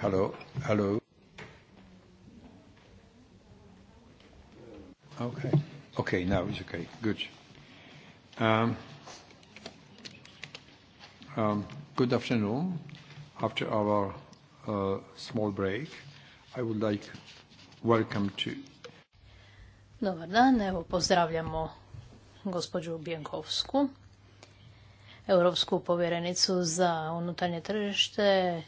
Hello, hello. Okay, okay, now it's okay. Good. Um, um, good afternoon. After our uh, small break, I would like welcome to. Dobar dan, evo pozdravljamo gospođu Bjenkovsku, europsku povjerenicu za unutarnje tržište,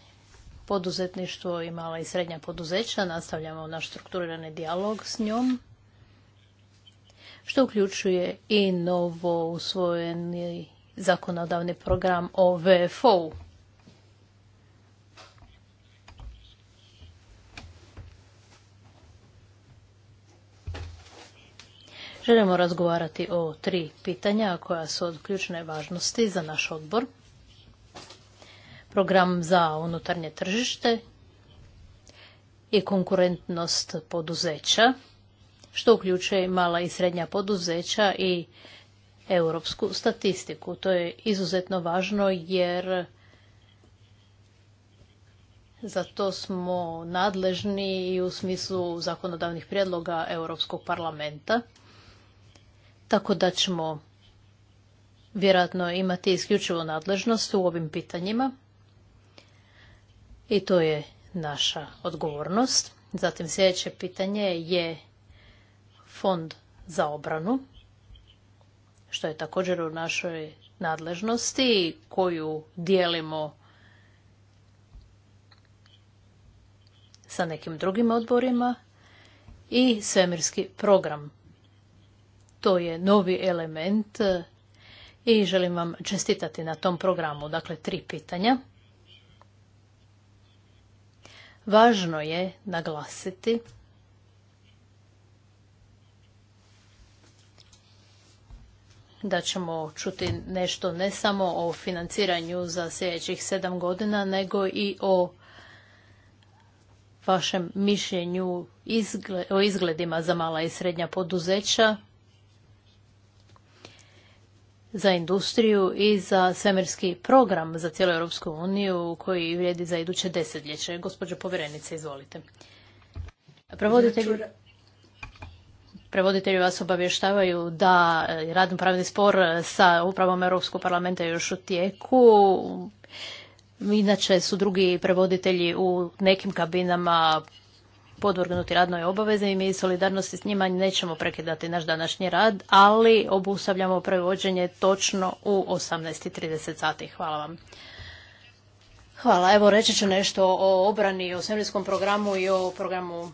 poduzetništvo i mala i srednja poduzeća. Nastavljamo naš strukturirani dijalog s njom, što uključuje i novo usvojeni zakonodavni program o VFO-u. Želimo razgovarati o tri pitanja koja su od ključne važnosti za naš odbor – program za unutarnje tržište i konkurentnost poduzeća, što uključuje mala i srednja poduzeća i europsku statistiku. To je izuzetno važno jer za to smo nadležni i u smislu zakonodavnih prijedloga Europskog parlamenta. Tako da ćemo vjerojatno imati isključivo nadležnost u ovim pitanjima. I to je naša odgovornost. Zatim sljedeće pitanje je fond za obranu, što je također u našoj nadležnosti koju dijelimo sa nekim drugim odborima i svemirski program. To je novi element i želim vam čestitati na tom programu. Dakle, tri pitanja. Važno je naglasiti da ćemo čuti nešto ne samo o financiranju za sljedećih sedam godina, nego i o vašem mišljenju o izgledima za mala i srednja poduzeća za industriju i za svemirski program za cijelu Europsku uniju koji vrijedi za iduće desetljeće. Gospođo povjerenice, izvolite. Prevoditelji, znači, vas obavještavaju da radno pravni spor sa upravom Europskog parlamenta je još u tijeku. Inače su drugi prevoditelji u nekim kabinama podvrgnuti radnoj obavezi i mi solidarnosti s njima nećemo prekidati naš današnji rad, ali obustavljamo prevođenje točno u 18.30 sati. Hvala vam. Hvala. Evo reći ću nešto o obrani, o svemirskom programu i o programu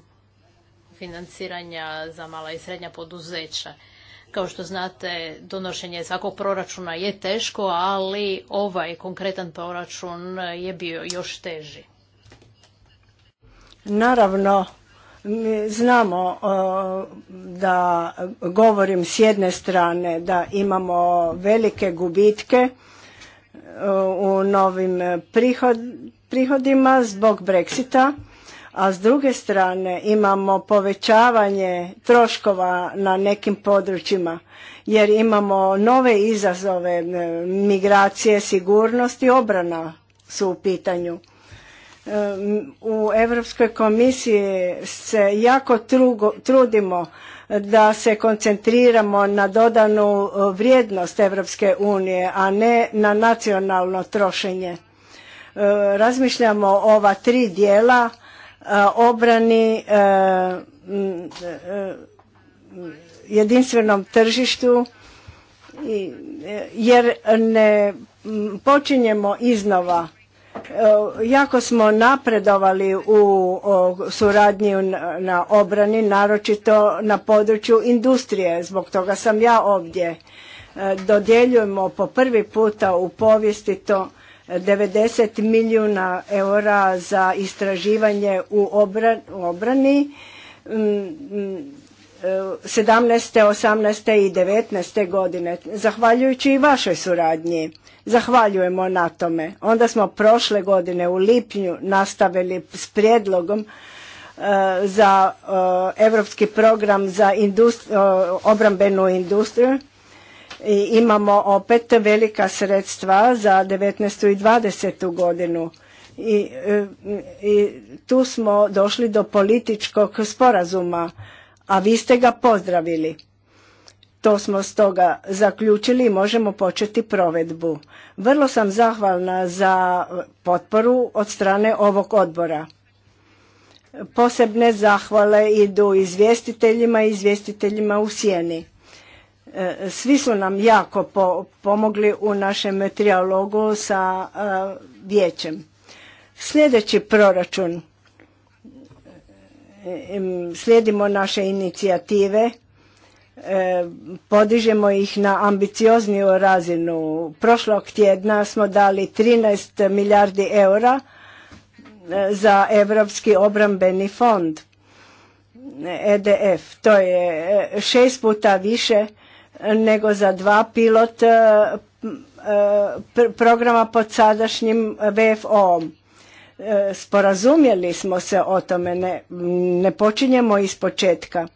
financiranja za mala i srednja poduzeća. Kao što znate, donošenje svakog proračuna je teško, ali ovaj konkretan proračun je bio još teži. Naravno, mi znamo uh, da govorim s jedne strane da imamo velike gubitke uh, u novim uh, prihodima zbog Brexita, a s druge strane imamo povećavanje troškova na nekim područjima jer imamo nove izazove migracije, sigurnost i obrana su u pitanju u Europskoj komisiji se jako trudimo da se koncentriramo na dodanu e, vrijednost Europske unije, a ne na nacionalno trošenje. E, razmišljamo o ova tri dijela e, obrani jedinstvenom tržištu jer ne počinjemo iznova Eh, jako smo napredovali u suradnji na obrani, naročito na području industrije, zbog toga sam ja ovdje. Eh, dodjeljujemo po prvi puta u povijesti to 90 eh, milijuna eura za istraživanje u obrani 17., mm, 18. Mm, i 19. godine, zahvaljujući i vašoj suradnji. Zahvaljujemo na tome. Onda smo prošle godine u lipnju nastavili s prijedlogom e, za europski program za e, obrambenu industriju i imamo opet velika sredstva za 19. i 20. godinu. I, e, i tu smo došli do političkog sporazuma, a vi ste ga pozdravili. To smo stoga zaključili i možemo početi provedbu. Vrlo sam zahvalna za potporu od strane ovog odbora. Posebne zahvale idu izvjestiteljima i izvjestiteljima u sjeni. E, svi su nam jako pomogli u našem trijalogu sa e, vijećem. Sljedeći proračun. E, slijedimo naše inicijative E, podižemo ih na ambiciozniju razinu. Prošlog tjedna smo dali 13 milijardi eura e, za Europski obrambeni fond EDF. E to je šest puta više nego za dva pilot programa pod sadašnjim VFO-om. Sporazumjeli smo se o tome, ne, ne počinjemo iz početka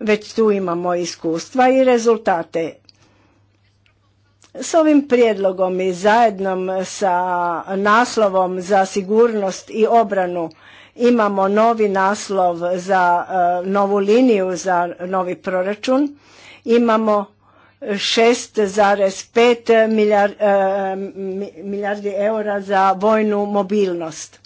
već tu imamo iskustva i rezultate. S ovim prijedlogom i zajednom sa naslovom za sigurnost i obranu imamo novi naslov za e, novu liniju za novi proračun. Imamo 6,5 e, milijardi eura za vojnu mobilnost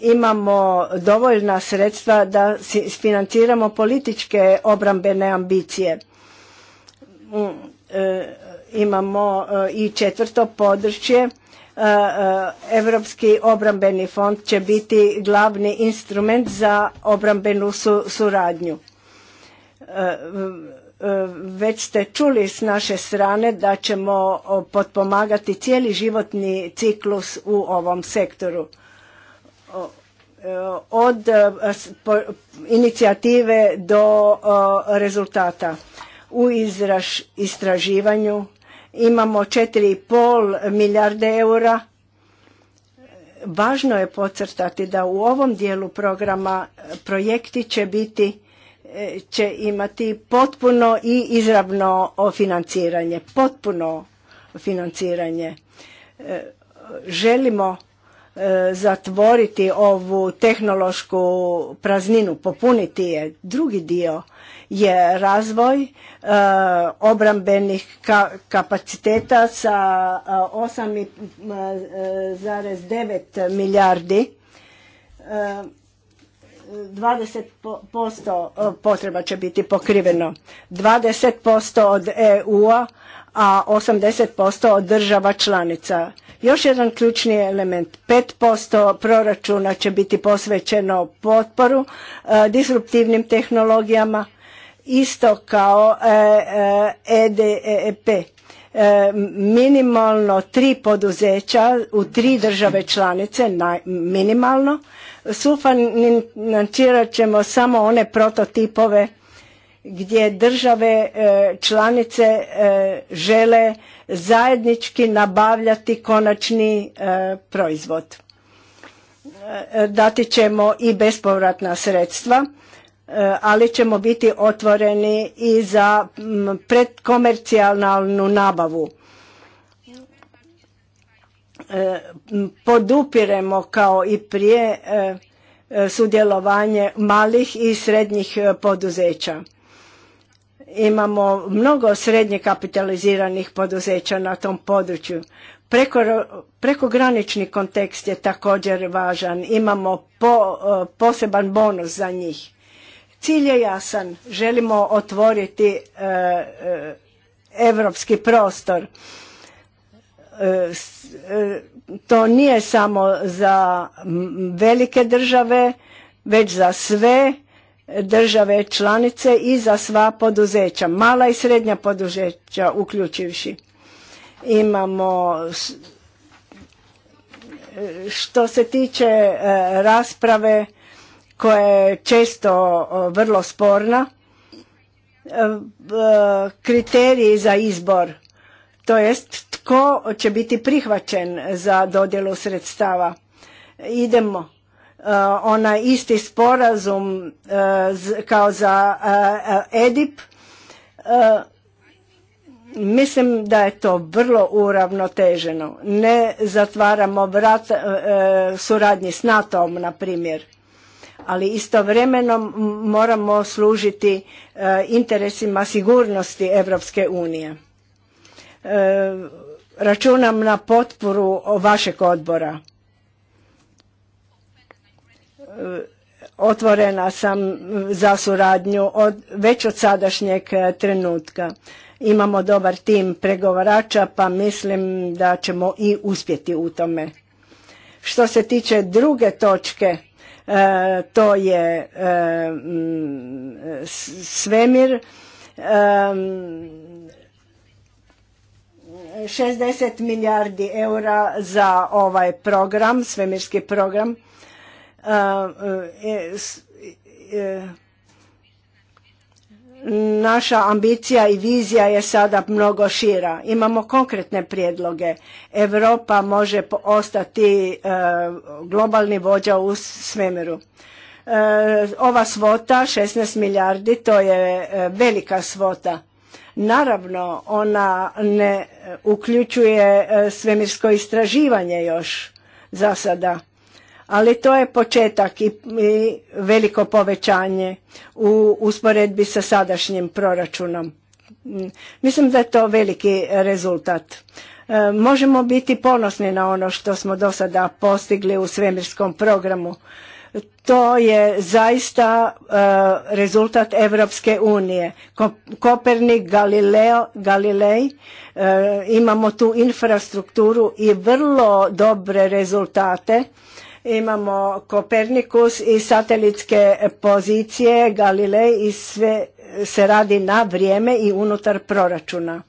imamo dovoljna sredstva da financiramo političke obrambene ambicije. Mm, e, imamo e, i četvrto područje. Europski e, obrambeni fond će biti glavni instrument za obrambenu suradnju. Već ste čuli s naše strane da ćemo potpomagati cijeli životni ciklus u ovom sektoru E, od e, inicijative do rezultata. U istraživanju imamo 4,5 milijarde eura. Važno je podcrtati da u ovom dijelu programa projekti će biti e, će imati potpuno i izravno financiranje. Potpuno financiranje. Želimo E, zatvoriti ovu tehnološku prazninu, popuniti je. Drugi dio je razvoj e, obrambenih kapaciteta sa 8,9 e, milijardi. E, 20% potreba će biti pokriveno. 20% od EU-a, a 80% od država članica još jedan ključni element, 5% proračuna će biti posvećeno potporu e, disruptivnim tehnologijama, isto kao EDEP. E, e minimalno tri poduzeća u tri države članice, minimalno, sufinancirat ćemo samo one prototipove gdje države e, članice e, žele zajednički nabavljati konačni e, proizvod. Dati ćemo i bespovratna sredstva, ali ćemo biti otvoreni i za predkomercijalnu nabavu. Podupiremo kao i prije sudjelovanje malih i srednjih poduzeća Imamo mnogo srednje kapitaliziranih poduzeća na tom području. Preko, prekogranični kontekst je također važan. Imamo e, poseban bonus za njih. Cilj je jasan. Želimo otvoriti europski e, prostor. E, to nije samo za velike države, već za sve države članice i za sva poduzeća, mala i srednja poduzeća uključivši. Imamo što se tiče e, rasprave koja je često vrlo sporna, e, kriteriji za izbor, to jest tko će biti prihvaćen za dodjelu sredstava. Idemo Uh, onaj isti sporazum uh, kao za uh, EDIP. Mislim da je to vrlo uravnoteženo. Ne zatvaramo vrat suradnji s NATO-om, na primjer. Ali istovremeno moramo služiti interesima sigurnosti Europske unije. Računam na potporu vašeg odbora otvorena sam za suradnju od, već od sadašnjeg e, trenutka. Imamo dobar tim pregovarača pa mislim da ćemo i uspjeti u tome. Što se tiče druge točke, e, to je e, svemir. 60 milijardi eura za ovaj program, svemirski program E, e, naša ambicija i vizija je sada mnogo šira. Imamo konkretne prijedloge. Europa može ostati e, globalni vođa u svemiru. Ova svota, 16 milijardi, to je velika svota. Naravno, ona ne uključuje svemirsko istraživanje još za sada ali to je početak i, veliko povećanje u usporedbi sa sadašnjim proračunom. Mm, mislim da je to veliki rezultat. E, možemo biti ponosni na ono što smo do sada postigli u svemirskom programu. To je zaista e, rezultat Evropske unije. Kopernik, Galileo, Galilej, e, imamo tu infrastrukturu i vrlo dobre rezultate Imamo Kopernikus i satelitske pozicije, Galilej i sve se radi na vrijeme i unutar proračuna.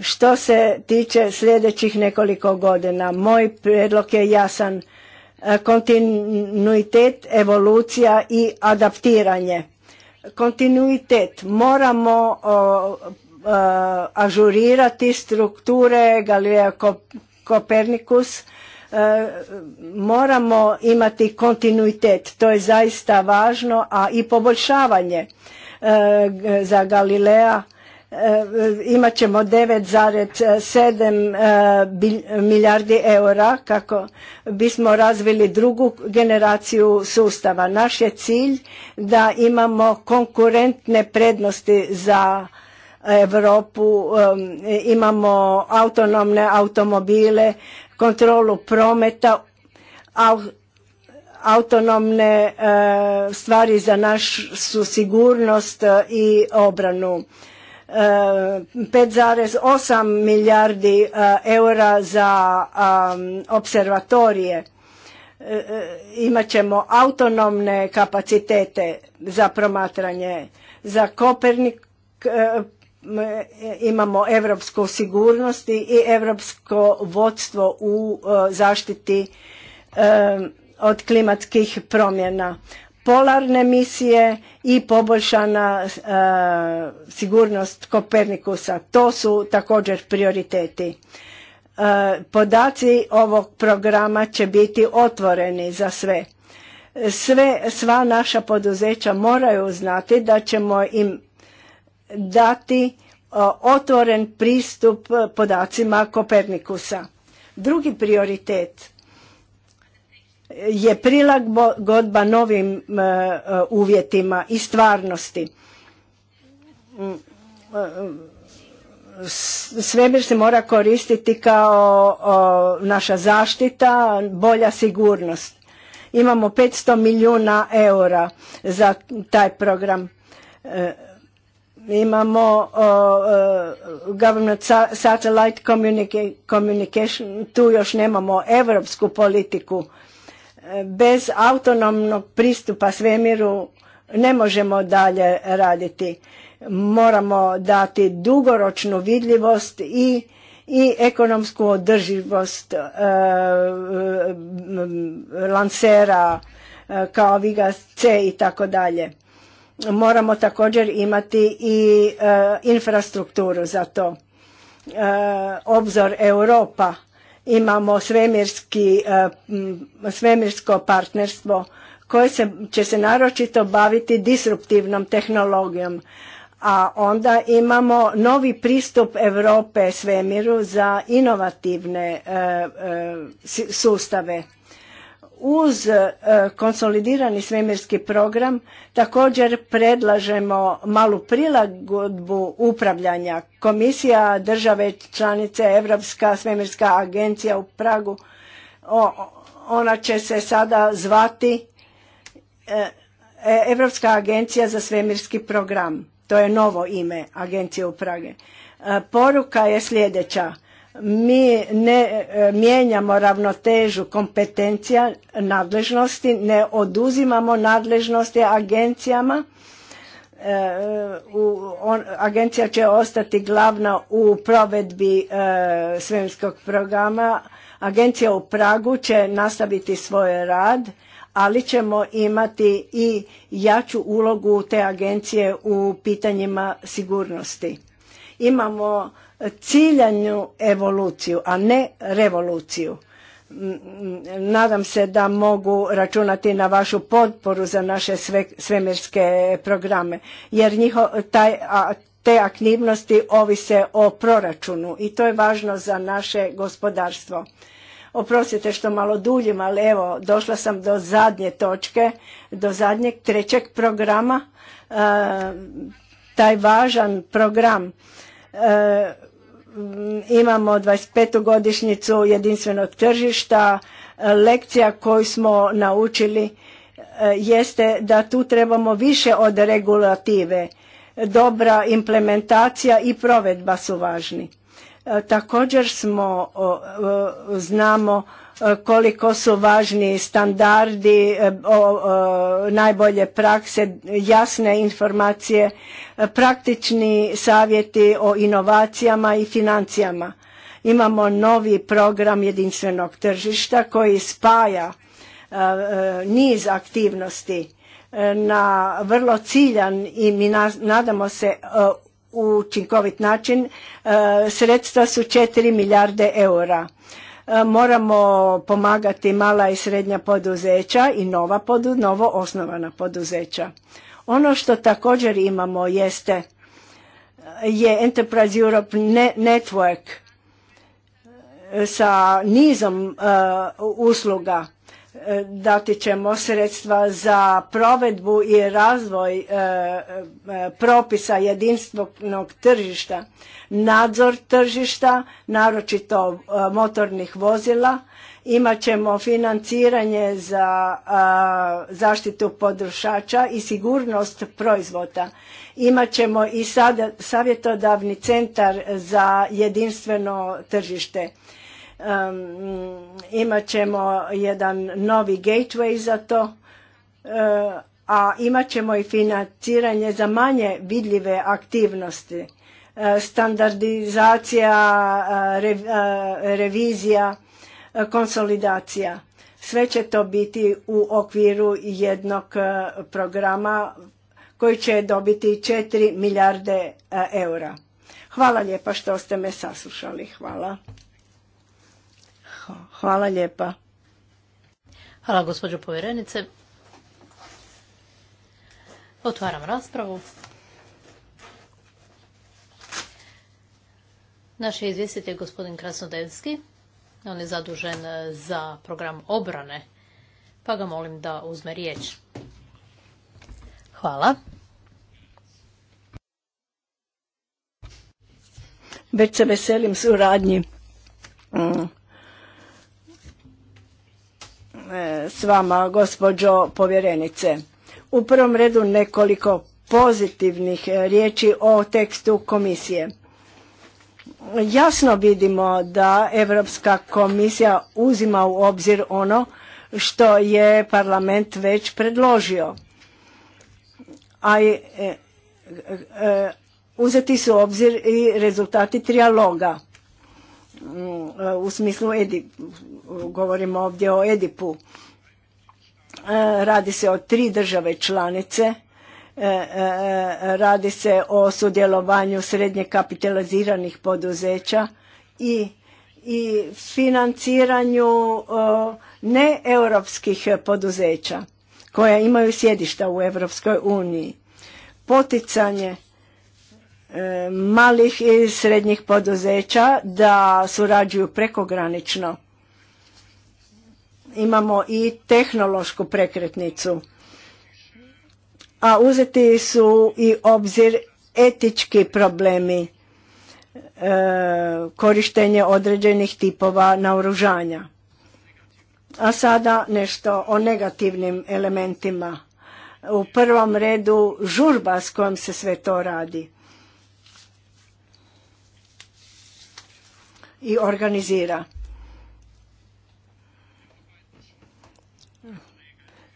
Što se tiče sljedećih nekoliko godina, moj predlog je jasan kontinuitet, evolucija i adaptiranje. Kontinuitet moramo ažurirati strukture Galileo Kopernikus E, moramo imati kontinuitet, to je zaista važno, a i poboljšavanje e, za Galilea e, imat ćemo 9,7 milijardi eura kako bismo razvili drugu generaciju sustava. Naš je cilj da imamo konkurentne prednosti za Europu, imamo autonomne automobile, kontrolu prometa, autonomne e, stvari za našu sigurnost e, i obranu. 5,8 e, milijardi eura za observatorije. Imaćemo autonomne kapacitete za promatranje. Za Kopernik E, imamo europsku sigurnost i europsko vodstvo u e, zaštiti e, od klimatskih promjena polarne misije i poboljšana sigurnost Kopernikusa to su također prioriteti podaci ovog programa će biti otvoreni za sve sve sva naša poduzeća moraju znati da ćemo im dati otvoren pristup podacima Kopernikusa. Drugi prioritet je prilagodba novim e, uvjetima i stvarnosti. Svemir se mora koristiti kao naša zaštita, bolja sigurnost. Imamo 500 milijuna eura za taj program. E, imamo government satellite communication, tu još nemamo europsku politiku. E, bez autonomnog pristupa svemiru ne možemo dalje raditi. Moramo dati dugoročnu vidljivost i, i ekonomsku održivost e, lansera e, kao Viga C i tako dalje moramo također imati i e, infrastrukturu za to. E, obzor Europa, imamo e, svemirsko partnerstvo koje će se naročito baviti disruptivnom tehnologijom. A onda imamo novi pristup Europe svemiru za inovativne sustave uz e, konsolidirani svemirski program također predlažemo malu prilagodbu upravljanja. Komisija države članice Europska svemirska agencija u Pragu ona će se sada zvati Europska e, agencija za svemirski program. To je novo ime agencije u Prage. E, poruka je sljedeća mi ne e, mijenjamo ravnotežu kompetencija nadležnosti, ne oduzimamo nadležnosti agencijama. E, agencija će ostati glavna u provedbi e, svemskog programa. Agencija u Pragu će nastaviti svoj rad, ali ćemo imati i jaču ulogu te agencije u pitanjima sigurnosti. Imamo ciljanju evoluciju, a ne revoluciju. Mm, nadam se da mogu računati na vašu potporu za naše sve, svemirske programe, jer njiho, taj, a, te aktivnosti ovise o proračunu i to je važno za naše gospodarstvo. Oprostite što malo duljim, ali evo, došla sam do zadnje točke, do zadnjeg trećeg programa. E, taj važan program e, Mm, imamo 25. godišnjicu jedinstvenog tržišta. Lekcija koju smo naučili e, jeste da tu trebamo više od regulative. Dobra implementacija i provedba su važni. E, također smo, znamo E, koliko su važni standardi, e, e, najbolje prakse, jasne informacije, praktični savjeti o inovacijama i financijama. Imamo novi program jedinstvenog tržišta koji spaja niz aktivnosti na vrlo ciljan i mi nadamo se učinkovit način. Sredstva su 4 milijarde eura E, moramo pomagati mala i srednja poduzeća i nova novo osnovana poduzeća. Ono što također imamo jeste je Enterprise Europe Network e, sa nizom e, usluga dati ćemo sredstva za provedbu i razvoj e, e, propisa jedinstvenog tržišta, nadzor tržišta, naročito e, motornih vozila, imat ćemo financiranje za zaštitu potrošača i sigurnost proizvoda. Imat ćemo i savjetodavni centar za jedinstveno tržište Imat ćemo jedan novi gateway za to, e, a imat ćemo i financiranje za manje vidljive aktivnosti. E, standardizacija, e, revizija, konsolidacija. Sve će to biti u okviru jednog programa koji će dobiti 4 milijarde eura. Hvala lijepa što ste me saslušali. Hvala. Hvala lijepa. Hvala gospođo povjerenice. Otvaram raspravu. Naš je izvjestitelj gospodin Krasnodevski. On je zadužen e, za program obrane, pa ga molim da uzme riječ. Hvala. Već se veselim suradnji mm, E, s vama, gospođo povjerenice. U prvom redu nekoliko pozitivnih e, riječi o tekstu komisije. Jasno vidimo da Europska komisija uzima u obzir ono što je parlament već predložio. A i e, uzeti su u obzir i rezultati trijaloga. Mm, u smislu Edip, govorimo ovdje o Edipu. E, radi se o tri države članice, e, e, radi se o sudjelovanju srednje kapitaliziranih poduzeća i i financiranju neeuropskih poduzeća koja imaju sjedišta u Europskoj uniji. Poticanje E, malih i srednjih poduzeća da surađuju prekogranično. Imamo i tehnološku prekretnicu. A uzeti su i obzir etički problemi e, korištenje određenih tipova naoružanja. A sada nešto o negativnim elementima. U prvom redu žurba s kojom se sve to radi i organizira.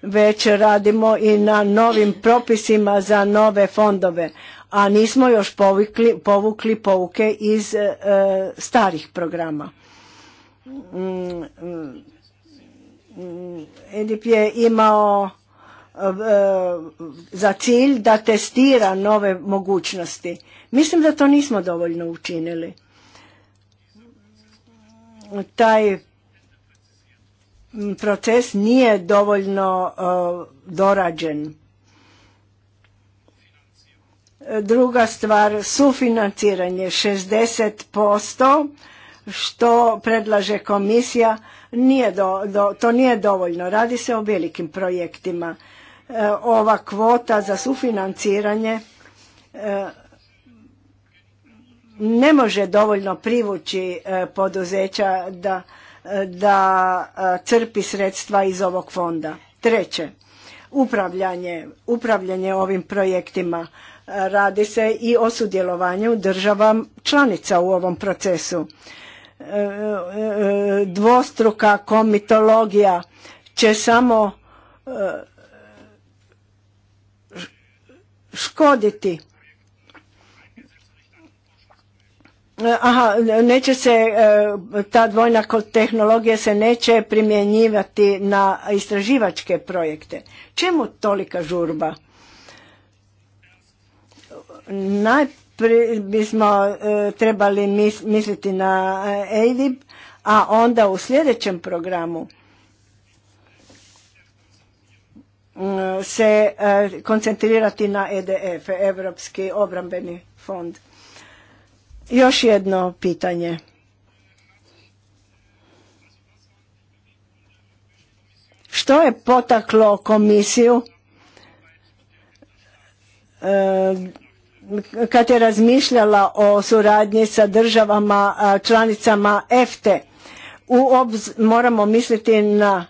Već radimo i na novim propisima za nove fondove, a nismo još povukli, povukli pouke iz e, starih programa. EDIP je imao e, za cilj da testira nove mogućnosti. Mislim da to nismo dovoljno učinili taj proces nije dovoljno e, dorađen. Druga stvar, sufinanciranje 60%, što predlaže komisija, to nije dovoljno. Radi se o velikim projektima. E, ova kvota za sufinanciranje e, ne može dovoljno privući e, poduzeća da, e, da e, crpi sredstva iz ovog fonda. Treće, upravljanje, upravljanje ovim projektima. Radi se i o sudjelovanju država članica u ovom procesu. Dvostruka komitologija će samo škoditi Aha, neće se, e, ta dvojna tehnologija se neće primjenjivati na istraživačke projekte. Čemu tolika žurba? Najprije bismo e, trebali misliti na EIDIB, a onda u sljedećem programu mm, se e, koncentrirati na EDF, Evropski obrambeni fond. Još jedno pitanje. Što je potaklo komisiju e, kad je razmišljala o suradnji sa državama članicama EFTE? U moramo misliti na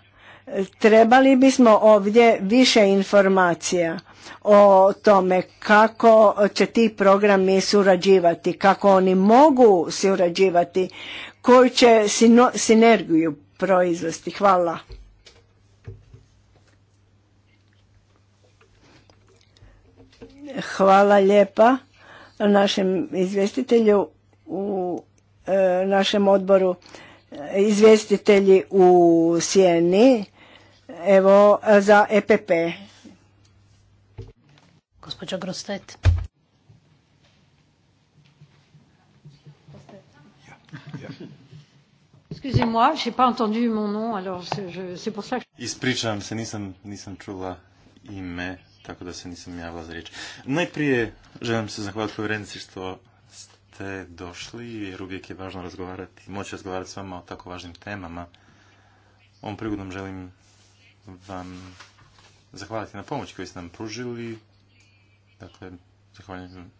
trebali bismo ovdje više informacija o tome kako će ti programi surađivati, kako oni mogu surađivati, koju će sinergiju proizvesti. Hvala. Hvala lijepa našem izvjestitelju u e, našem odboru izvjestitelji u Sjeni evo za EPP Gospođa Grostet. Ispričavam se, nisam, nisam čula ime, tako da se nisam javila za riječ. Najprije želim se zahvaliti povjerenici što ste došli, jer uvijek je važno razgovarati, moći razgovarati s vama o tako važnim temama. Ovom prigodom želim vam zahvaliti na pomoć koju ste nam pružili Dakle, zahvaljujem.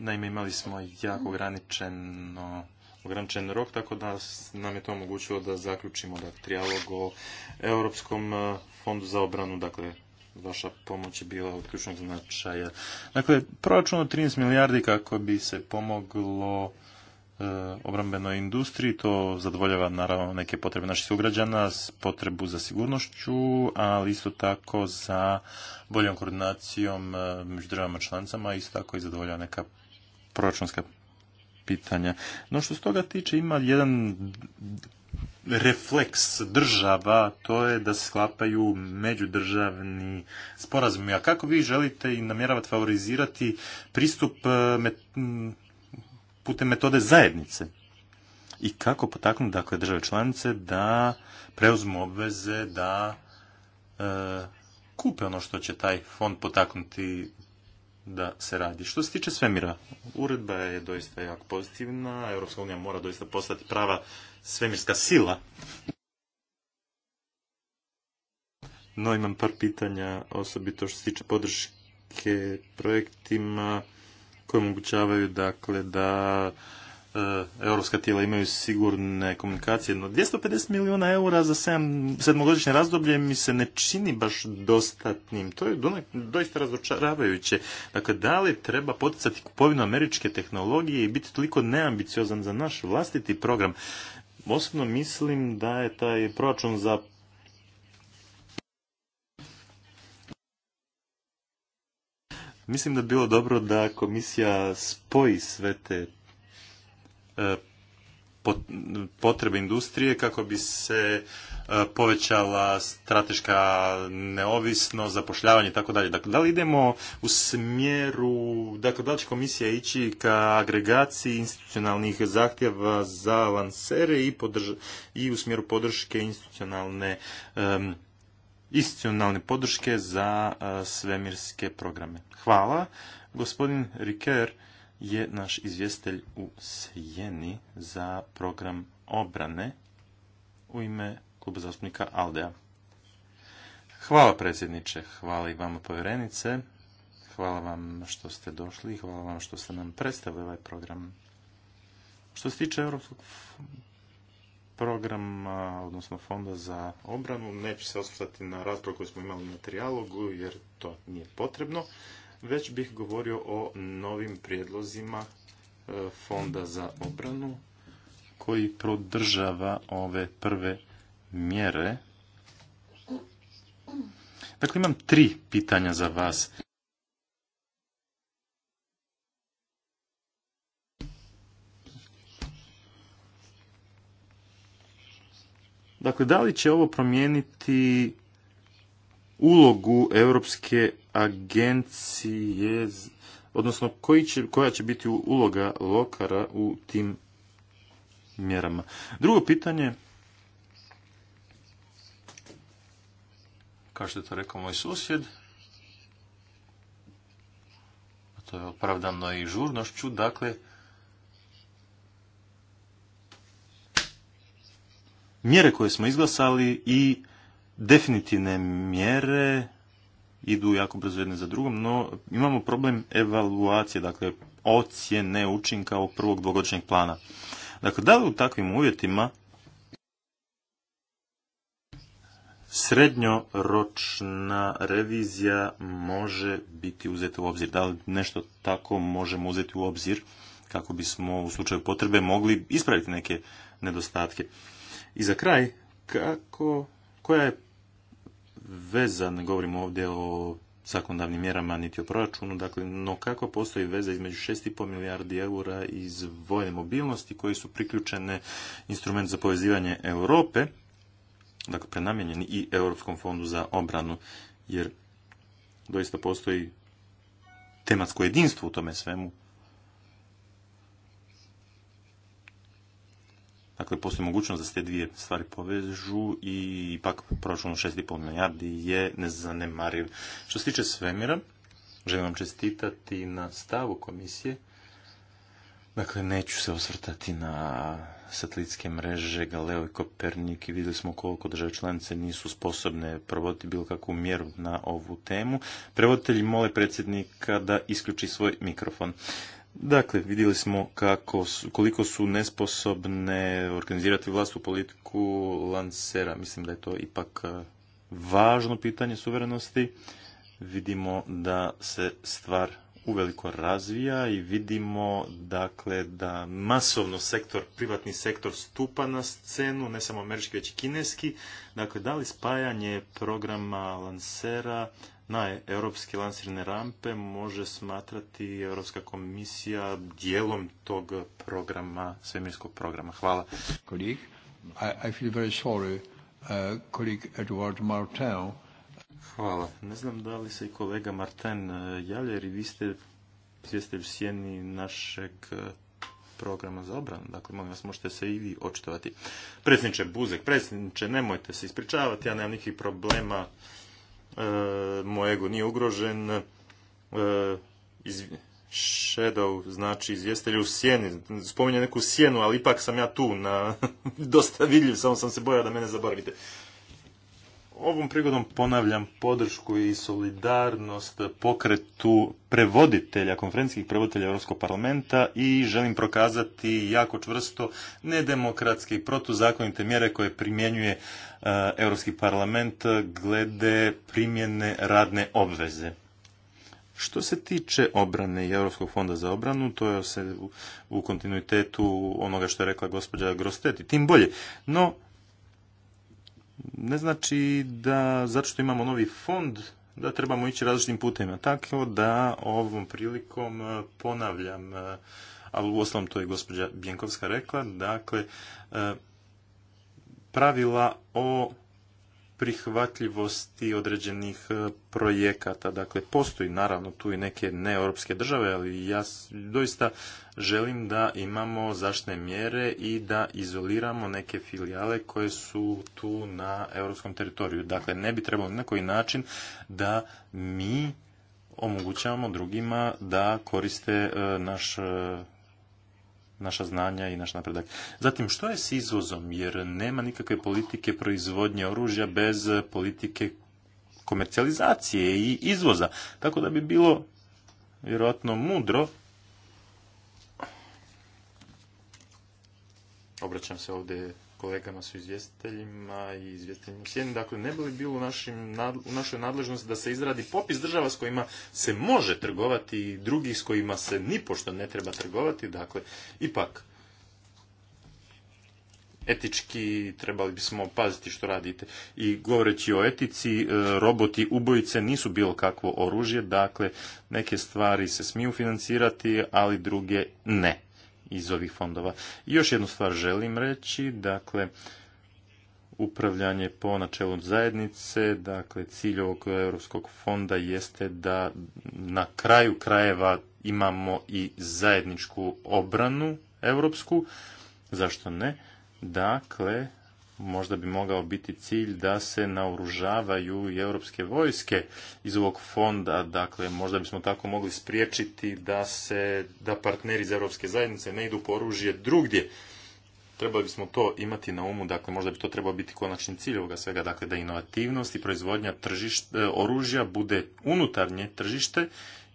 Naime, imali smo jako ograničeno ograničen rok, tako da nam je to omogućilo da zaključimo da trijalog o Europskom e, fondu za obranu, dakle vaša pomoć je bila od ključnog značaja. Dakle, proračun od 13 milijardi kako bi se pomoglo E, obrambenoj industriji, to zadovoljava naravno neke potrebe naših sugrađana, potrebu za sigurnošću, ali isto tako za boljom koordinacijom e, među državama članicama, isto tako i zadovoljava neka proračunska pitanja. No što se toga tiče ima jedan refleks država, to je da se sklapaju međudržavni sporazumi. A kako vi želite i namjeravate favorizirati pristup e, putem metode zajednice. I kako potaknuti dakle, države članice da preuzmu obveze da e, kupe ono što će taj fond potaknuti da se radi. Što se tiče svemira, uredba je doista jako pozitivna, Europska unija mora doista postati prava svemirska sila. No imam par pitanja, osobito što se tiče podrške projektima koje omogućavaju dakle da e, europska tijela imaju sigurne komunikacije, no 250 milijuna eura za sedmogodišnje razdoblje mi se ne čini baš dostatnim. To je doista razočaravajuće. Dakle, da li treba poticati kupovinu američke tehnologije i biti toliko neambiciozan za naš vlastiti program? Osobno mislim da je taj proračun za Mislim da bi bilo dobro da komisija spoji sve te e, potrebe industrije kako bi se e, povećala strateška neovisnost, zapošljavanje i tako dalje. Dakle, da li idemo u smjeru, dakle, da li će komisija ići ka agregaciji institucionalnih zahtjeva za lansere i, u smjeru podrške institucionalne institucionalne podrške za e, svemirske programe. Hvala. Gospodin Riker je naš izvjestelj u Sjeni za program obrane u ime kluba zastupnika Aldea. Hvala predsjedniče, hvala i vama povjerenice, hvala vam što ste došli, hvala vam što ste nam predstavili ovaj program. Što se tiče Europskog Program, odnosno fonda za obranu. Neću se osvrtati na raspravu koju smo imali na trijalogu, jer to nije potrebno, već bih govorio o novim prijedlozima e, fonda za obranu koji prodržava ove prve mjere. Dakle, imam tri pitanja za vas. Dakle, da li će ovo promijeniti ulogu Europske agencije, odnosno koji će, koja će biti uloga lokara u tim mjerama? Drugo pitanje, kao što je to rekao moj susjed, to je opravdano i žurnošću, dakle, mjere koje smo izglasali i definitivne mjere idu jako brzo jedne za drugom, no imamo problem evaluacije, dakle ocjene učinka ovog prvog dvogodišnjeg plana. Dakle, da li u takvim uvjetima srednjoročna revizija može biti uzeta u obzir? Da li nešto tako možemo uzeti u obzir kako bismo u slučaju potrebe mogli ispraviti neke nedostatke? I za kraj, kako, koja je veza, ne govorimo ovdje o zakonodavnim mjerama niti o proračunu, dakle, no kako postoji veza između 6,5 milijardi eura iz vojne mobilnosti koji su priključene instrument za povezivanje Europe, dakle prenamijenjeni i Europskom fondu za obranu, jer doista postoji tematsko jedinstvo u tome svemu. Dakle, postoji mogućnost da se te dvije stvari povežu i ipak proračun 6,5 milijardi je nezanemariv. Što se tiče svemira, želim vam čestitati na stavu komisije. Dakle, neću se osvrtati na satelitske mreže, Galeo i Kopernik i vidjeli smo koliko države članice nisu sposobne provoditi bilo kakvu mjeru na ovu temu. Prevoditelji mole predsjednika da isključi svoj mikrofon. Dakle, vidjeli smo kako, koliko su nesposobne organizirati vlastu politiku lansera. Mislim da je to ipak e, važno pitanje suverenosti. Vidimo da se stvar uveliko razvija i vidimo dakle da masovno sektor, privatni sektor stupa na scenu, ne samo američki već i kineski. Dakle, da li spajanje programa lansera na europske lansirne rampe može smatrati Europska komisija dijelom tog programa, svemirskog programa. Hvala. Kolik, uh, Hvala. Ne znam da li se i kolega Martin uh, javlja, jer vi ste u sjeni našeg uh, programa za obranu. Dakle, molim vas, možete se i vi očitovati. Predsjedniče Buzek, predsjedniče, nemojte se ispričavati, ja nemam nikih problema E, moj ego nije ugrožen, e, iz, shadow znači izvjestelj u sjeni, spominje neku sjenu, ali ipak sam ja tu, na, dosta vidljiv, samo sam se bojao da mene zaboravite. Ovom prigodom ponavljam podršku i solidarnost pokretu prevoditelja, konferencijskih prevoditelja Europskog parlamenta i želim prokazati jako čvrsto nedemokratske i protuzakonite mjere koje primjenjuje e, Europski parlament glede primjene radne obveze. Što se tiče obrane i Europskog fonda za obranu, to je se u kontinuitetu onoga što je rekla gospođa Grosteti, tim bolje. No, ne znači da zato što imamo novi fond da trebamo ići različitim putima. Tako da ovom prilikom e, ponavljam, e, ali u osnovom to je gospođa Bjenkovska rekla, dakle, e, pravila o prihvatljivosti određenih e, projekata. Dakle, postoji naravno tu i neke neeuropske države, ali ja doista želim da imamo zaštne mjere i da izoliramo neke filijale koje su tu na europskom teritoriju. Dakle, ne bi trebalo na koji način da mi omogućavamo drugima da koriste e, naš e, naša znanja i naš napredak. Zatim, što je s izvozom? Jer nema nikakve politike proizvodnje oružja bez politike komercijalizacije i izvoza. Tako da bi bilo vjerojatno mudro obraćam se ovdje kolegama su izvjestiteljima i izvjestiteljima sjeni. Dakle, ne bi li bilo u, u našoj nadležnosti da se izradi popis država s kojima se može trgovati i drugih s kojima se nipošto ne treba trgovati. Dakle, ipak, etički trebali bismo paziti što radite. I govoreći o etici, e, roboti ubojice nisu bilo kakvo oružje, dakle neke stvari se smiju financirati, ali druge ne iz ovih fondova. I još jednu stvar želim reći, dakle, upravljanje po načelu zajednice, dakle, cilj ovog Europskog fonda jeste da na kraju krajeva imamo i zajedničku obranu europsku, zašto ne? Dakle, možda bi mogao biti cilj da se naoružavaju i europske vojske iz ovog fonda, dakle možda bismo tako mogli spriječiti da se da partneri iz europske zajednice ne idu po oružje drugdje. Trebali bismo to imati na umu, dakle možda bi to trebao biti konačni cilj ovoga svega, dakle da inovativnost i proizvodnja tržišta, e, oružja bude unutarnje tržište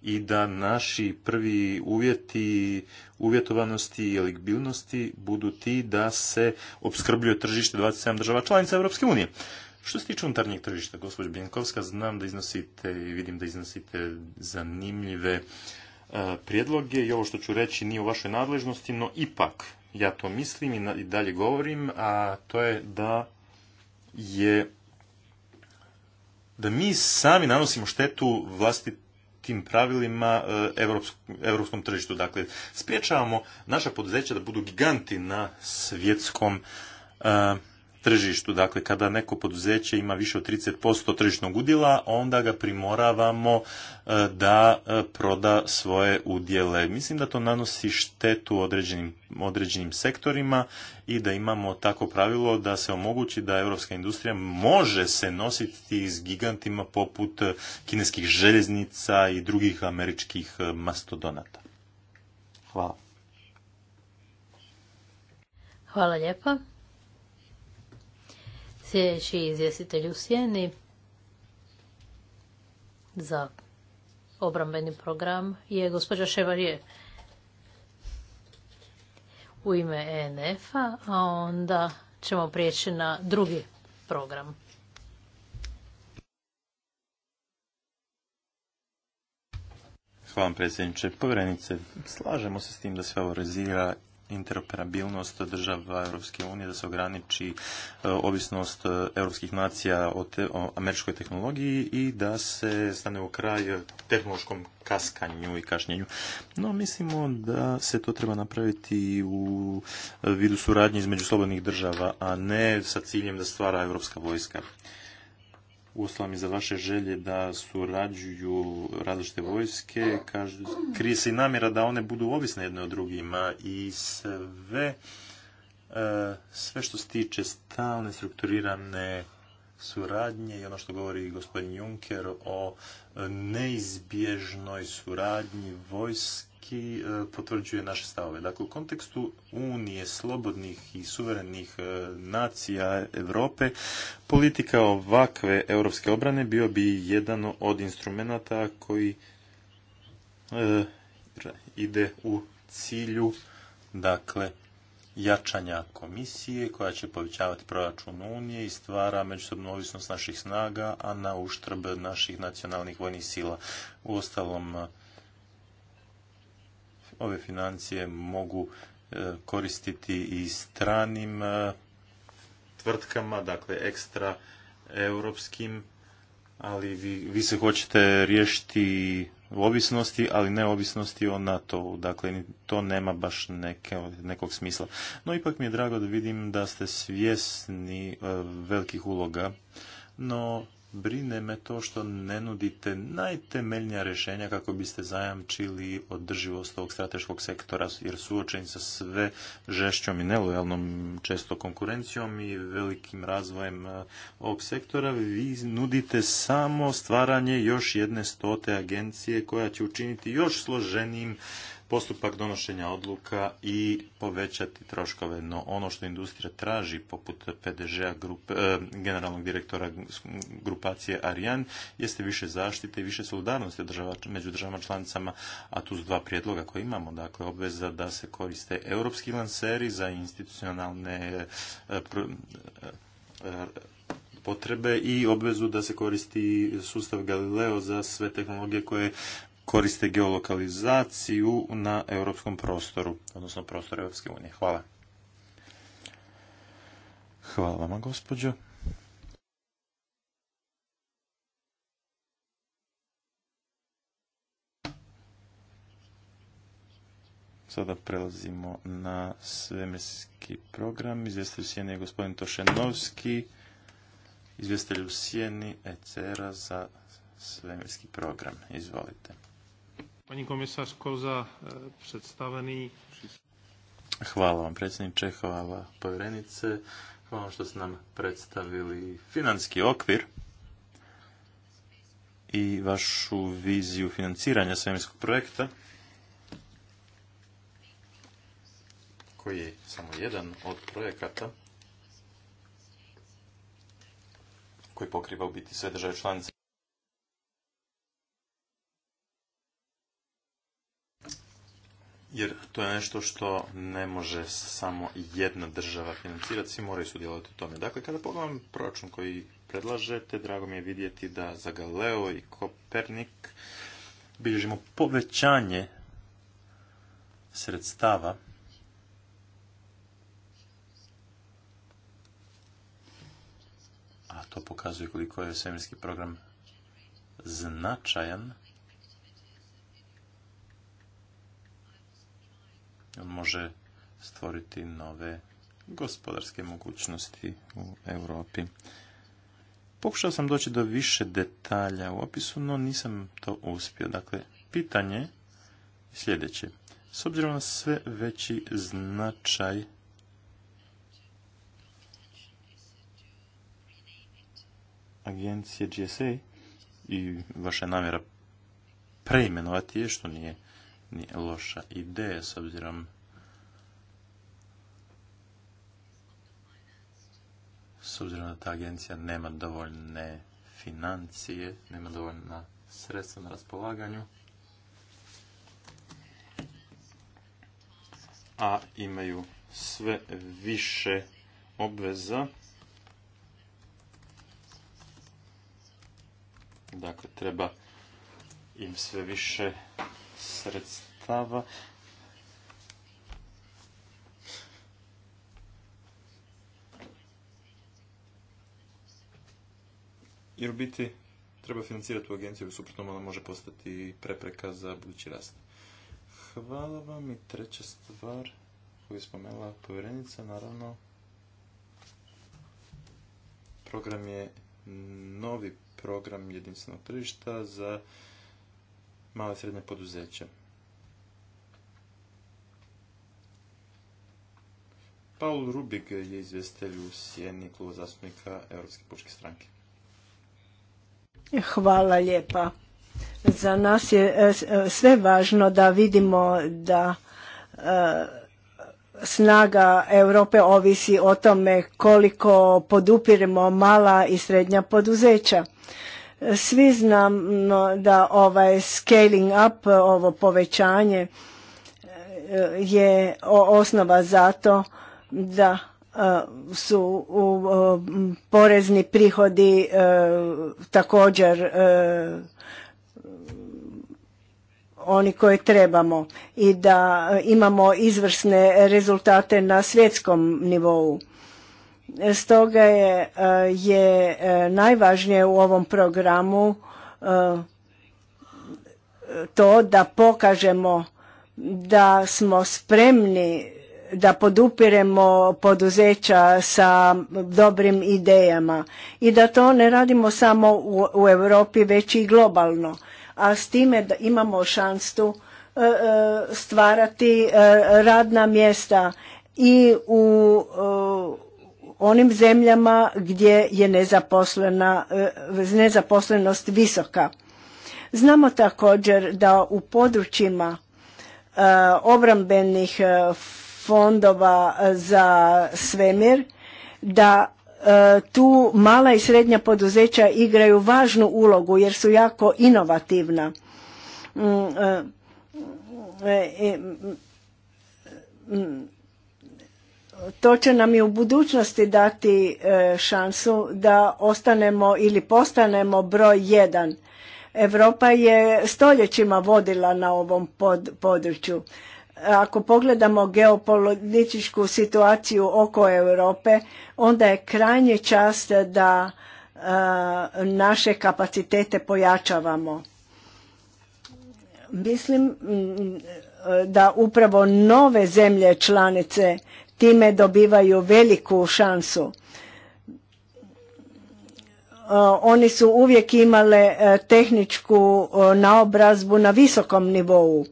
i da naši prvi uvjeti uvjetovanosti i likbilnosti budu ti da se opskrbljuje tržište 27 država članica Europske unije. Što se tiče unutarnjeg tržišta, gospođo Bjenkovska, znam da iznosite i vidim da iznosite zanimljive e, prijedloge i ovo što ću reći nije u vašoj nadležnosti, no ipak ja to mislim i dalje govorim, a to je da je da mi sami nanosimo štetu vlastit, tim pravilima europskom tržištu. Dakle, spriječavamo naša poduzeća da budu giganti na svjetskom e, tržištu. Dakle, kada neko poduzeće ima više od 30% tržišnog udjela, onda ga primoravamo e, da e, proda svoje udjele. Mislim da to nanosi štetu određenim, određenim sektorima i da imamo tako pravilo da se omogući da europska industrija može se nositi s gigantima poput kineskih željeznica i drugih američkih e, mastodonata. Hvala. Hvala lijepa. Sljedeći izvjestitelj u sjeni za obrambeni program je gospođa Ševarije u ime ENF-a, a onda ćemo prijeći na drugi program. Hvala vam predsjedniče. Povjerenice, slažemo se s tim da se rezira interoperabilnost država Europske unije, da se ograniči e, ovisnost e, europskih nacija o, te, o američkoj tehnologiji i da se stane u kraj tehnološkom kaskanju i kašnjenju. No, mislimo da se to treba napraviti u vidu suradnje između slobodnih država, a ne sa ciljem da stvara europska vojska uslovom i za vaše želje da surađuju različite vojske, kažu, krije se i namjera da one budu ovisne jedne od drugima i sve, e, sve što se tiče stalne strukturirane suradnje i ono što govori gospodin Juncker o e, neizbježnoj suradnji vojski e, potvrđuje naše stavove. Dakle, u kontekstu Unije slobodnih i suverenih e, nacija Europe, politika ovakve europske obrane bio bi jedan od instrumenata koji ide u cilju dakle jačanja komisije koja će povećavati proračun Unije i stvara međusobnu ovisnost naših snaga, a na uštrb naših nacionalnih vojnih sila. U ostalom, ove financije mogu e, koristiti i stranim e, tvrtkama, dakle ekstra europskim, ali vi, vi se hoćete riješiti ovisnosti, ali ne ovisnosti o NATO-u. Dakle, to nema baš neke, nekog smisla. No, ipak mi je drago da vidim da ste svjesni e, velikih uloga, no brine me to što ne nudite najtemeljnija rješenja kako biste zajamčili održivost ovog strateškog sektora jer suočeni sa sve žešćom i nelojalnom često konkurencijom i velikim razvojem e, ovog sektora vi nudite samo stvaranje još jedne stote agencije koja će učiniti još složenijim postupak donošenja odluka i povećati troškove. No ono što industrija traži poput pdž e, generalnog direktora grupacije Arijan jeste više zaštite i više solidarnosti među državama članicama, a tu su dva prijedloga koje imamo. Dakle, obveza da se koriste europski lanseri za institucionalne e, e, potrebe i obvezu da se koristi sustav Galileo za sve tehnologije koje koriste geolokalizaciju na europskom prostoru, odnosno prostoru Europske unije. Hvala. Hvala vama, gospođo. Sada prelazimo na svemirski program. Izvjestelj u sjeni je gospodin Tošenovski, izvjestelj u sjeni ECR-a za svemirski program. Izvolite. Pani komisarsko za e, predstaveni... Hvala vam predsjedniče, hvala povjerenice, hvala što ste nam predstavili financijski okvir i vašu viziju financiranja svemirskog projekta, koji je samo jedan od projekata koji pokriva u biti sve države članice. jer to je nešto što ne može samo jedna država financirati, svi moraju sudjelovati u tome. Dakle, kada pogledam proračun koji predlažete, drago mi je vidjeti da za Galeo i Kopernik bilježimo povećanje sredstava a to pokazuje koliko je svemirski program značajan on može stvoriti nove gospodarske mogućnosti u Europi. Pokušao sam doći do više detalja u opisu, no nisam to uspio. Dakle, pitanje je sljedeće. S obzirom na sve veći značaj agencije GSA i vaša namjera preimenovati je, što nije ni loša ideja s obzirom s obzirom da ta agencija nema dovoljne financije, nema dovoljna sredstva na raspolaganju, a imaju sve više obveza. Dakle, treba im sve više sredstava. Jer u biti treba financirati tu agenciju, suprotno ona može postati prepreka za budući rast. Hvala vam i treća stvar koju je spomenula povjerenica, naravno program je novi program jedinstvenog tržišta za male i srednje poduzeća. Paul rubik je izvjestelj u sjeni klubu zastupnika Europske pučke stranke. Hvala lijepa. Za nas je e, e, sve važno da vidimo da e, snaga Europe ovisi o tome koliko podupiremo mala i srednja poduzeća. Svi znamo da ovaj scaling up, ovo povećanje e, je osnova za to da e, su porezni prihodi e, također oni koje trebamo i da imamo izvrsne rezultate na svjetskom nivou Stoga je, e, je e, najvažnije u ovom programu e, to da pokažemo da smo spremni da podupiremo poduzeća sa dobrim idejama i da to ne radimo samo u, Europi već i globalno, a s time da imamo šanstu stvarati radna mjesta i u onim zemljama gdje je e, nezaposlenost visoka. Znamo također da u područjima e, obrambenih e, fondova za svemir da tu mala i srednja poduzeća igraju važnu ulogu jer su jako inovativna. Mm, mm, to će nam i u budućnosti dati e, šansu da ostanemo ili postanemo broj jedan. Europa je stoljećima vodila na ovom području. Ako pogledamo geopolitičku situaciju oko Europe, onda je krajnji čast da e, naše kapacitete pojačavamo. Mislim mm, da upravo nove zemlje članice time dobivaju veliku šansu. E, oni su uvijek imale e, tehničku e, naobrazbu na visokom nivou.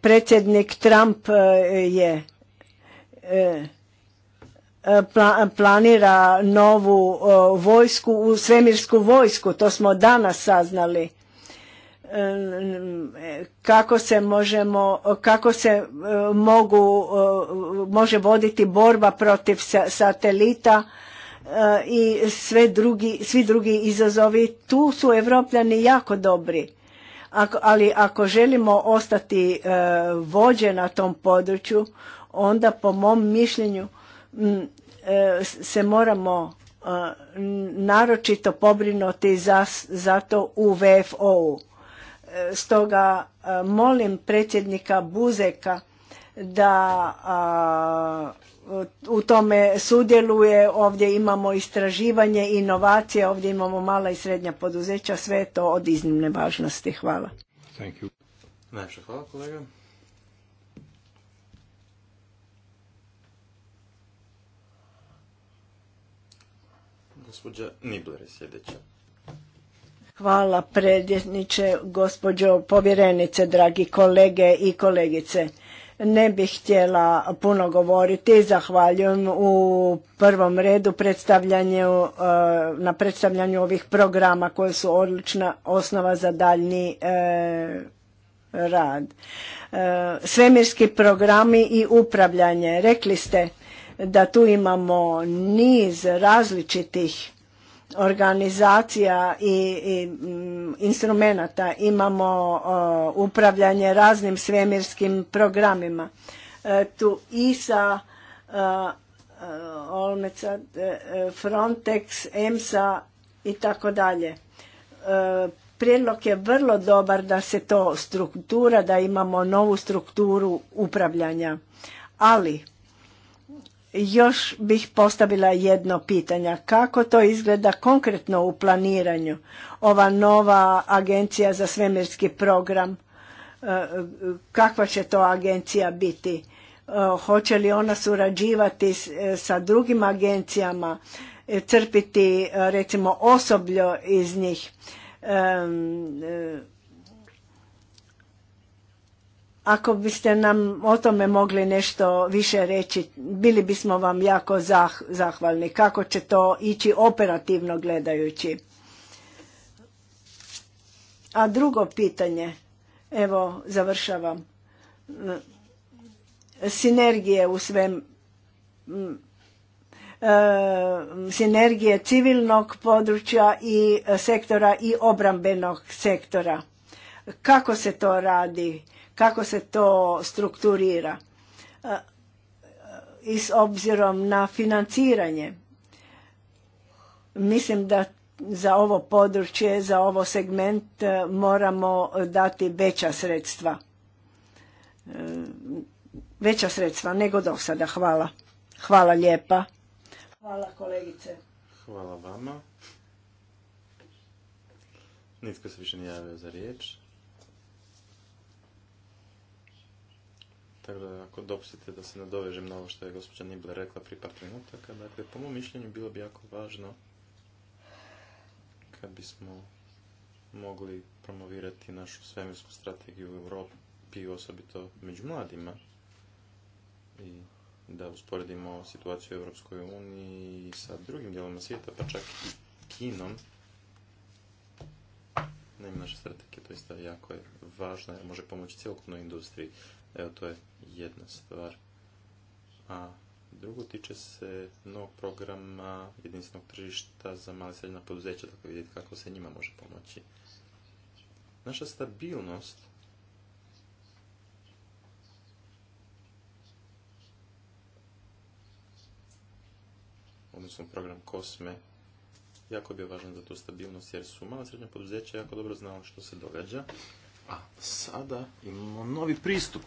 Predsjednik Trump je planira novu vojsku, u svemirsku vojsku, to smo danas saznali kako se možemo kako se e, mogu e, može voditi borba protiv satelita e, i sve drugi, svi drugi izazovi tu su evropljani jako dobri ako, ali ako želimo ostati vođe na tom području onda po mom mišljenju se moramo naročito pobrinuti za, to u VFO-u Stoga e, molim predsjednika Buzeka da u tome sudjeluje. Ovdje imamo istraživanje, inovacije, ovdje imamo mala i srednja poduzeća, sve je to od iznimne važnosti. Hvala. Thank kolega. Nibler sljedeća. Hvala predjedniče, gospođo povjerenice, dragi kolege i kolegice. Ne bih htjela puno govoriti, zahvaljujem u prvom redu predstavljanju, uh, na predstavljanju ovih programa koje su odlična osnova za daljni uh, rad. Uh, svemirski programi i upravljanje. Rekli ste da tu imamo niz različitih organizacija i, mm, instrumenata instrumenta imamo upravljanje raznim svemirskim programima e, tu ISA e, e, Frontex EMSA i tako dalje prijedlog je vrlo dobar da se to struktura da imamo novu strukturu upravljanja ali još bih postavila jedno pitanje. Kako to izgleda konkretno u planiranju? Ova nova agencija za svemirski program, e, e, kakva će to agencija biti? E, hoće li ona surađivati sa drugim agencijama, crpiti recimo osoblje iz njih? Ako biste nam o tome mogli nešto više reći, bili bismo vam jako zahvalni. Kako će to ići operativno gledajući? A drugo pitanje, evo završavam, sinergije u svem, e, sinergije civilnog područja i sektora i obrambenog sektora. Kako se to radi? kako se to strukturira e, e, i s obzirom na financiranje. Mislim da za ovo područje, za ovo segment e, moramo dati veća sredstva. Veća sredstva nego do sada. Hvala. Hvala lijepa. Hvala kolegice. Hvala vama. se više ne za riječ. ako dopustite da se nadovežem na ovo što je gospođa Nibler rekla pri par trenutaka, dakle, po mom mišljenju bilo bi jako važno kad bismo mogli promovirati našu svemirsku strategiju u Europi, osobito među mladima, i da usporedimo situaciju u Europskoj uniji sa drugim dijelom svijeta, pa čak i Kinom. Naime, naša strategija to je jako je važna jer može pomoći cjelokupnoj industriji. Evo, to je jedna stvar. A drugo tiče se novog programa jedinstvenog tržišta za male srednja poduzeća, tako dakle vidite kako se njima može pomoći. Naša stabilnost odnosno program Kosme, jako bi važan za tu stabilnost jer su mala srednja poduzeća jako dobro znala što se događa a sada imamo novi pristup.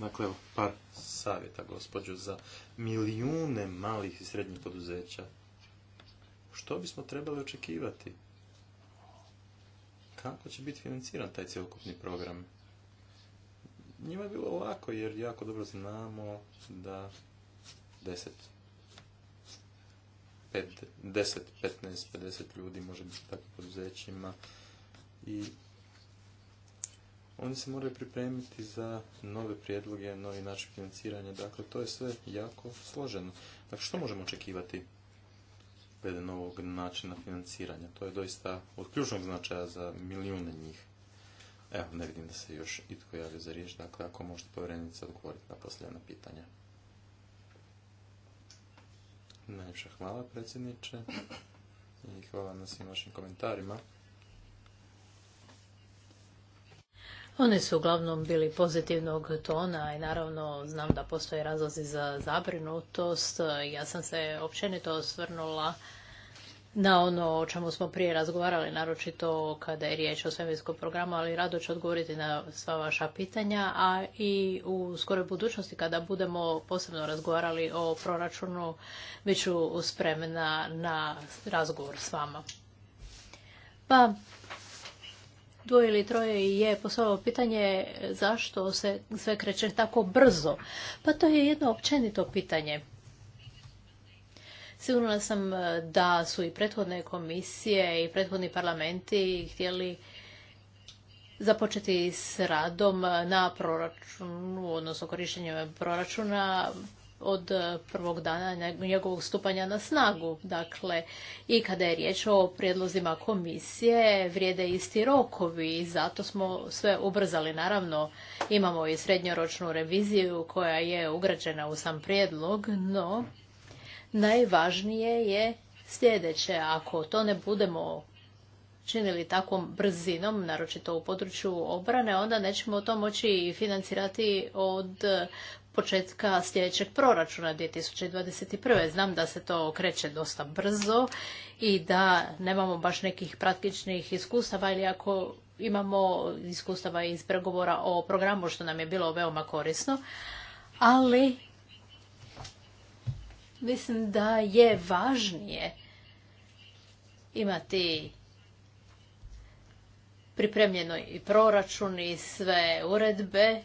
Dakle, evo, par savjeta, gospođo, za milijune malih i srednjih poduzeća. Što bismo trebali očekivati? Kako će biti financiran taj cjelokupni program? Njima je bilo lako, jer jako dobro znamo da 10 10, 15, 50 ljudi može biti u takvim poduzećima i oni se moraju pripremiti za nove prijedloge, novi način financiranja. Dakle, to je sve jako složeno. Dakle, što možemo očekivati glede novog načina financiranja? To je doista od ključnog značaja za milijune njih. Evo, ne vidim da se još itko javi za riječ. Dakle, ako možete povjerenica odgovoriti na posljedno pitanja. Najljepša hvala, predsjedniče. I hvala na svim vašim komentarima. Oni su uglavnom bili pozitivnog tona i naravno znam da postoje razlozi za zabrinutost. Ja sam se općenito osvrnula na ono o čemu smo prije razgovarali, naročito kada je riječ o svemirskom programu, ali rado ću odgovoriti na sva vaša pitanja, a i u skoroj budućnosti kada budemo posebno razgovarali o proračunu, bit ću spremna na razgovor s vama. Pa dvoje ili troje je postavilo pitanje zašto se sve kreće tako brzo. Pa to je jedno općenito pitanje. Sigurna sam eh, da su i prethodne komisije i prethodni parlamenti htjeli započeti s radom eh, na proračunu, odnosno korištenjem proračuna od e, prvog dana njegovog stupanja na snagu. Dakle, i kada je riječ o prijedlozima komisije, vrijede isti rokovi, zato smo sve ubrzali. Naravno, imamo i srednjoročnu reviziju koja je ugrađena u sam prijedlog, no najvažnije je sljedeće. Ako to ne budemo činili takvom brzinom, naročito u području obrane, onda nećemo to moći financirati od početka sljedećeg proračuna 2021. Znam da se to kreće dosta brzo i da nemamo baš nekih praktičnih iskustava ili ako imamo iskustava iz pregovora o programu što nam je bilo veoma korisno, ali mislim da je važnije imati pripremljeno i proračun i sve uredbe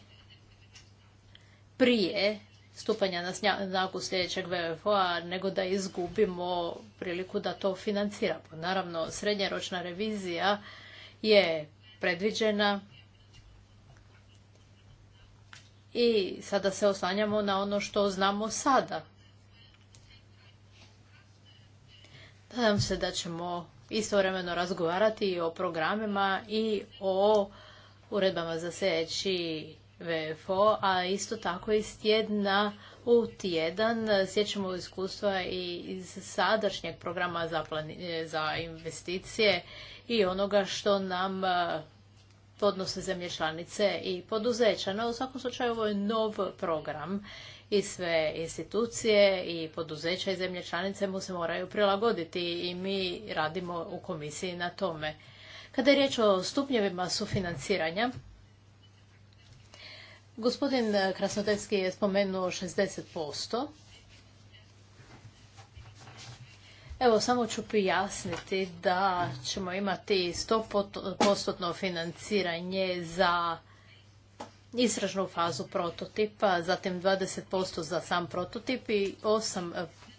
prije stupanja na snagu sljedećeg wfo a nego da izgubimo priliku da to financiramo. Naravno, srednjeročna revizija je predviđena i sada se oslanjamo na ono što znamo sada. Nadam se da ćemo istovremeno razgovarati i o programima i o uredbama za sljedeći VFO, a isto tako iz tjedna u tjedan sjećamo iskustva i iz sadašnjeg programa za, za investicije i onoga što nam e, podnose zemlje članice i poduzeća. No, u svakom slučaju ovo je nov program i sve institucije i poduzeća i zemlje članice mu se moraju prilagoditi i mi radimo u komisiji na tome. Kada je riječ o stupnjevima sufinanciranja, Gospodin eh, Krasnodevski je spomenuo 60%. Evo, samo ću prijasniti da ćemo imati 100% financiranje za istražnu fazu prototipa, zatim 20% za sam prototip i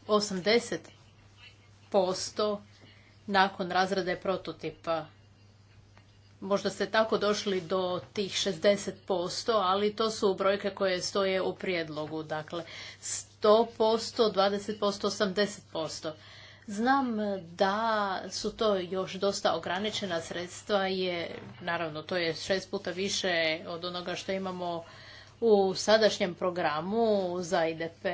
80% nakon razrade prototipa možda ste tako došli do tih 60%, ali to su brojke koje stoje u prijedlogu. Dakle, 100%, 20%, 80%. Znam da su to još dosta ograničena sredstva, je, naravno to je šest puta više od onoga što imamo u sadašnjem programu za IDP,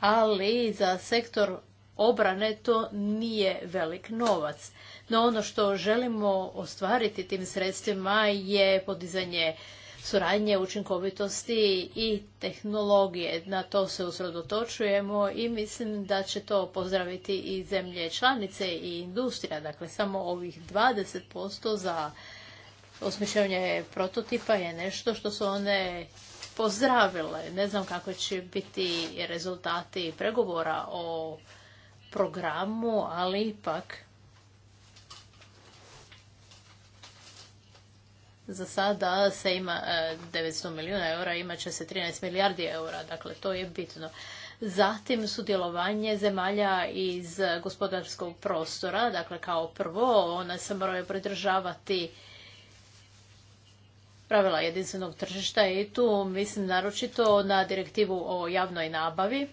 ali za sektor obrane to nije velik novac. No ono što želimo ostvariti tim sredstvima je podizanje suradnje, učinkovitosti i tehnologije. Na to se usredotočujemo i mislim da će to pozdraviti i zemlje članice i industrija. Dakle, samo ovih 20% za osmišljavanje prototipa je nešto što su one pozdravile. Ne znam kako će biti rezultati pregovora o programu, ali ipak Za sada se ima 900 e, milijuna eura, imat će se 13 milijardi eura, dakle to je bitno. Zatim sudjelovanje zemalja iz gospodarskog prostora, dakle kao prvo one se moraju pridržavati pravila jedinstvenog tržišta i tu mislim naročito na direktivu o javnoj nabavi.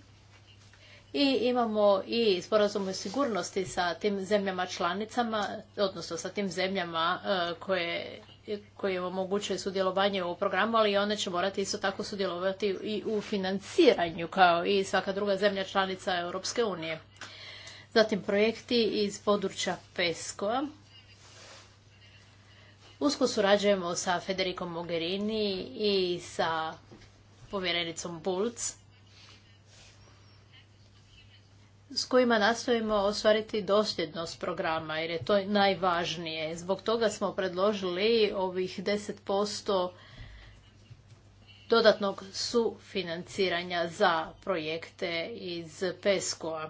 I imamo i sporazum o sigurnosti sa tim zemljama članicama, odnosno sa tim zemljama e, koje koji omogućuje sudjelovanje u programu, ali one će morati isto tako sudjelovati i u financiranju kao i svaka druga zemlja članica Europske unije. Zatim projekti iz područja pesco Usko surađujemo sa Federico Mogherini i sa povjerenicom Bulc s kojima nastojimo ostvariti dosljednost programa jer je to najvažnije. Zbog toga smo predložili ovih 10% dodatnog sufinanciranja za projekte iz PESCO-a.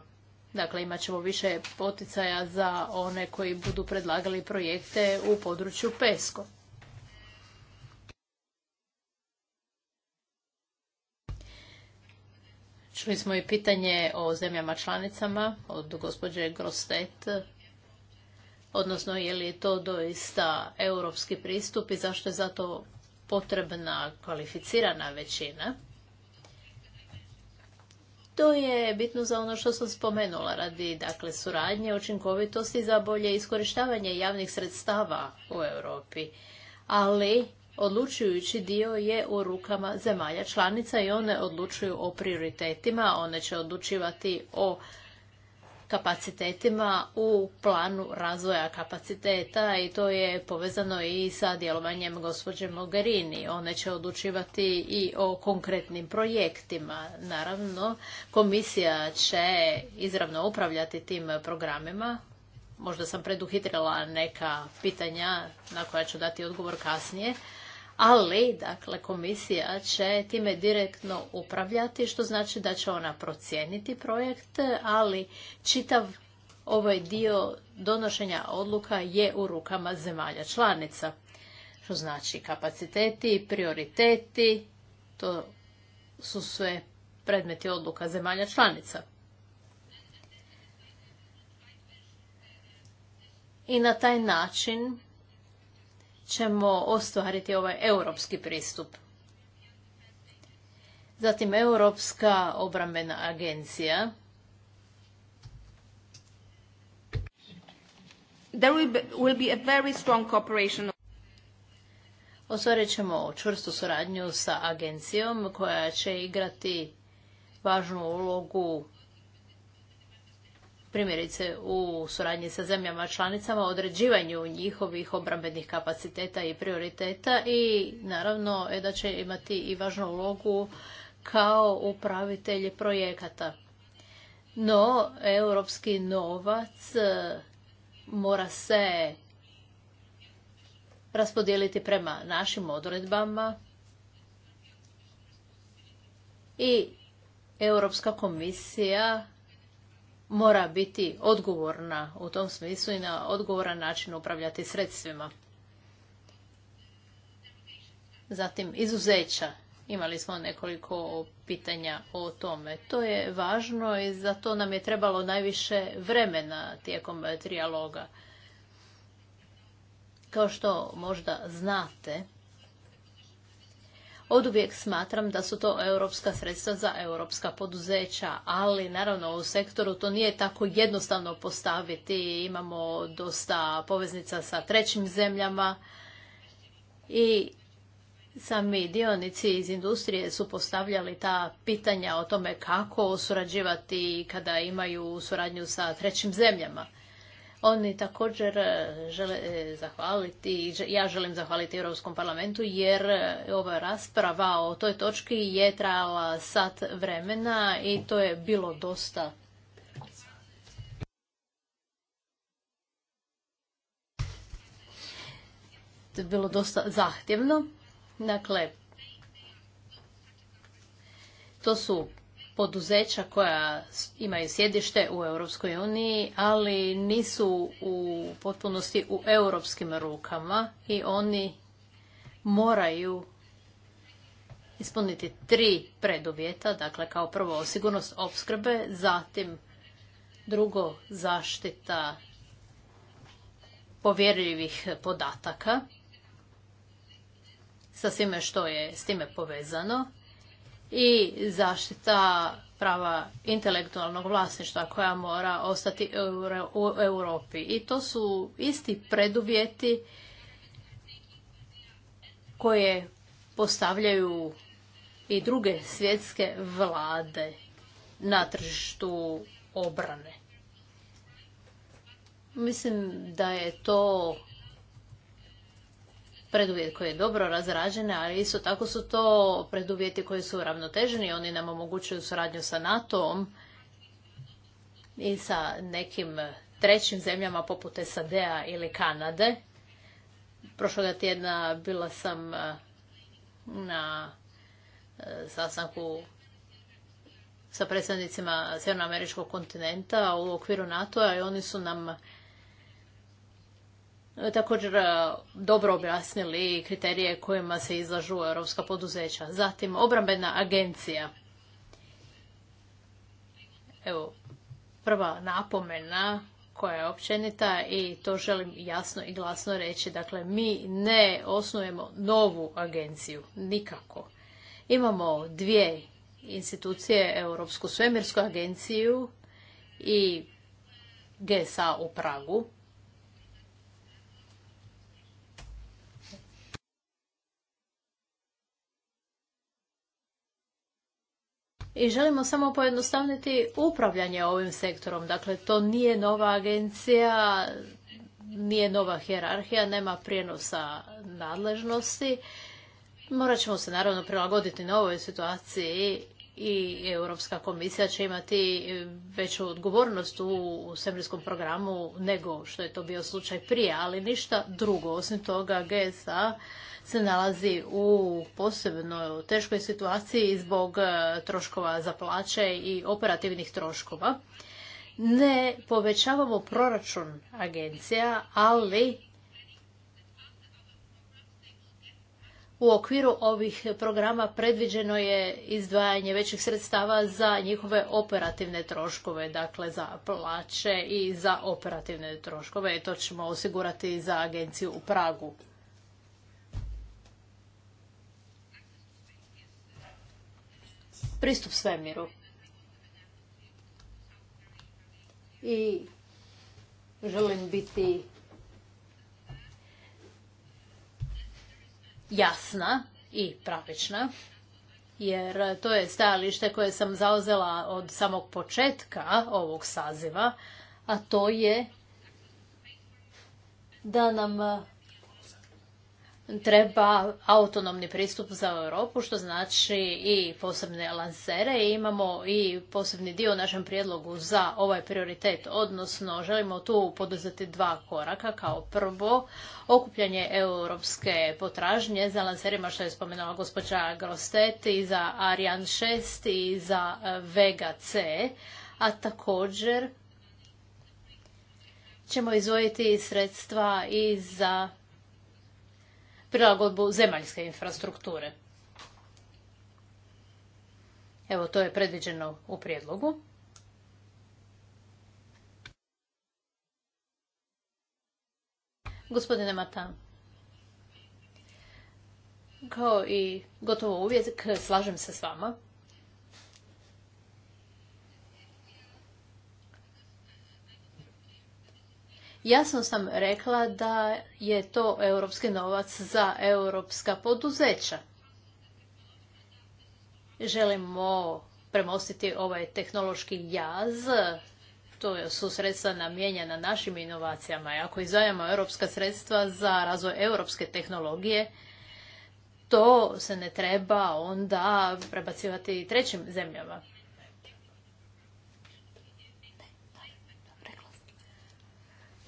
Dakle, imat ćemo više poticaja za one koji budu predlagali projekte u području PESCO. Čuli smo i pitanje o zemljama članicama od gospođe Grostet, odnosno je li to doista europski pristup i zašto je zato potrebna kvalificirana većina. To je bitno za ono što sam spomenula radi dakle, suradnje, učinkovitosti za bolje iskorištavanje javnih sredstava u Europi. Ali odlučujući dio je u rukama zemalja članica i one odlučuju o prioritetima, one će odlučivati o kapacitetima u planu razvoja kapaciteta i to je povezano i sa djelovanjem gospođe Mogherini. One će odlučivati i o konkretnim projektima. Naravno, komisija će izravno upravljati tim programima. Možda sam preduhitrila neka pitanja na koja ću dati odgovor kasnije ali dakle komisija će time direktno upravljati što znači da će ona procijeniti projekt, ali čitav ovaj dio donošenja odluka je u rukama zemalja članica. Što znači kapaciteti, prioriteti, to su sve predmeti odluka zemalja članica. I na taj način ćemo ostvariti ovaj europski pristup. Zatim Europska obrambena agencija. There will be a very strong cooperation. ćemo čvrstu suradnju sa agencijom koja će igrati važnu ulogu primjerice u suradnji sa zemljama članicama, određivanju njihovih obrambenih kapaciteta i prioriteta i naravno da će imati i važnu ulogu kao upravitelji projekata. No, europski novac e, mora se raspodijeliti prema našim odredbama i Europska komisija mora biti odgovorna u tom smislu i na odgovoran način upravljati sredstvima. Zatim izuzeća. Imali smo nekoliko pitanja o tome. To je važno i za to nam je trebalo najviše vremena tijekom trijaloga. Kao što možda znate, od uvijek smatram da su to europska sredstva za europska poduzeća, ali naravno u sektoru to nije tako jednostavno postaviti. Imamo dosta poveznica sa trećim zemljama i sami dionici iz industrije su postavljali ta pitanja o tome kako surađivati kada imaju suradnju sa trećim zemljama. Oni također e, žele e, zahvaliti, ja želim zahvaliti Europskom parlamentu jer e, ova rasprava o toj točki je trajala sat vremena i to je bilo dosta. To je bilo dosta zahtjevno. Dakle, to su poduzeća koja imaju sjedište u Europskoj uniji, ali nisu u potpunosti u europskim rukama i oni moraju ispuniti tri preduvjeta, dakle kao prvo sigurnost opskrbe, zatim drugo zaštita povjerljivih podataka sa svime što je s time povezano i zaštita prava intelektualnog vlasništva koja mora ostati u Europi. I to su isti preduvjeti koje postavljaju i druge svjetske vlade na tržištu obrane. Mislim da je to preduvjet koji je dobro razrađen, ali isto tako su to preduvjeti koji su ravnoteženi. Oni nam omogućuju suradnju sa NATO-om i sa nekim trećim zemljama poput SAD-a ili Kanade. Prošloga tjedna bila sam e, na e, sastanku sa predstavnicima Sjevernoameričkog kontinenta u okviru NATO-a i oni su nam E, također e, dobro objasnili kriterije kojima se izlažu europska poduzeća. Zatim obrambena agencija. Evo, prva napomena koja je općenita i to želim jasno i glasno reći. Dakle, mi ne osnujemo novu agenciju, nikako. Imamo dvije institucije, Europsku svemirsku agenciju i GSA u Pragu, i želimo samo pojednostavniti upravljanje ovim sektorom. Dakle, to nije nova agencija, nije nova hjerarhija, nema prijenosa nadležnosti. Morat ćemo se naravno prilagoditi na ovoj situaciji i Europska komisija će imati veću odgovornost u svemirskom programu nego što je to bio slučaj prije, ali ništa drugo. Osim toga, GSA se nalazi u posebno teškoj situaciji zbog e, troškova za plaće i operativnih troškova. Ne povećavamo proračun agencija, ali u okviru ovih programa predviđeno je izdvajanje većih sredstava za njihove operativne troškove, dakle za plaće i za operativne troškove. To ćemo osigurati za agenciju u Pragu. pristup svemiru. I želim biti jasna i pravična, jer to je stajalište koje sam zauzela od samog početka ovog saziva, a to je da nam treba autonomni pristup za Europu, što znači i posebne lansere. I imamo i posebni dio u našem prijedlogu za ovaj prioritet, odnosno želimo tu poduzeti dva koraka. Kao prvo, okupljanje europske potražnje za lanserima, što je spomenula gospođa Grostet, i za Ariane 6 i za e, Vega C, a također ćemo izvojiti sredstva i za prilagodbu zemaljske infrastrukture. Evo, to je predviđeno u prijedlogu. Gospodine Mata, kao i gotovo uvijek slažem se s vama. Jasno sam rekla da je to europski novac za europska poduzeća. Želimo premostiti ovaj tehnološki jaz, to su sredstva namijenjena našim inovacijama. ako izvajamo europska sredstva za razvoj europske tehnologije, to se ne treba onda prebacivati trećim zemljama.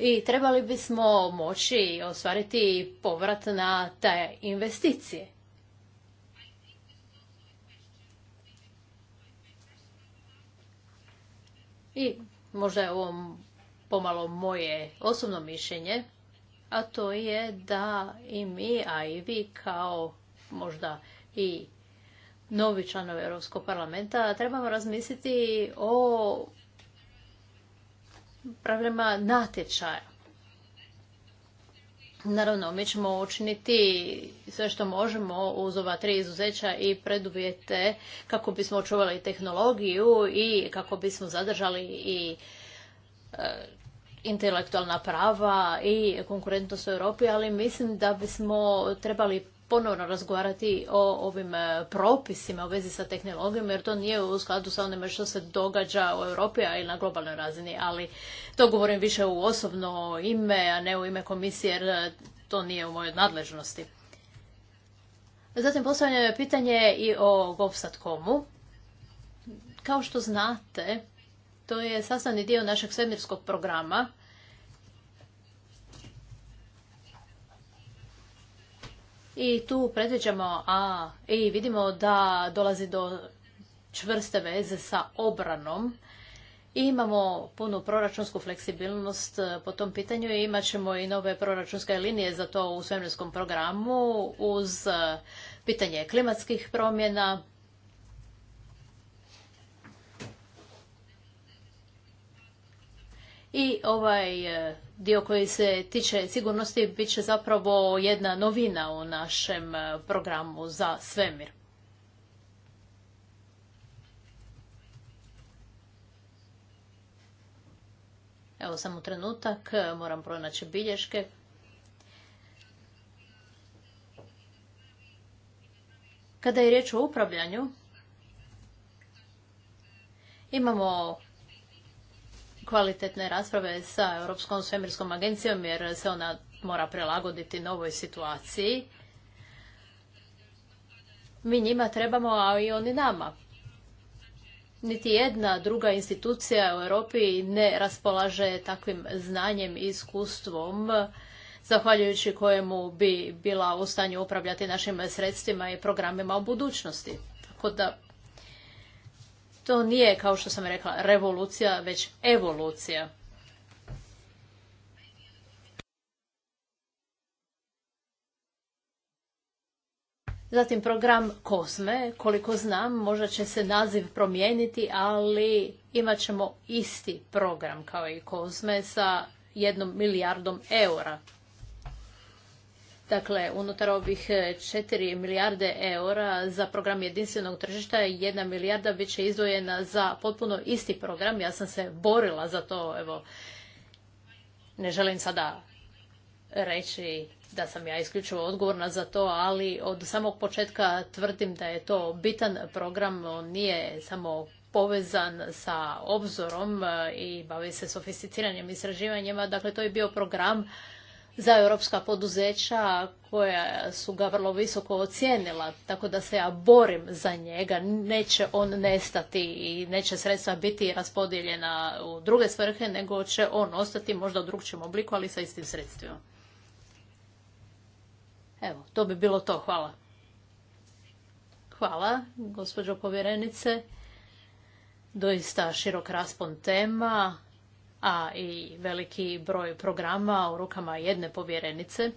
i trebali bismo moći ostvariti povrat na te investicije. I možda je ovo pomalo moje osobno mišljenje, a to je da i mi, a i vi kao možda i novi članovi Europskog parlamenta trebamo razmisliti o problema natječaja. Naravno, mi ćemo učiniti sve što možemo uz ova tri izuzeća i preduvjete kako bismo očuvali tehnologiju i kako bismo zadržali i e, intelektualna prava i konkurentnost u Europi, ali mislim da bismo trebali ponovno razgovarati o ovim e, propisima u vezi sa tehnologijom, jer to nije u skladu sa onime što se događa u Europi, a i na globalnoj razini. Ali to govorim više u osobno ime, a ne u ime komisije, jer e, to nije u mojoj nadležnosti. Zatim postavljeno je pitanje i o Govsatkomu. Kao što znate, to je sastavni dio našeg svemirskog programa i tu predviđamo, a i vidimo da dolazi do čvrste veze sa obranom. I imamo punu proračunsku fleksibilnost e, po tom pitanju i imat ćemo i nove proračunske linije za to u svemirskom programu uz e, pitanje klimatskih promjena. I ovaj e, dio koji se tiče sigurnosti bit će zapravo jedna novina u našem e, programu za svemir. Evo samo trenutak, e, moram pronaći bilješke. Kada je riječ o upravljanju, imamo kvalitetne rasprave sa Europskom svemirskom agencijom jer se ona mora prilagoditi novoj situaciji. Mi njima trebamo, a i oni nama. Niti jedna druga institucija u Europi ne raspolaže takvim znanjem i iskustvom zahvaljujući kojemu bi bila u stanju upravljati našim sredstvima i programima u budućnosti. Tako da to nije, kao što sam rekla, revolucija, već evolucija. Zatim program kosme koliko znam, možda će se naziv promijeniti, ali imat ćemo isti program kao i Kozme sa jednom milijardom eura. Dakle, unutar ovih 4 e, milijarde eura za program jedinstvenog tržišta, jedna milijarda bit će izdvojena za potpuno isti program. Ja sam se borila za to, evo, ne želim sada reći da sam ja isključivo odgovorna za to, ali od samog početka tvrdim da je to bitan program, on nije samo povezan sa obzorom e, i bavi se sofisticiranim istraživanjima. Dakle, to je bio program za europska poduzeća koja su ga vrlo visoko ocijenila, tako da se ja borim za njega, neće on nestati i neće sredstva biti raspodijeljena u druge svrhe, nego će on ostati možda u drugčijem obliku, ali sa istim sredstvima. Evo, to bi bilo to, hvala. Hvala, gospođo povjerenice. Doista širok raspon tema a i veliki broj programa u rukama jedne povjerenice.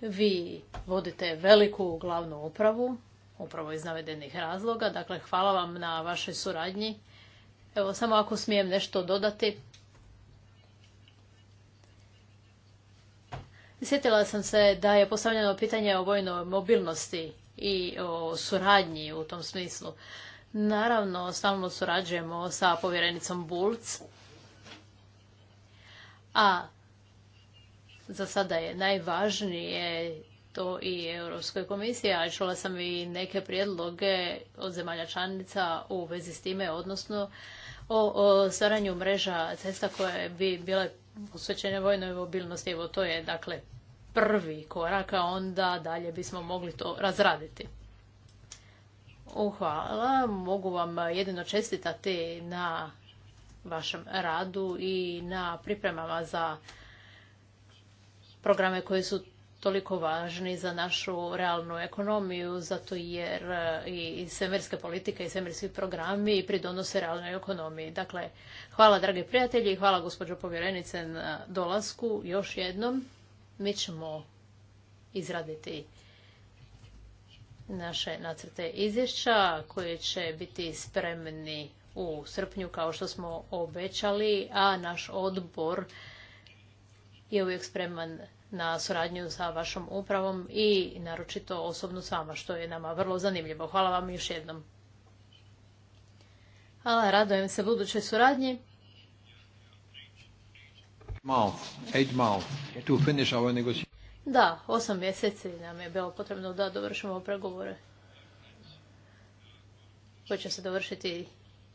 Vi vodite veliku glavnu upravu, upravo iz navedenih razloga. Dakle, hvala vam na vašoj suradnji. Evo, samo ako smijem nešto dodati. Sjetila sam se da je postavljeno pitanje o vojnoj mobilnosti i o suradnji u tom smislu. Naravno, stalno surađujemo sa povjerenicom Bulc. A za sada je najvažnije to i Europskoj komisiji, a čula sam i neke prijedloge od zemalja članica u vezi s time, odnosno o, stvaranju mreža cesta koje bi bile posvećene vojnoj mobilnosti. Evo, to je dakle prvi korak, a onda dalje bismo mogli to razraditi. Oh, hvala. Mogu vam jedino čestitati na vašem radu i na pripremama za programe koji su toliko važni za našu realnu ekonomiju, zato jer e, i svemirske politike i svemirski programi pridonose realnoj ekonomiji. Dakle, hvala dragi prijatelji i hvala gospođo povjerenice na dolasku još jednom. Mi ćemo izraditi naše nacrte izvješća koje će biti spremni u srpnju kao što smo obećali, a naš odbor je uvijek spreman na suradnju sa vašom upravom i naročito osobno s vama, što je nama vrlo zanimljivo. Hvala vam još jednom. Hvala, radojem se budućoj suradnji. eight to finish our da, osam mjeseci nam je bilo potrebno da dovršimo pregovore koji će se dovršiti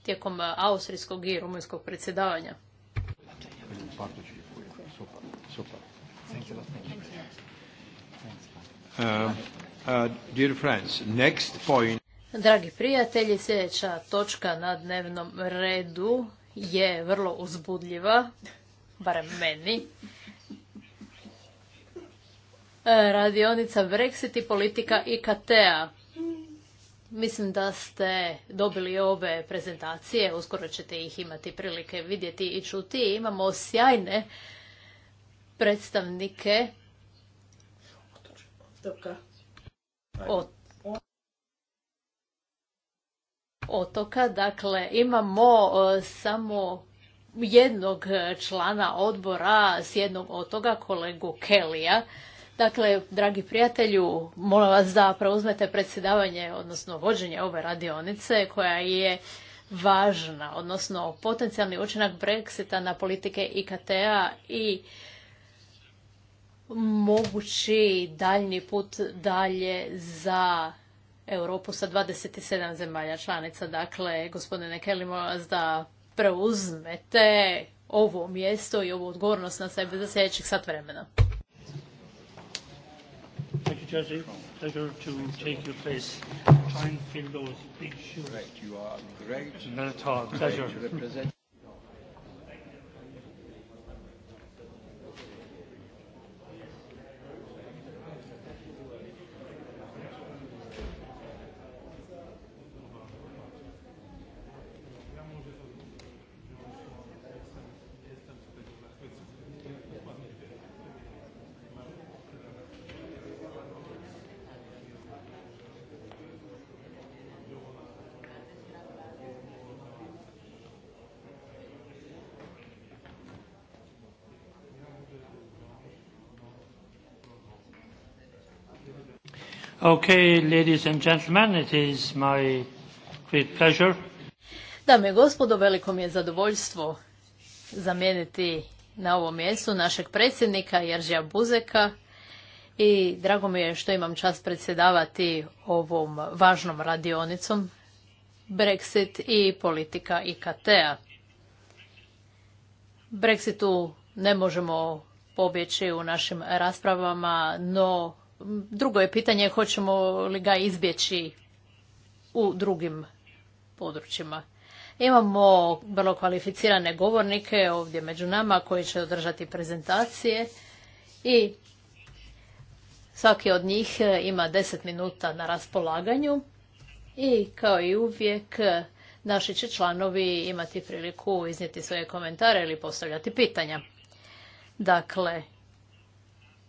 tijekom eh, austrijskog i rumunjskog predsjedavanja. Eh, eh, Dragi prijatelji, sljedeća točka na dnevnom redu je vrlo uzbudljiva, barem meni radionica Brexit i politika IKT-a. Mislim da ste dobili ove prezentacije, uskoro ćete ih imati prilike vidjeti i čuti. Imamo sjajne predstavnike otoka. Dakle, imamo e, samo jednog člana odbora s jednog otoga, kolegu Kelija. Dakle, dragi prijatelju, molim vas da preuzmete predsjedavanje, odnosno vođenje ove radionice koja je važna, odnosno potencijalni učinak Brexita na politike IKT-a i mogući daljni put dalje za Europu sa 27 zemalja članica. Dakle, gospodine Kelly, molim vas da preuzmete ovo mjesto i ovu odgovornost na sebe za sljedećih sat vremena pleasure to take your place. Try and fill those big shoes. Right, you are great. Not at all. Pleasure. Okay, ladies and gentlemen, it Dame i gospodo, veliko mi je zadovoljstvo zamijeniti na ovom mjestu našeg predsjednika Jeržija Buzeka i drago mi je što imam čast predsjedavati ovom važnom radionicom Brexit i politika IKT-a. Brexitu ne možemo pobjeći u našim raspravama, no drugo je pitanje hoćemo li ga izbjeći u drugim područjima. Imamo vrlo kvalificirane govornike ovdje među nama koji će održati prezentacije i svaki od njih ima 10 minuta na raspolaganju i kao i uvijek naši će članovi imati priliku iznijeti svoje komentare ili postavljati pitanja. Dakle,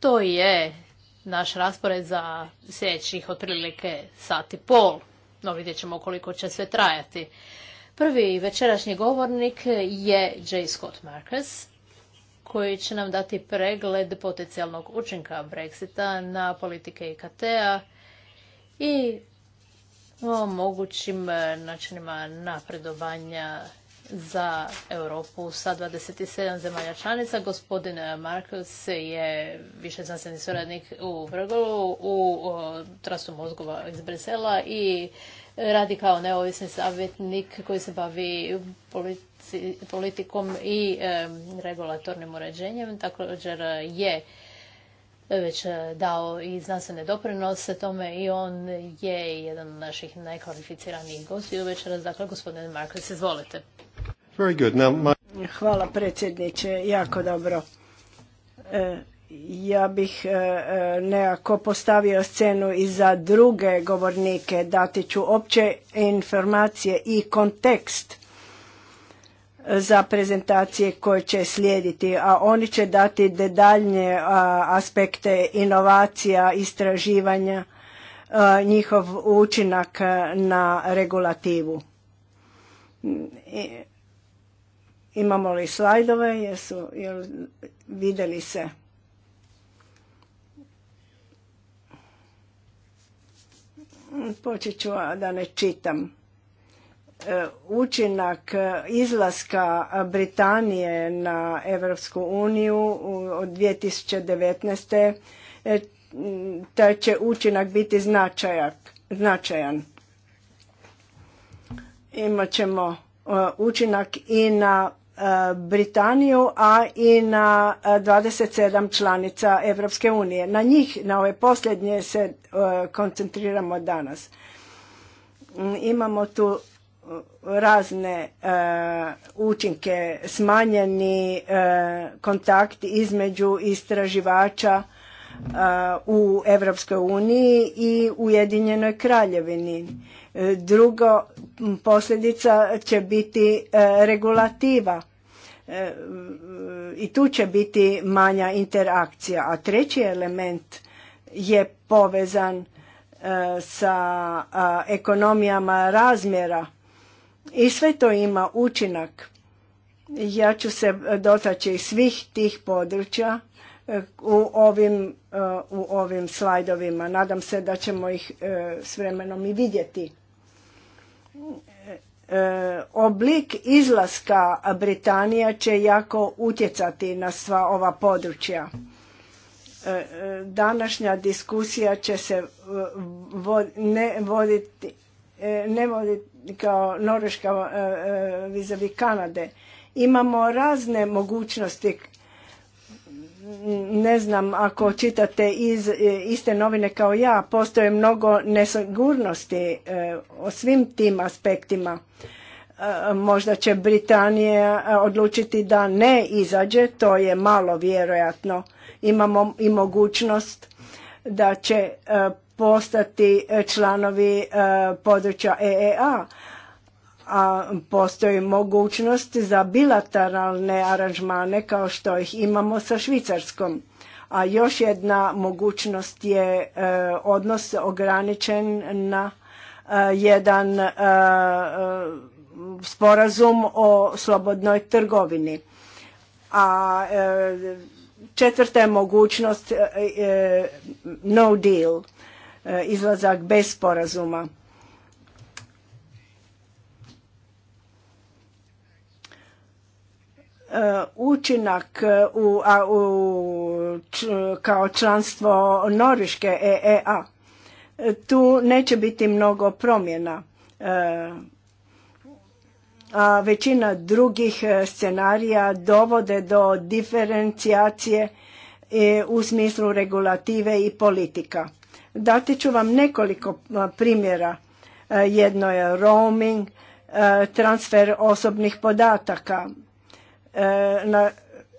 to je naš raspored za sljedećih otprilike sati pol. No vidjet ćemo koliko će sve trajati. Prvi večerašnji govornik je J. Scott Marcus, koji će nam dati pregled potencijalnog učinka Brexita na politike IKT-a i o mogućim načinima napredovanja za Europu sa 27 zemalja članica. Gospodin eh, Markus je više znanstveni suradnik u Vrgolu, u trasu mozgova iz Brisela i radi kao neovisni savjetnik koji se bavi politikom i regulatornim uređenjem. Također je već dao i znanstvene doprinose tome i on je jedan od naših najkvalificiranijih gostiju večeras. Dakle, gospodine Markus, izvolite. Hvala predsjedniče, jako dobro. E, ja bih e, e, nekako postavio scenu i za druge govornike, dati ću opće informacije i kontekst za prezentacije koje će slijediti, a oni će dati detaljnije aspekte inovacija, istraživanja, njihov učinak na regulativu. I, Imamo li slajdove? Jesu, jel videli se? Počet ću da ne čitam. E, učinak e, izlaska Britanije na Evropsku uniju od 2019. E, taj će učinak biti značajak, značajan. Imaćemo učinak i na E, Britaniju, a i na 27 e, članica Europske unije. Na njih, na ove posljednje se e, koncentriramo danas. Mm, imamo tu razne učinke, smanjeni kontakt između istraživača u Europskoj uniji i Ujedinjenoj kraljevini. Drugo, posljedica će biti e, regulativa e, i tu će biti manja interakcija. A treći element je povezan e, sa ekonomijama razmjera i sve to ima učinak. Ja ću se dotaći svih tih područja u ovim, u ovim slajdovima. Nadam se da ćemo ih s vremenom i vidjeti. E, oblik izlaska Britanija će jako utjecati na sva ova područja. E, e, današnja diskusija će se ne voditi ne voditi kao Norveška vizavi Kanade. Imamo razne mogućnosti ne znam ako čitate iz eh, iste novine kao ja, postoje mnogo nesigurnosti eh, o svim tim aspektima. Eh, možda će Britanija odlučiti da ne izađe, to je malo vjerojatno. Imamo i mogućnost da će postati članovi područja EEA a postoji mogućnost za bilateralne aranžmane kao što ih imamo sa Švicarskom. A još jedna mogućnost je e, odnos ograničen na e, jedan e, sporazum o slobodnoj trgovini. A četvrta je mogućnost no deal, izlazak bez sporazuma E, učinak e, u, kao članstvo Norviške EEA. E, tu neće biti mnogo promjena. a većina drugih scenarija dovode do diferencijacije u smislu regulative i politika. Dati ću vam nekoliko primjera. jedno je roaming, transfer osobnih podataka, E,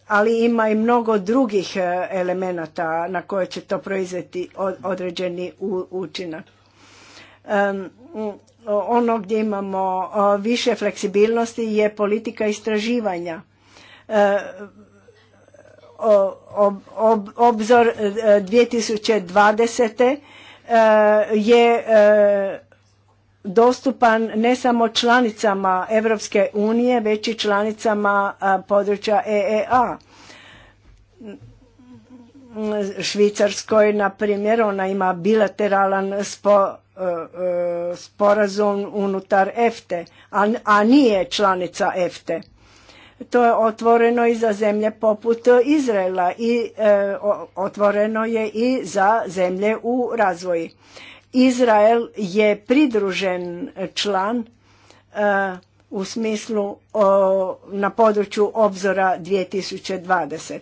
ali ima i mnogo drugih e, elemenata na koje će to proizvesti određeni učinak. Ono gdje imamo više fleksibilnosti je politika istraživanja. E, obzor 2020. je dostupan ne samo članicama Europske unije, već i članicama područja EEA. Švicarskoj, na primjer, ona ima bilateralan e, e, sporazum unutar EFTE, a, nije članica EFTE. To je otvoreno i za zemlje poput Izraela i e, otvoreno je i za zemlje u razvoji. Izrael je pridružen član e, u smislu na području obzora 2020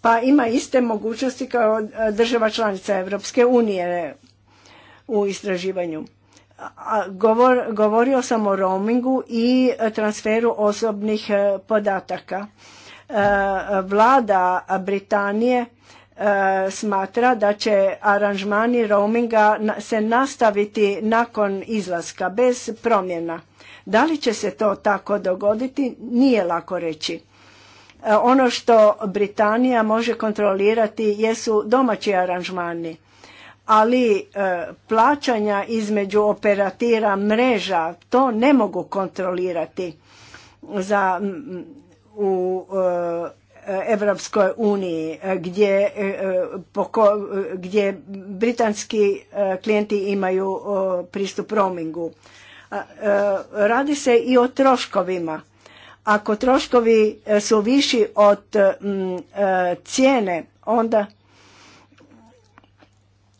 pa ima iste mogućnosti kao država članica Europske unije u istraživanju. a govorio sam o roamingu i transferu osobnih e, podataka. E, vlada Britanije E, smatra da će aranžmani roaminga se nastaviti nakon izlaska bez promjena. Da li će se to tako dogoditi nije lako reći. E, ono što Britanija može kontrolirati jesu domaći aranžmani, ali e, plaćanja između operatira mreža to ne mogu kontrolirati za u Evropskoj uniji e, gdje, e, e, gdje britanski klijenti imaju pristup roamingu. Radi se i o troškovima. Ako troškovi su viši od cijene, onda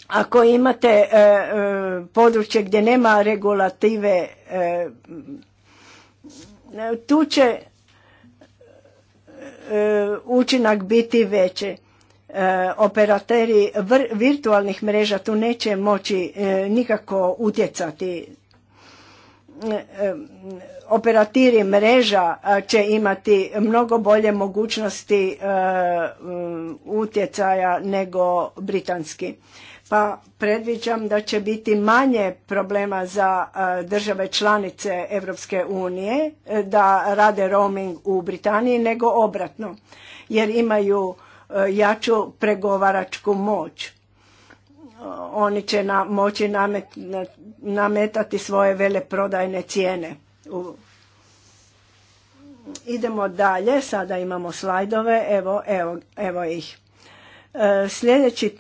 ako imate područje gdje nema regulative, tu će E, učinak biti veći. E, operateri virtualnih mreža tu neće moći e, nikako utjecati. Operatiri mreža će imati mnogo bolje mogućnosti utjecaja nego britanski pa predviđam da će biti manje problema za države članice Europske unije e, da rade roaming u Britaniji nego obratno jer imaju e, jaču pregovaračku moć. Oni će na, moći nametati svoje veleprodajne cijene. Idemo dalje, sada imamo slajdove, evo, evo, evo ih. E, sljedeći,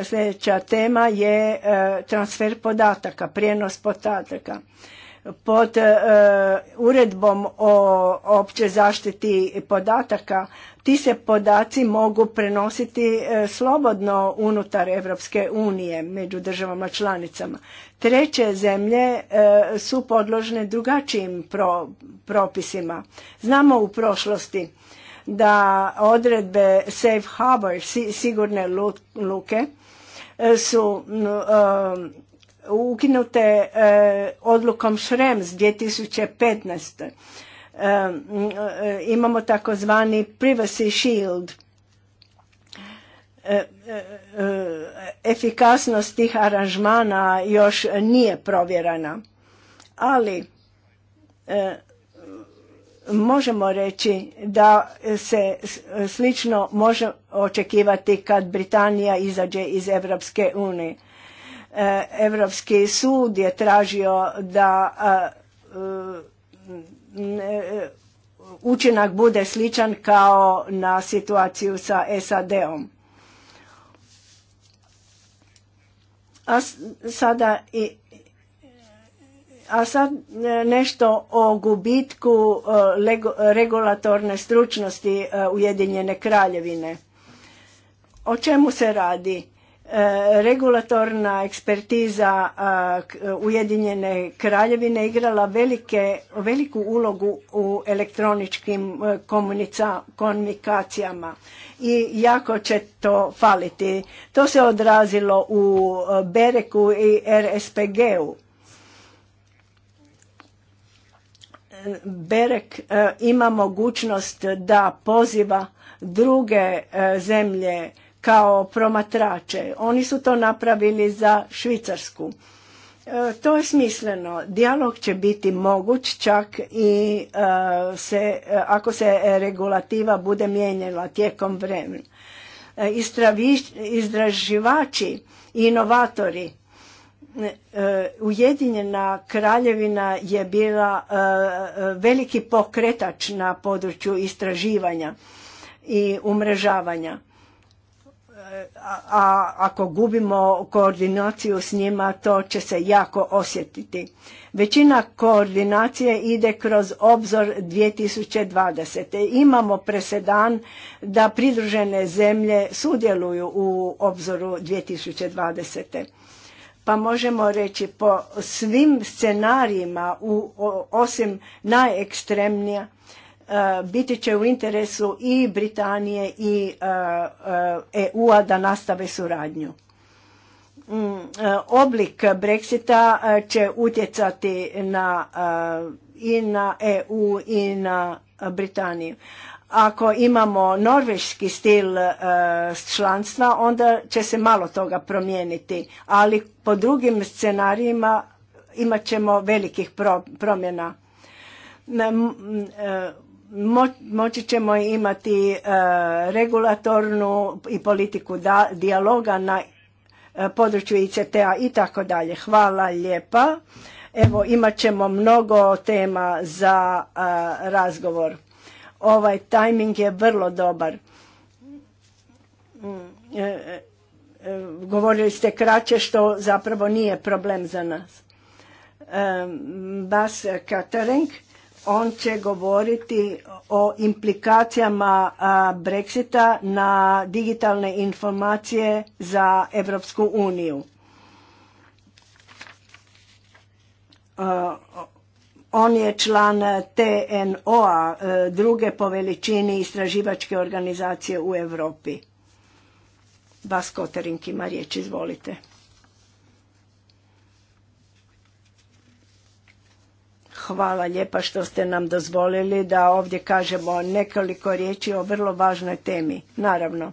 e, sljedeća tema je e, transfer podataka, prijenos podataka. Pod uredbom o opće zaštiti podataka ti se podaci mogu prenositi slobodno unutar Europske unije među državama članicama. Treće zemlje su podložne drugačijim propisima. Znamo u prošlosti da odredbe safe harbor, sigurne luke, e, su e, ukinute e, odlukom Šrems 2015. imamo takozvani privacy shield. Efikasnost tih aranžmana još nije provjerana, ali možemo reći da se slično može očekivati kad Britanija izađe iz Europske unije. Europski sud je tražio da e, e, učinak bude sličan kao na situaciju sa SAD-om. A sada i a sad e, nešto o gubitku e, regulatorne stručnosti e, Ujedinjene kraljevine. O čemu se radi? Regulatorna ekspertiza Ujedinjene kraljevine igrala velike, veliku ulogu u elektroničkim komunikacijama i jako će to faliti. To se odrazilo u Bereku i RSPG-u Berek e, ima mogućnost da poziva druge e, zemlje kao promatrače. Oni su to napravili za Švicarsku. E, to je smisleno. Dijalog će biti moguć čak i se, ako se regulativa bude mijenjala tijekom vremena. Istraživači i inovatori E, Ujedinjena kraljevina je bila e, e, veliki pokretač na području istraživanja i umrežavanja. A ako gubimo koordinaciju s njima, to će se jako osjetiti. Većina koordinacije ide kroz obzor 2020. Imamo presedan da pridružene zemlje sudjeluju u obzoru 2020 pa možemo reći po svim scenarijima u, osim najekstremnija e, biti će u interesu i Britanije i EU-a e, e da nastave suradnju. Mm, oblik Brexita će utjecati na, i na EU i na Britaniju. Ako imamo norveški stil e, članstva, onda će se malo toga promijeniti, ali po drugim scenarijima imat ćemo velikih promjena. E, moći ćemo imati e, regulatornu i politiku dijaloga na području ICT-a i tako dalje. Hvala lijepa. Evo imat ćemo mnogo tema za razgovor. Ovaj tajming je vrlo dobar. Mm, e, e, govorili ste kraće što zapravo nije problem za nas. E, Bas Katering, on će govoriti o implikacijama Brexita na digitalne informacije za Europsku uniju. On je član eh, TNO-a, eh, druge po veličini istraživačke organizacije u Europi. Bas Koterink ima riječ, izvolite. Hvala lijepa što ste nam dozvolili da ovdje kažemo nekoliko riječi o vrlo važnoj temi. Naravno,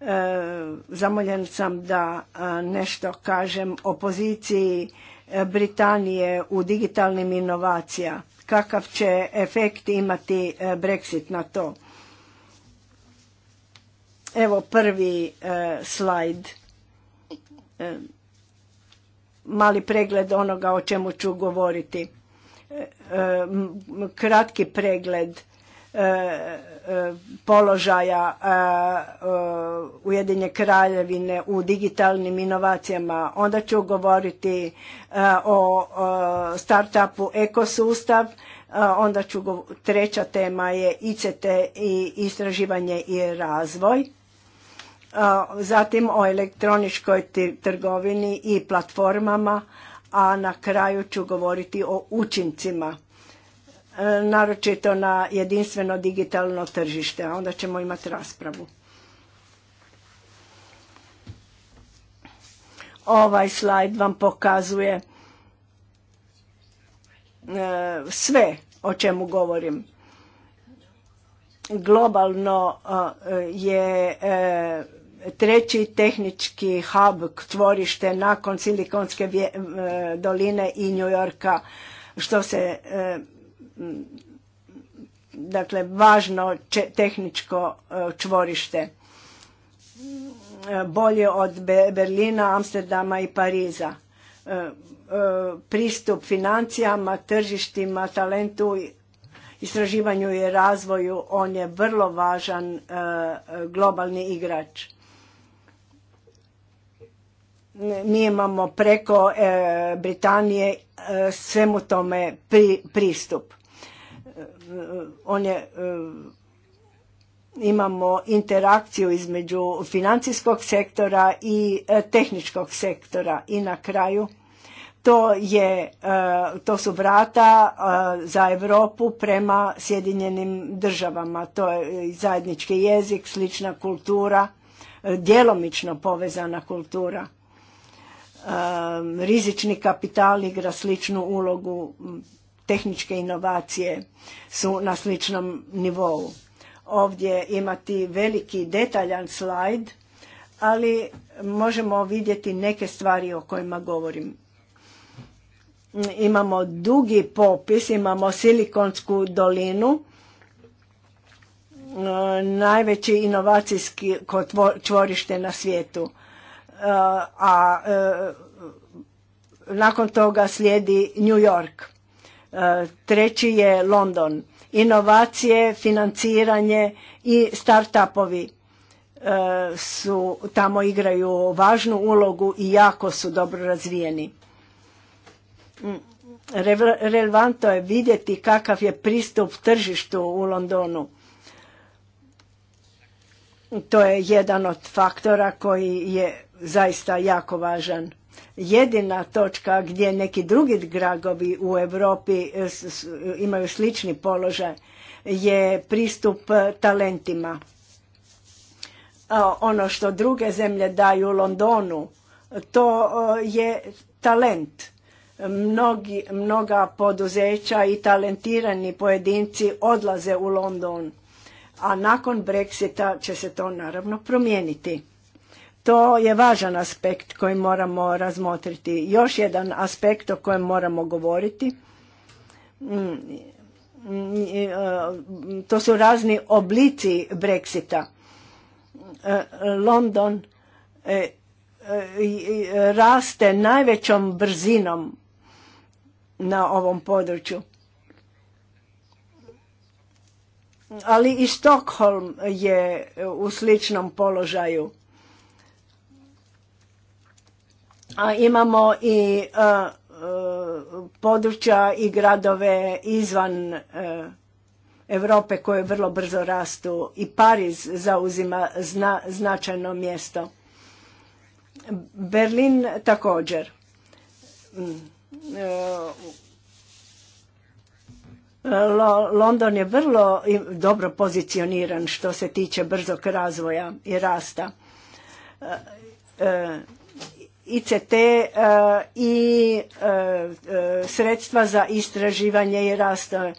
eh, zamoljen sam da nešto kažem o poziciji Britanije u digitalnim inovacija. Kakav će efekt imati e, Brexit na to? Evo prvi e, slajd. E, mali pregled onoga o čemu ću govoriti. Kratki pregled položaja e, e, Ujedinje kraljevine u digitalnim inovacijama. Onda ću govoriti e, o startupu ekosustav, onda ću treća tema je ICT i istraživanje i razvoj. Zatim o elektroničkoj trgovini i platformama, a na kraju ću govoriti o učincima E, naročito na jedinstveno digitalno tržište, a onda ćemo imati raspravu. Ovaj slajd vam pokazuje e, sve o čemu govorim. Globalno e, je treći tehnički hub tvorište nakon Silikonske doline i New Yorka što se dakle važno tehničko e, čvorište e, bolje od Berlina, Amsterdama i Pariza. E, pristup financijama, tržištima, talentu, istraživanju i razvoju, on je vrlo važan globalni igrač. Mi imamo preko Britanije svemu tome pristup on je e, imamo interakciju između financijskog sektora i e, tehničkog sektora i na kraju to je e, to su vrata za Europu prema Sjedinjenim državama to je zajednički jezik slična kultura djelomično povezana kultura rizični kapital igra sličnu ulogu tehničke inovacije su na sličnom nivou. Ovdje imati veliki detaljan slajd, ali možemo vidjeti neke stvari o kojima govorim. Imamo dugi popis, imamo silikonsku dolinu, najveći inovacijski čvorište na svijetu. A e, nakon toga slijedi New York treći je London. Inovacije, financiranje i start-upovi e, su tamo igraju važnu ulogu i jako su dobro razvijeni. Mm. Relevantno je vidjeti kakav je pristup tržištu u Londonu. To je jedan od faktora koji je zaista jako važan jedina točka gdje neki drugi gradovi u Europi e, imaju slični položaj je pristup talentima. Ono što druge zemlje daju Londonu, to e, je talent. Mnogi, mnoga poduzeća i talentirani pojedinci odlaze u London, a nakon Brexita će se to naravno promijeniti. To je važan aspekt koji moramo razmotriti. Još jedan aspekt o kojem moramo govoriti, to su razni oblici Brexita. London e, e, raste najvećom brzinom na ovom području. Ali i Stockholm je u sličnom položaju A imamo i e, e, područja i gradove izvan e, Europe koje vrlo brzo rastu i Pariz zauzima značajno mjesto. Berlin također. Mm, London je vrlo dobro pozicioniran što se tiče brzog razvoja i rasta. ICT i e, e, e, sredstva za istraživanje i rasta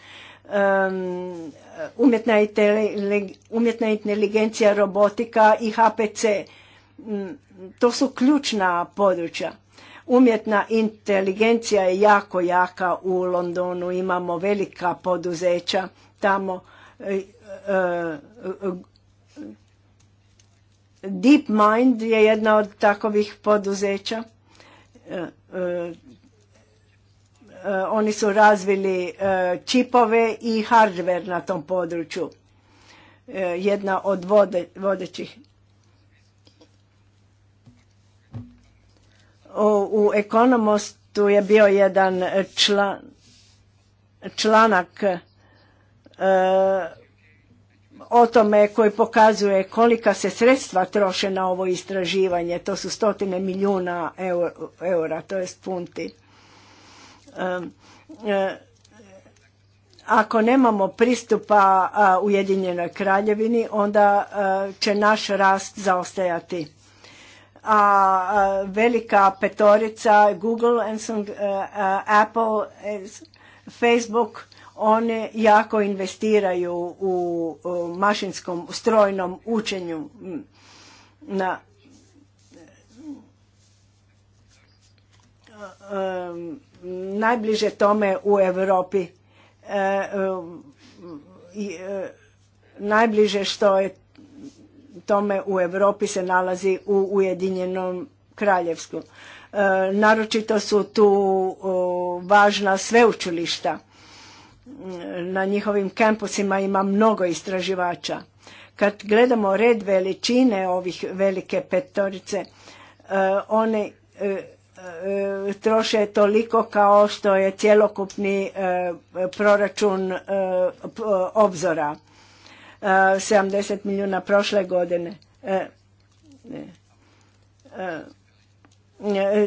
umjetna inteligencija, robotika i HPC. To su ključna područja. Umjetna inteligencija je jako jaka u Londonu, imamo velika poduzeća tamo, DeepMind je jedna od takovih poduzeća. E, e, e, oni su razvili čipove i hardware na tom području. Jedna od vodećih. U Ekonomostu je bio jedan član, članak o tome koji pokazuje kolika se sredstva troše na ovo istraživanje. To su stotine milijuna eura, to je punti. E, ako nemamo pristupa Ujedinjenoj kraljevini, onda e, će naš rast zaostajati. A velika petorica Google, e, Apple, Facebook, one jako investiraju u mašinskom strojnom učenju na najbliže tome u Europi e, e, najbliže što je tome u Europi se nalazi u Ujedinjenom kraljevstvu. E, naročito su tu važna sveučilišta na njihovim kampusima ima mnogo istraživača. Kad gledamo red veličine ovih velike petorice, e, one e, e, troše toliko kao što je cjelokupni proračun obzora. 70 milijuna prošle godine.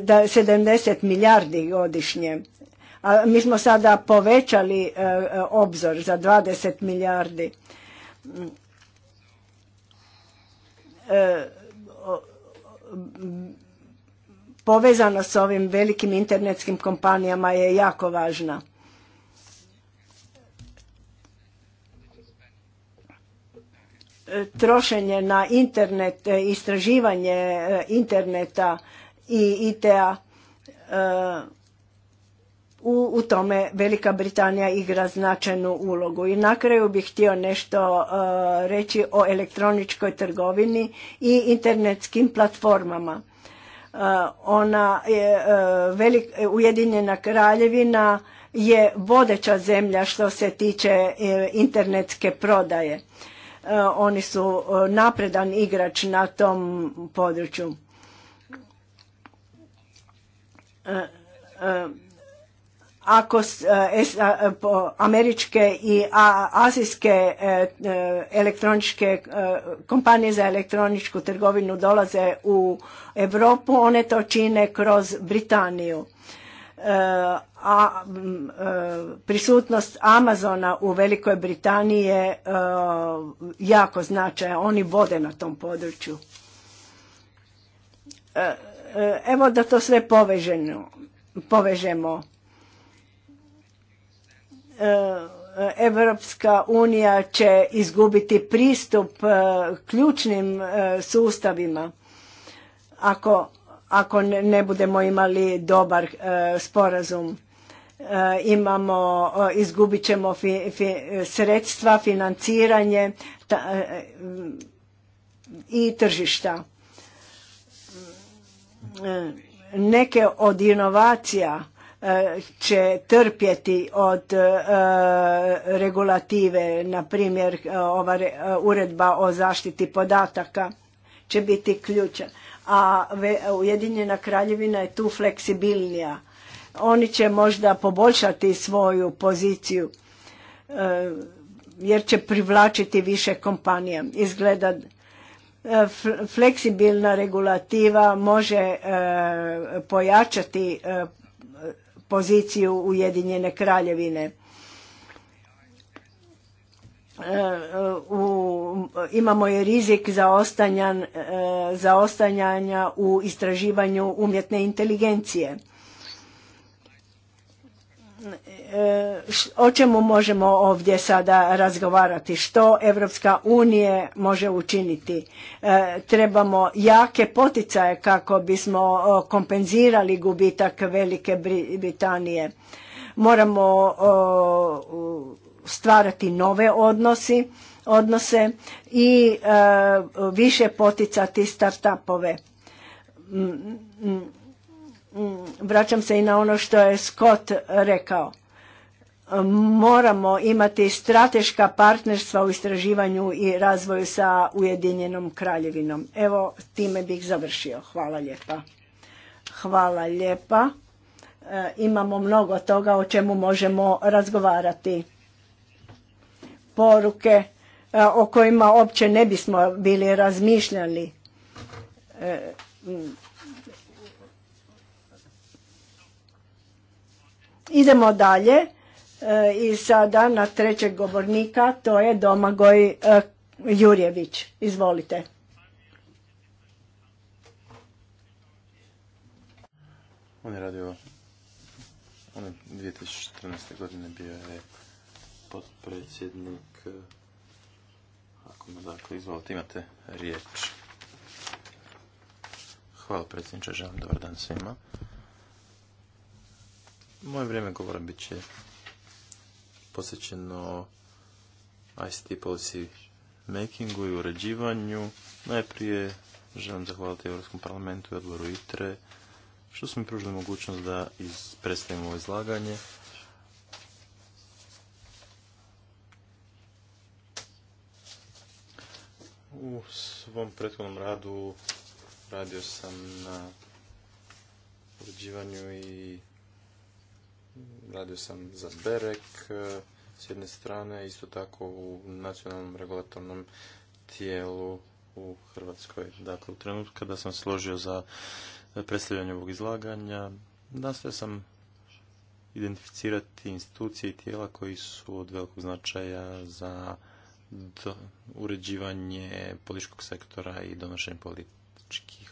Da 70 milijardi godišnje mi smo sada povećali e, obzor za 20 milijardi. E, povezano s ovim velikim internetskim kompanijama je jako važna. E, trošenje na internet, istraživanje interneta i ITA u, tome Velika Britanija igra značajnu ulogu. I na kraju bih htio nešto uh, reći o elektroničkoj trgovini i internetskim platformama. Uh, ona je uh, Ujedinjena kraljevina je vodeća zemlja što se tiče internetske prodaje. Oni su napredan igrač na tom području ako e, e, američke i azijske e, elektroničke kompanije za elektroničku trgovinu dolaze u Europu, one to čine kroz Britaniju. A prisutnost Amazona u Velikoj Britaniji je jako značaja. Oni vode na tom području. Evo da to sve povežemo E, Evropska unija će izgubiti pristup e, ključnim e, sustavima ako, ne budemo imali dobar sporazum. Imamo, izgubit ćemo sredstva, financiranje i tržišta. Neke od inovacija će trpjeti od e, regulative, na primjer e, ova e, uredba o zaštiti podataka će biti ključan. A Ujedinjena kraljevina je tu fleksibilnija. Oni će možda poboljšati svoju poziciju jer će privlačiti više kompanija. Izgleda fleksibilna regulativa može pojačati poziciju Ujedinjene kraljevine. E, imamo je rizik zaostajanja za e, u istraživanju umjetne inteligencije E, o čemu možemo ovdje sada razgovarati, što Evropska unije može učiniti. E, trebamo jake poticaje kako bismo kompenzirali gubitak Velike Britanije. Moramo stvarati nove odnosi, odnose i e, više poticati startupove Mm, vraćam se i na ono što je Scott rekao. Mm, moramo imati strateška partnerstva u istraživanju i razvoju sa Ujedinjenom kraljevinom. Evo, time bih završio. Hvala lijepa. Hvala lijepa. E, imamo mnogo toga o čemu možemo razgovarati. Poruke e, o kojima opće ne bismo bili razmišljali. E, mm, Idemo dalje e, i sada na trećeg govornika, to je Domagoj e, Jurjević. Izvolite. On je radio, on je 2014. godine bio je potpredsjednik, e, ako mu dakle izvolite, imate riječ. Hvala predsjedniče, želim dobar dan svima. Moje vrijeme govora bit će posjećeno ICT policy makingu i uređivanju. Najprije želim zahvaliti Europskom parlamentu i odboru ITRE što su mi pružili mogućnost da iz, ovo izlaganje. U svom prethodnom radu radio sam na uređivanju i radio sam za Berek e, s jedne strane, isto tako u nacionalnom regulatornom tijelu u Hrvatskoj. Dakle, u trenutku kada sam složio za predstavljanje ovog izlaganja, nastojao sam identificirati institucije i tijela koji su od velikog značaja za uređivanje političkog sektora i donošenje politike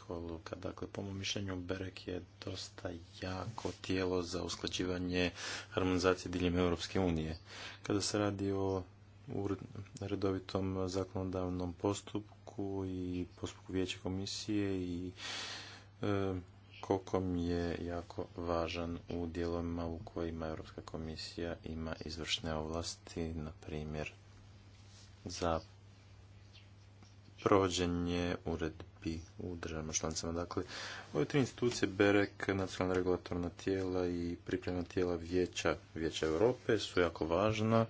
odluka. Dakle, po mom mišljenju, Berek je dosta jako tijelo za usklađivanje harmonizacije diljem Europske unije. Kada se radi o redovitom zakonodavnom postupku i postupku vijeća komisije i e, kokom je jako važan u dijelovima u kojima Europska komisija ima izvršne ovlasti, na primjer za provođenje uredbe i u državama članicama. Dakle, ove tri institucije, BEREK, nacionalna regulatorna tijela i pripremna tijela vijeća, vijeća Europe su jako važna,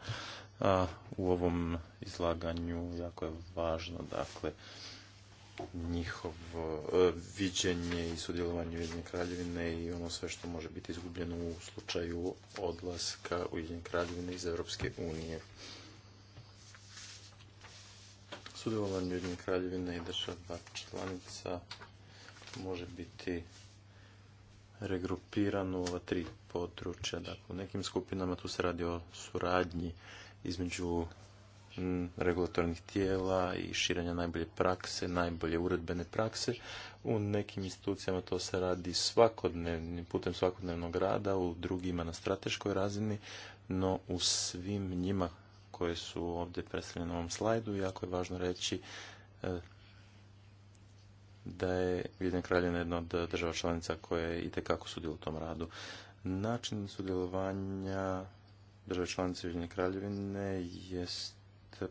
a u ovom izlaganju jako je važno, dakle, njihovo e, viđenje i sudjelovanje Ujedinjene kraljevine i ono sve što može biti izgubljeno u slučaju odlaska Ujedinjene kraljevine iz Europske unije. Sudjelovanje Ujedinjene kraljevine i država članica može biti regrupirano u ova tri područja. Dakle, u nekim skupinama tu se radi o suradnji između regulatornih tijela i širenja najbolje prakse, najbolje uredbene prakse. U nekim institucijama to se radi svakodnevnim, putem svakodnevnog rada, u drugima na strateškoj razini, no u svim njima koje su ovdje predstavljene na ovom slajdu. Jako je važno reći e, da je Ujedinjena kraljevina jedna od država članica koja je itekako sudjela u tom radu. Način sudjelovanja države članice Ujedinjene kraljevine je,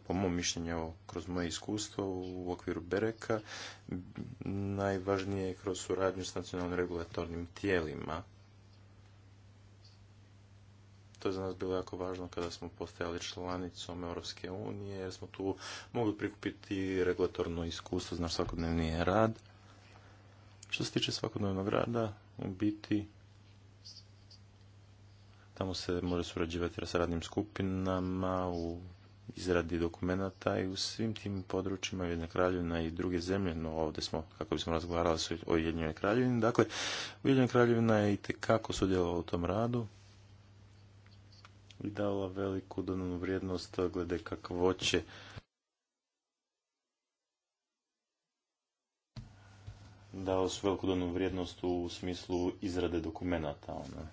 po mom mišljenju, kroz moje iskustvo u okviru Bereka, najvažnije je kroz suradnju s nacionalnim regulatornim tijelima to je za nas bilo jako važno kada smo postajali članicom Europske unije, jer smo tu mogli prikupiti regulatorno iskustvo za svakodnevni svakodnevni rad. Što se tiče svakodnevnog rada, u biti tamo se može surađivati sa radnim skupinama, u izradi dokumenata i u svim tim područjima ujedinjene kraljevina i druge zemlje, no ovdje smo, kako bismo razgovarali o Ujedinjenoj kraljevini, dakle, Ujedinjena kraljevina je i tekako sudjelovala u tom radu, i dala veliku dodanu vrijednost glede kakvoće. Dao su veliku dodanu vrijednost u smislu izrade dokumenata. Ono.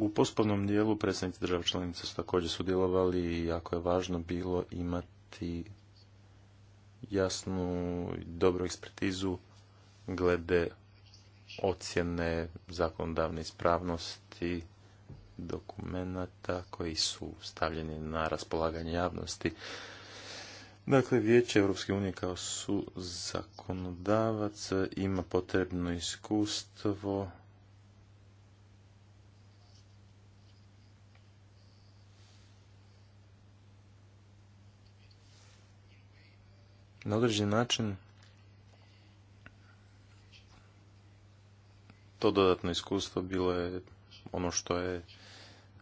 U poslovnom dijelu predstavnici država članica su također sudjelovali i jako je važno bilo imati jasnu i dobru ekspertizu glede ocjene zakonodavne ispravnosti dokumenata koji su stavljeni na raspolaganje javnosti. Dakle, Vijeće Europske unije kao su zakonodavac ima potrebno iskustvo na određen način to dodatno iskustvo bilo je ono što je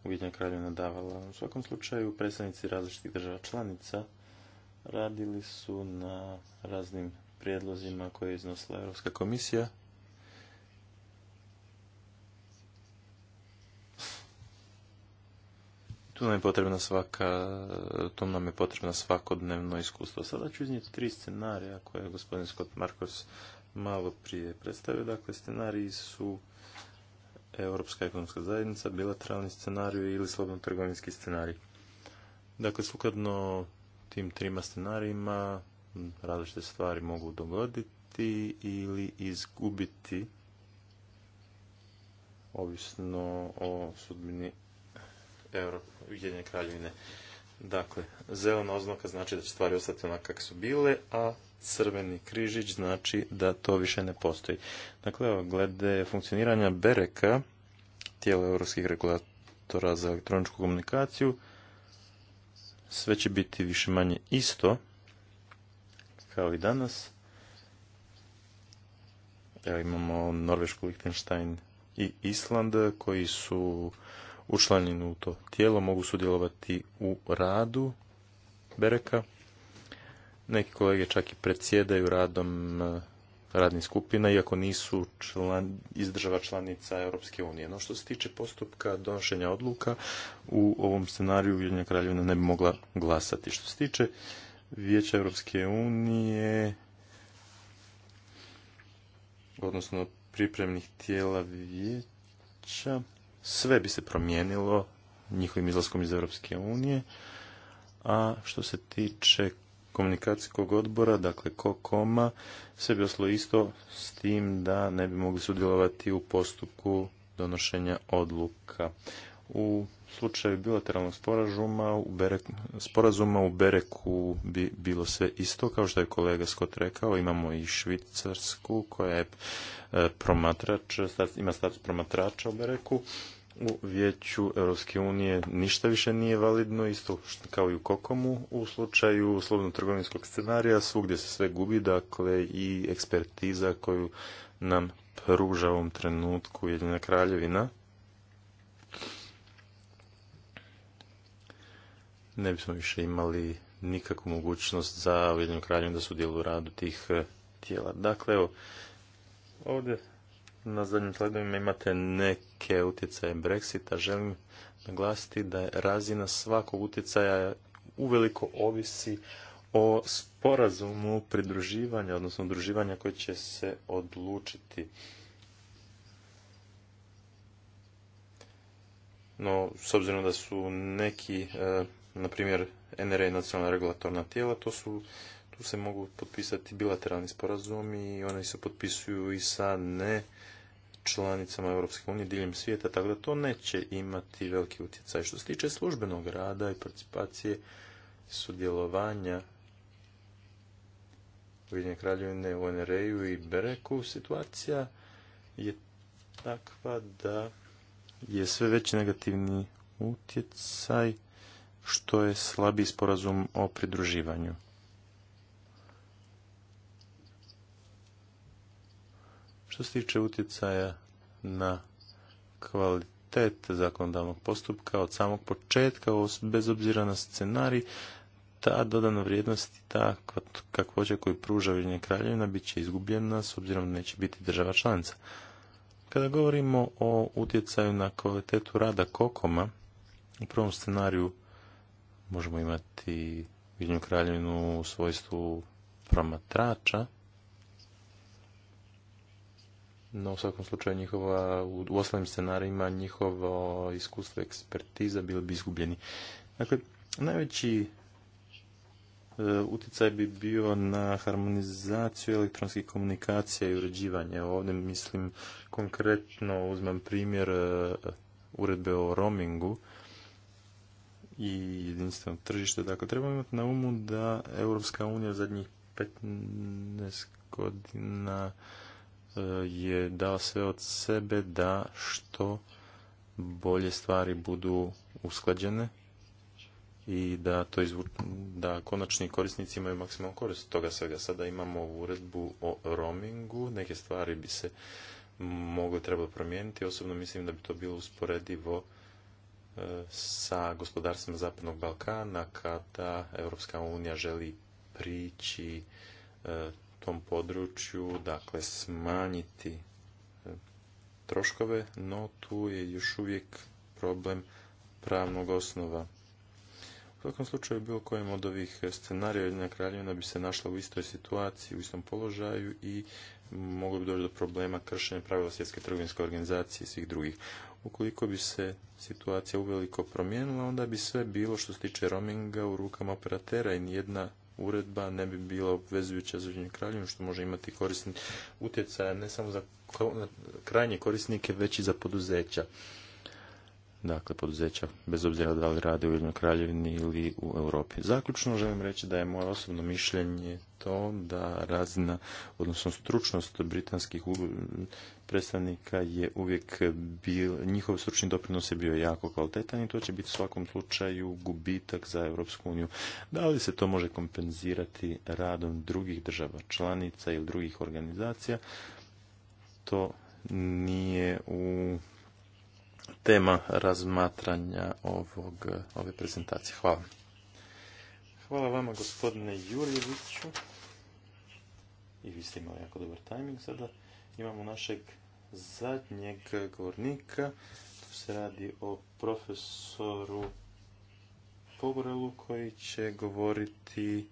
Ujedinja kraljevina davala. U svakom slučaju predstavnici različitih država članica radili su na raznim prijedlozima koje je iznosila Europska komisija. Tu nam je potrebna svaka, tu nam je potrebna svakodnevno iskustvo. Sada ću iznijeti tri scenarija koje je gospodin Scott Markos malo prije predstavio. Dakle, scenariji su Europska ekonomska zajednica, bilateralni scenarij ili slobodno trgovinski scenarij. Dakle, sukladno tim trima scenarijima različite stvari mogu dogoditi ili izgubiti ovisno o sudbini Euro, Ujedinjene kraljevine. Dakle, zelena oznaka znači da će stvari ostati onak kak su bile, a crveni križić znači da to više ne postoji. Dakle, evo, glede funkcioniranja Bereka, tijela europskih regulatora za elektroničku komunikaciju, sve će biti više manje isto kao i danas. Evo imamo Norvešku, Liechtenstein i Island koji su učlanjeni u to tijelo, mogu sudjelovati u radu Bereka. Neki kolege čak i predsjedaju radom eh, radnih skupina, iako nisu član, iz država članica Europske unije. No što se tiče postupka donošenja odluka, u ovom scenariju Ujedinjena kraljevina ne bi mogla glasati. Što se tiče Vijeća Europske unije, odnosno pripremnih tijela vijeća, sve bi se promijenilo njihovim izlaskom iz Europske unije. A što se tiče komunikacijskog odbora, dakle KOKOM-a, sve bi oslo isto s tim da ne bi mogli sudjelovati u postupku donošenja odluka. U slučaju bilateralnog sporazuma u, Bereku, sporazuma u Bereku bi bilo sve isto, kao što je kolega Scott rekao, imamo i Švicarsku koja je e, promatrač, ima status promatrača u Bereku u vijeću Europske unije ništa više nije validno, isto kao i u Kokomu. U slučaju slobodno-trgovinskog scenarija svugdje se sve gubi, dakle i ekspertiza koju nam pruža u ovom trenutku Jedina kraljevina. Ne bismo više imali nikakvu mogućnost za Ujedinjenu kraljevinu da sudjeluju u radu tih eh, tijela. Dakle, evo, ovdje na zadnjim slagovima imate neke utjecaje Brexita. Želim naglasiti da je razina svakog utjecaja uveliko ovisi o sporazumu pridruživanja, odnosno udruživanja koje će se odlučiti. No, s obzirom da su neki, e, na primjer, NRA nacionalna regulatorna tijela, to su tu se mogu potpisati bilateralni sporazumi i oni se potpisuju i sa ne članicama Europske unije diljem svijeta, tako da to neće imati veliki utjecaj. Što se tiče službenog rada i participacije sudjelovanja Ujedinjene kraljevine u nra i Bereku, situacija je takva da je sve veći negativni utjecaj što je slabiji sporazum o pridruživanju. Što se tiče utjecaja na kvalitet zakonodavnog postupka od samog početka, bez obzira na scenarij, ta dodana vrijednost i ta kakvoća koju pruža Ujedinjena kraljevina bit će izgubljena s obzirom da neće biti država članica. Kada govorimo o utjecaju na kvalitetu rada kokoma, u prvom scenariju možemo imati Ujedinjenu kraljevinu u svojstvu promatrača, no u svakom slučaju njihova, u ostalim scenarijima njihovo iskustvo ekspertiza bili bi izgubljeni. Dakle, najveći e, utjecaj bi bio na harmonizaciju elektronskih komunikacija i uređivanja. Ovdje mislim konkretno uzmem primjer e, uredbe o roamingu i jedinstveno tržište. Dakle, trebamo imati na umu da Europska unija zadnjih 15 godina je dao sve od sebe da što bolje stvari budu usklađene i da to izvu... da konačni korisnici imaju maksimalnu korist toga svega. Sada imamo uredbu o roamingu, neke stvari bi se mogle trebalo promijeniti. Osobno mislim da bi to bilo usporedivo e, sa gospodarstvima Zapadnog Balkana kada Europska unija želi prići e, tom području, dakle smanjiti e, troškove, no tu je još uvijek problem pravnog osnova. U svakom slučaju bilo kojem od ovih scenarija jedna kraljevina bi se našla u istoj situaciji, u istom položaju i moglo bi doći do problema kršenja pravila svjetske trgovinske organizacije i svih drugih. Ukoliko bi se situacija uveliko promijenila, onda bi sve bilo što se tiče roaminga u rukama operatera i nijedna uredba ne bi bila obvezujuća za Ujedinjenu kraljevinu što može imati korisni utjecaj, ne samo za krajnje korisnike već i za poduzeća dakle poduzeća bez obzira da li rade u Ujedinjenoj Kraljevini ili u Europi. Zaključno želim reći da je moje osobno mišljenje to da razina, odnosno stručnost britanskih predstavnika je uvijek bio, njihov stručni doprinos je bio jako kvalitetan i to će biti u svakom slučaju gubitak za Europsku uniju. Da li se to može kompenzirati radom drugih država članica ili drugih organizacija? To nije u tema razmatranja ovog, ove prezentacije. Hvala. Hvala vama gospodine Jurjeviću. I vi ste imali jako dobar tajming. Sada imamo našeg zadnjeg govornika. To se radi o profesoru Pogorelu koji će govoriti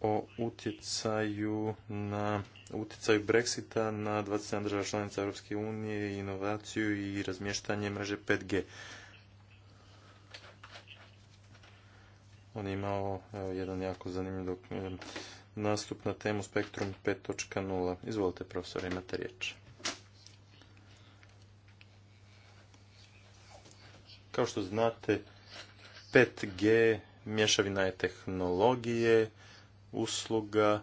o utjecaju na utjecaju Brexita na 27 država članica Europske unije, inovaciju i razmještanje mreže 5G. On je imao jedan jako zanimljiv nastup na temu Spektrum 5.0. Izvolite, profesore, imate riječ. Kao što znate, 5G mješavina je tehnologije, usluga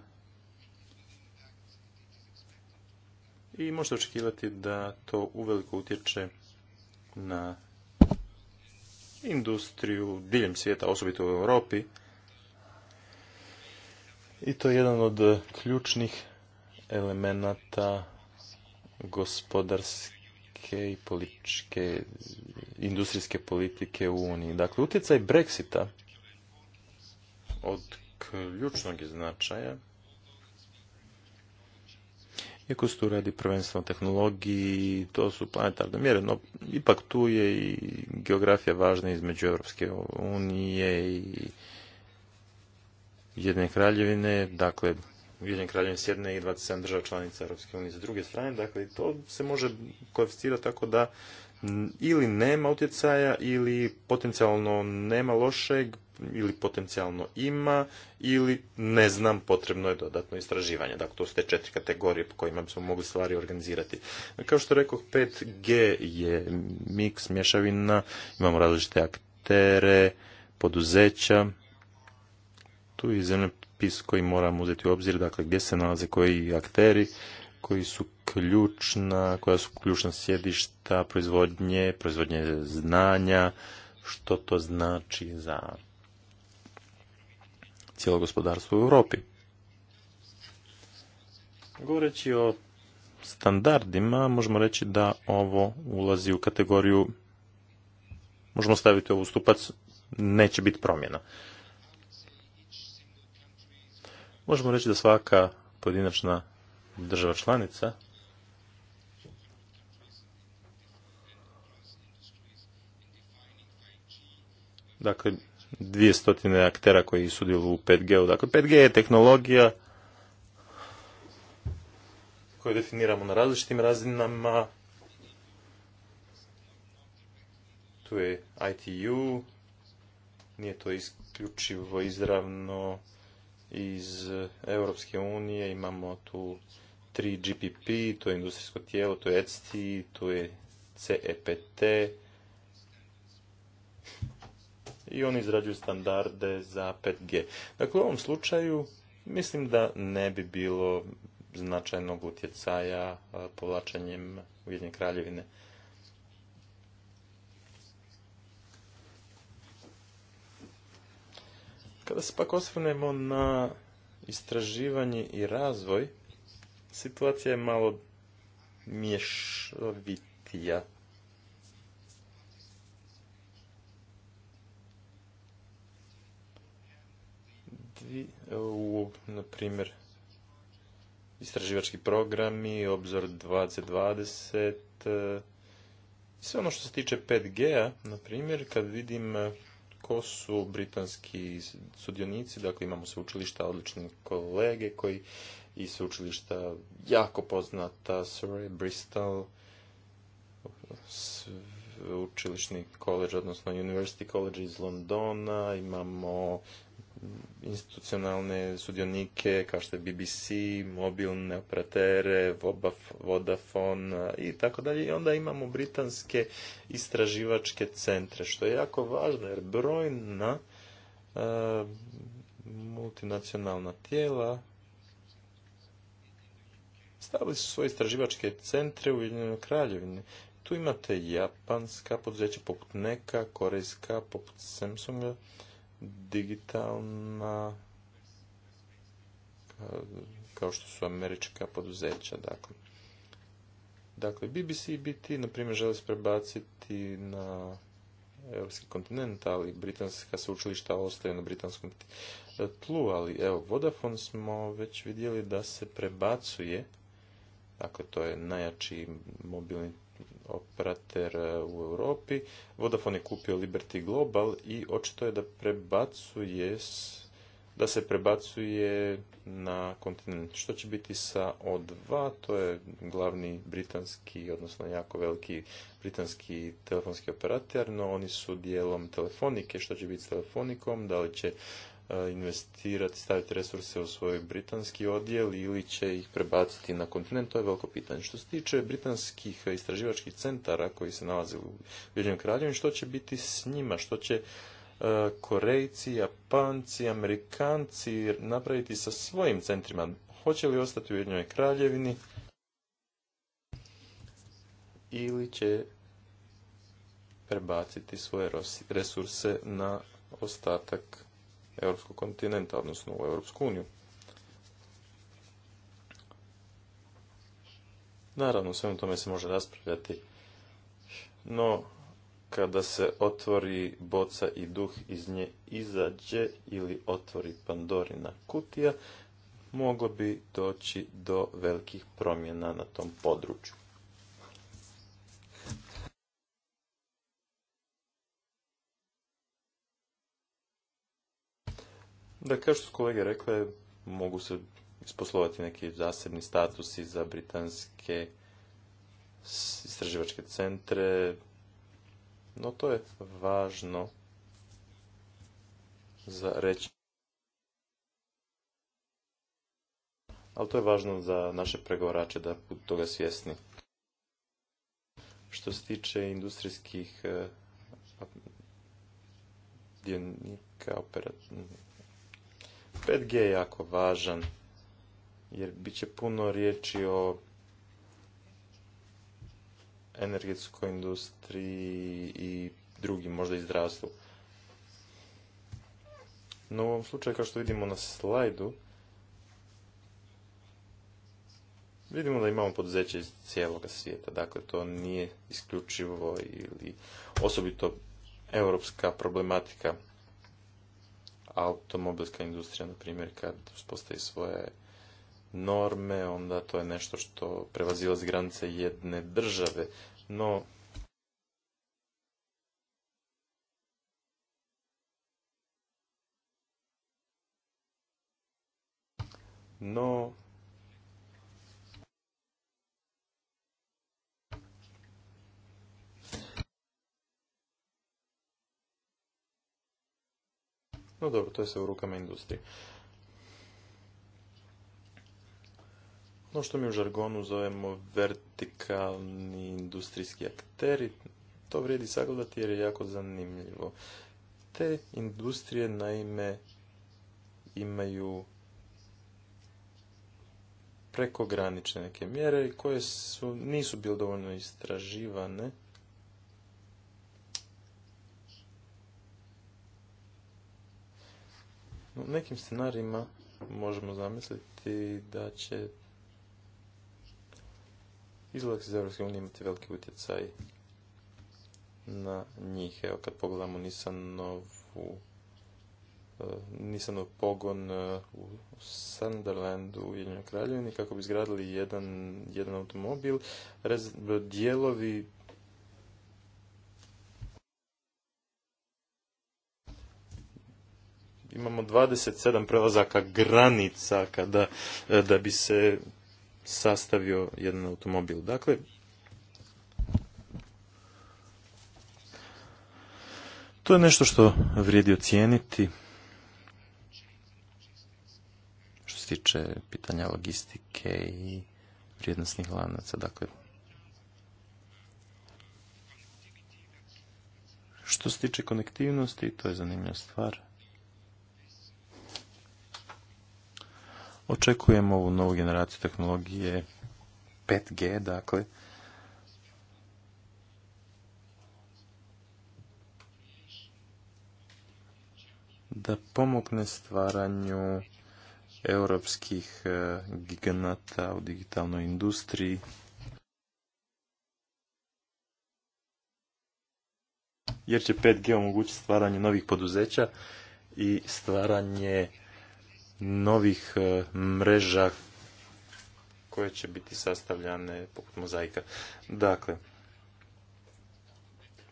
i možete očekivati da to uveliko utječe na industriju diljem svijeta, osobito u Europi. I to je jedan od ključnih elemenata gospodarske i političke, industrijske politike u Uniji. Dakle, utjecaj Brexita od ključnog značaja iako se tu radi prvenstveno tehnologiji, to su planetarne mjere, no ipak tu je i geografija važna između Europske unije i Jedne kraljevine, dakle Jedne kraljevine s jedne i 27 država članica Europske unije s druge strane, dakle to se može koeficirati tako da ili nema utjecaja ili potencijalno nema lošeg ili potencijalno ima ili ne znam, potrebno je dodatno istraživanje. Dakle, to su te četiri kategorije po kojima bismo mogli stvari organizirati. Kao što rekoh, 5G je miks, mješavina, imamo različite aktere, poduzeća, tu je zemljopis koji moramo uzeti u obzir, dakle, gdje se nalaze koji akteri, koji su ključna, koja su ključna sjedišta proizvodnje, proizvodnje znanja, što to znači za cijelo gospodarstvo u Europi. Govoreći o standardima, možemo reći da ovo ulazi u kategoriju, možemo staviti ovu stupac, neće biti promjena. Možemo reći da svaka pojedinačna država članica dakle, dvije stotine aktera koji sudjeluju u 5G-u. Dakle, 5G je tehnologija koju definiramo na različitim razinama. Tu je ITU, nije to isključivo izravno iz Europske unije, imamo tu 3GPP, to je industrijsko tijelo, to je ECTI, to je CEPT, i oni izrađuju standarde za 5G. Dakle, u ovom slučaju mislim da ne bi bilo značajnog utjecaja povlačenjem Ujedinjene kraljevine. Kada se pak osvrnemo na istraživanje i razvoj, situacija je malo mješovitija. E, u, na primjer, istraživački programi, obzor 2020, e, sve ono što se tiče 5G-a, na primjer, kad vidim e, ko su britanski sudionici, dakle imamo sveučilišta odlični kolege koji i sveučilišta jako poznata, Surrey, Bristol, sveučilišni koleđ, odnosno University College iz Londona, imamo institucionalne sudionike kao što je BBC, mobilne operatere, Vodafone i tako dalje. I onda imamo britanske istraživačke centre, što je jako važno jer brojna multinacionalna tijela stavili su svoje istraživačke centre u Ujedinjenoj kraljevini. Tu imate japanska poduzeća poput Neka, korejska poput Samsunga, digitalna kao što su američka poduzeća. Dakle, dakle BBC i BT, na primjer, žele se prebaciti na europski kontinent, ali britanska sveučilišta ostaje na britanskom tlu, ali evo, Vodafone smo već vidjeli da se prebacuje, dakle to je najjači mobilni operater e, u Europi. Vodafone je kupio Liberty Global i očito je da prebacuje da se prebacuje na kontinent. Što će biti sa O2? To je glavni britanski, odnosno jako veliki britanski telefonski operater, no oni su dijelom telefonike. Što će biti s telefonikom? Da li će E, investirati, staviti resurse u svoj britanski odjel ili će ih prebaciti na kontinent, to je veliko pitanje. Što se tiče britanskih istraživačkih centara koji se nalaze u Ujedinjenoj kraljevini, što će biti s njima, što će e, Korejci, Japanci, Amerikanci napraviti sa svojim centrima? Hoće li ostati u Ujedinjenoj kraljevini ili će prebaciti svoje resurse na ostatak europskog kontinenta, odnosno u Europsku uniju. Naravno, svemu tome se može raspravljati, no kada se otvori boca i duh iz nje izađe ili otvori Pandorina kutija, moglo bi doći do velikih promjena na tom području. Da, kao što su kolege rekle, mogu se isposlovati neki zasebni statusi za britanske istraživačke centre, no to je važno za reći. Ali to je važno za naše pregovarače da toga svjesni. Što se tiče industrijskih eh, dionika, operativnih 5G je jako važan, jer bit će puno riječi o energetskoj industriji i drugim, možda i zdravstvu. No u ovom slučaju, kao što vidimo na slajdu, vidimo da imamo poduzeće iz cijelog svijeta. Dakle, to nije isključivo ili osobito europska problematika automobilska industrija, na primjer, kad uspostavi svoje norme, onda to je nešto što z granice jedne države. No, no No dobro, to je sve u rukama industrije. No što mi u žargonu zovemo vertikalni industrijski akteri, to vrijedi sagledati jer je jako zanimljivo. Te industrije naime imaju prekogranične neke mjere koje su, nisu bile dovoljno istraživane U nekim scenarijima možemo zamisliti da će izlazak iz Europske unije imati veliki utjecaj na njih. Evo kad pogledamo Nissanovu e, Nissanov pogon e, u Sunderlandu u Ujedinjenoj Kraljevini kako bi izgradili jedan, automobil. Rez, dijelovi imamo 27 prelazaka granica kada, e, da bi se sastavio jedan automobil. Dakle, to je nešto što vrijedi ocijeniti. Što se tiče pitanja logistike i vrijednostnih lanaca, dakle, Što se tiče konektivnosti, to je zanimljiva stvar. Očekujemo ovu novu generaciju tehnologije 5G, dakle, da pomogne stvaranju europskih e, giganata u digitalnoj industriji. Jer će 5G omogućiti stvaranje novih poduzeća i stvaranje novih e, mreža koje će biti sastavljane poput mozaika. Dakle,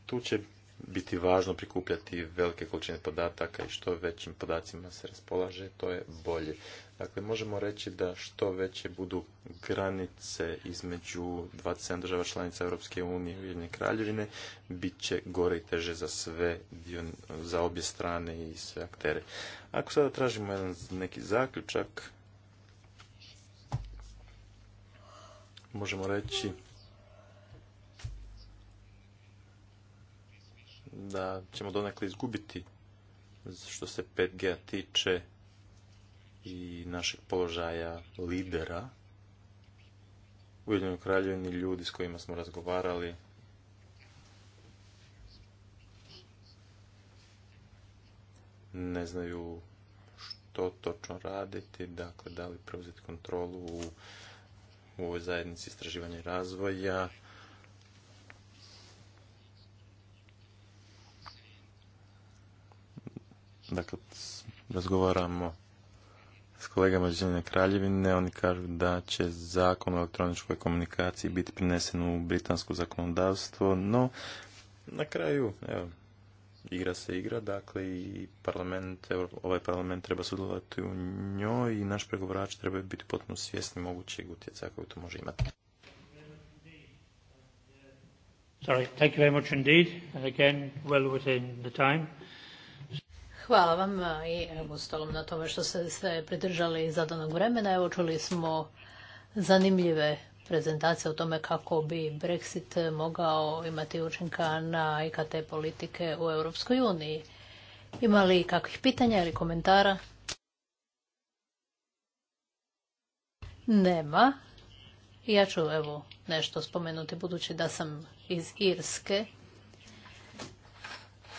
tu će biti važno prikupljati velike količine podataka i što većim podacima se raspolaže, to je bolje. Dakle, možemo reći da što veće budu granice između 27 država članica Europske unije i Ujedinjene kraljevine, bit će gore i teže za sve, za obje strane i sve aktere. Ako sada tražimo jedan neki zaključak, možemo reći da ćemo donekle izgubiti što se 5G tiče i našeg položaja lidera. U jednom kraljevini ljudi s kojima smo razgovarali ne znaju što točno raditi, dakle da li preuzeti kontrolu u, u ovoj zajednici istraživanja i razvoja, Dakle, razgovaramo s kolegama iz kraljevine, oni kažu da će zakon o elektroničkoj komunikaciji biti prinesen u britansko zakonodavstvo, no na kraju, evo, igra se igra, dakle i parlament, ovaj parlament treba sudjelovati u njoj i naš pregovarač treba biti potpuno svjesni mogućeg utjecaja koju to može imati. Sorry, thank you very much indeed, again, well within the time. Hvala vam i stolom na tome što ste se pridržali zadanog vremena. Evo čuli smo zanimljive prezentacije o tome kako bi Brexit mogao imati učinka na IKT politike u Europskoj uniji. Ima li kakvih pitanja ili komentara? Nema. Ja ću evo nešto spomenuti budući da sam iz Irske.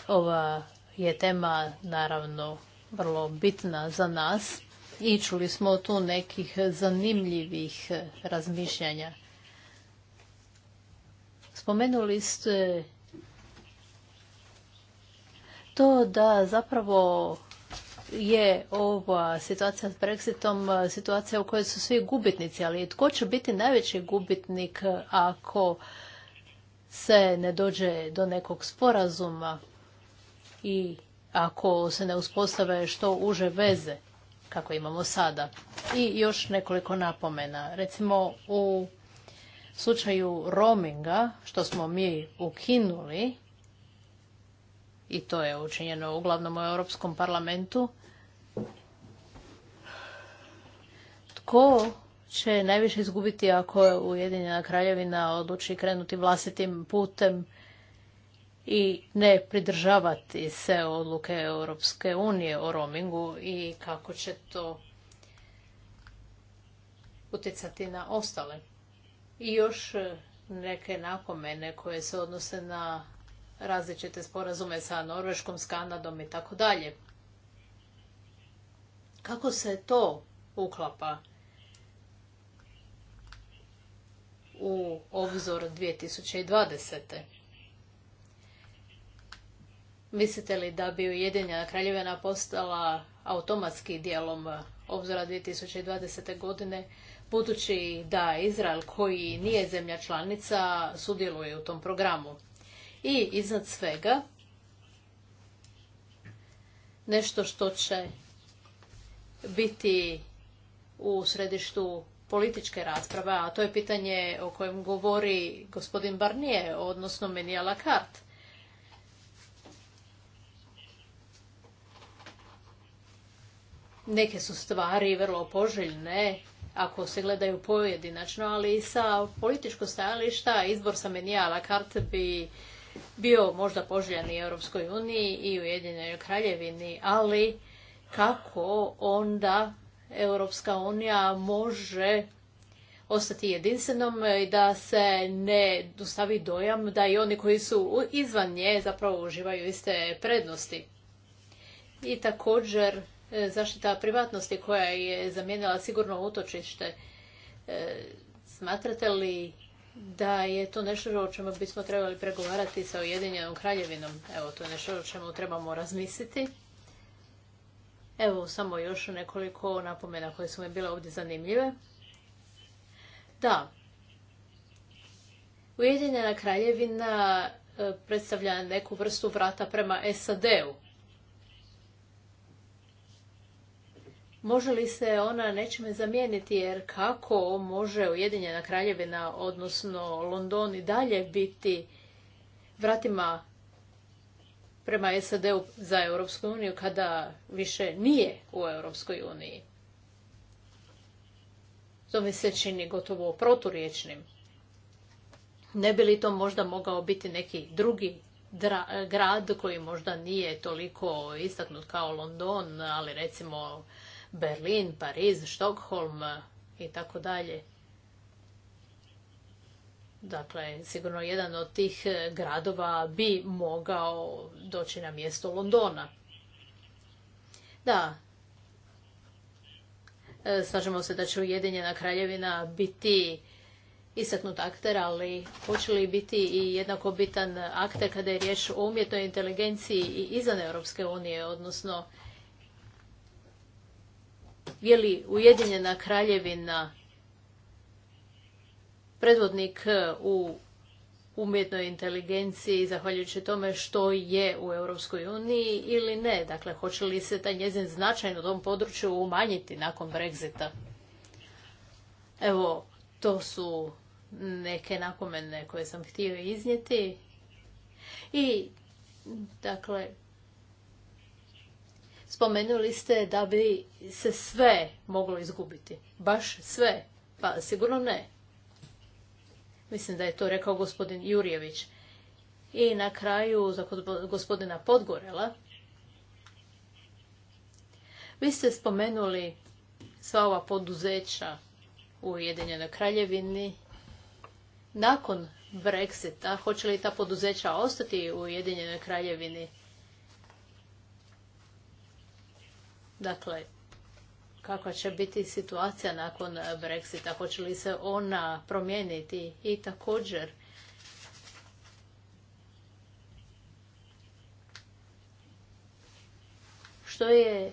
Ova je tema naravno vrlo bitna za nas i čuli smo tu nekih zanimljivih razmišljanja. Spomenuli ste to da zapravo je ova situacija s Brexitom situacija u kojoj su svi gubitnici, ali tko će biti najveći gubitnik ako se ne dođe do nekog sporazuma? i ako se ne uspostave što uže veze kako imamo sada. I još nekoliko napomena. Recimo u slučaju roaminga, što smo mi ukinuli, i to je učinjeno uglavnom u Europskom parlamentu, tko će najviše izgubiti ako je Ujedinjena kraljevina odluči krenuti vlastitim putem i ne pridržavati se odluke Europske unije o roamingu i kako će to utjecati na ostale. I još e, neke napomene koje se odnose na različite sporazume sa Norveškom, s Kanadom i tako dalje. Kako se to uklapa u obzor 2020. Mislite li da bi Ujedinjena kraljevina postala automatski dijelom eh, obzora 2020. godine, budući da Izrael, koji nije zemlja članica, sudjeluje u tom programu? I iznad svega, nešto što će biti u središtu političke rasprave, a to je pitanje o kojem govori gospodin Barnier, odnosno Menija Lacarte. Neke su stvari vrlo poželjne ako se gledaju pojedinačno, ali sa političkog stajališta izbor sa menijala karte bi bio možda poželjan i Europskoj uniji i Ujedinjenoj kraljevini, ali kako onda Europska unija može ostati jedinstvenom i da se ne dostavi dojam da i oni koji su izvan nje zapravo uživaju iste prednosti. I također E, zaštita privatnosti koja je zamijenila sigurno utočište. E, smatrate li da je to nešto o čemu bismo trebali pregovarati sa Ujedinjenom kraljevinom? Evo, to je nešto o čemu trebamo razmisliti. Evo, samo još nekoliko napomena koje su mi bile ovdje zanimljive. Da, Ujedinjena kraljevina e, predstavlja neku vrstu vrata prema SAD-u. Može li se ona nečime zamijeniti jer kako može Ujedinjena kraljevina, odnosno London i dalje biti vratima prema SAD-u za Europsku uniju kada više nije u Europskoj uniji? To mi se čini gotovo proturiječnim. Ne bi li to možda mogao biti neki drugi grad koji možda nije toliko istaknut kao London, ali recimo Berlin, Pariz, Štokholm i tako dalje. Dakle, sigurno jedan od tih e, gradova bi mogao doći na mjesto Londona. Da, e, slažemo se da će Ujedinjena kraljevina biti istaknut akter, ali hoće li biti i jednako bitan akter kada je riječ o umjetnoj inteligenciji i izvan Europske unije, odnosno je li Ujedinjena kraljevina predvodnik e, u umjetnoj inteligenciji zahvaljujući tome što je u Europskoj uniji ili ne? Dakle, hoće li se taj njezin značaj u tom području umanjiti nakon Brexita? Evo, to su neke napomene koje sam htio iznijeti. I, dakle, spomenuli ste da bi se sve moglo izgubiti. Baš sve. Pa sigurno ne. Mislim da je to rekao gospodin Jurjević. I na kraju za gospodina Podgorela. Vi ste spomenuli sva ova poduzeća u Ujedinjenoj kraljevini. Nakon Brexita, hoće li ta poduzeća ostati u Ujedinjenoj kraljevini? Dakle, kakva će biti situacija nakon eh, Brexita, hoće li se ona promijeniti i također što je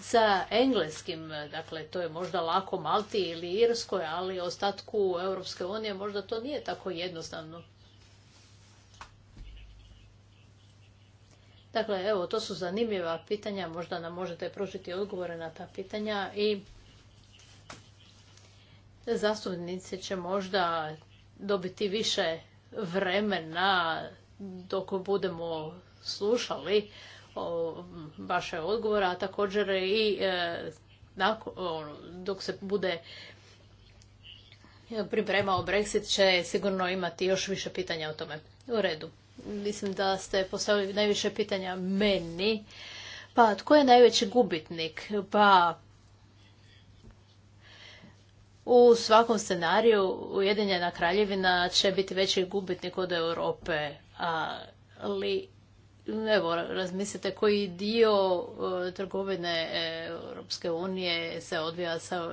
sa engleskim, dakle to je možda lako Malti ili Irskoj, ali ostatku Europske unije možda to nije tako jednostavno. Dakle, evo, to su zanimljiva pitanja, možda nam možete pružiti odgovore na ta pitanja i zastupnici će možda dobiti više vremena dok budemo slušali vaše odgovore, a također i e, dok se bude pripremao Brexit će sigurno imati još više pitanja o tome. U redu. Mislim da ste postavili najviše pitanja meni. Pa tko je najveći gubitnik? Pa u svakom scenariju Ujedinjena kraljevina će biti veći gubitnik od Europe, ali evo, razmislite koji dio e, trgovine e, Europske unije se odvija sa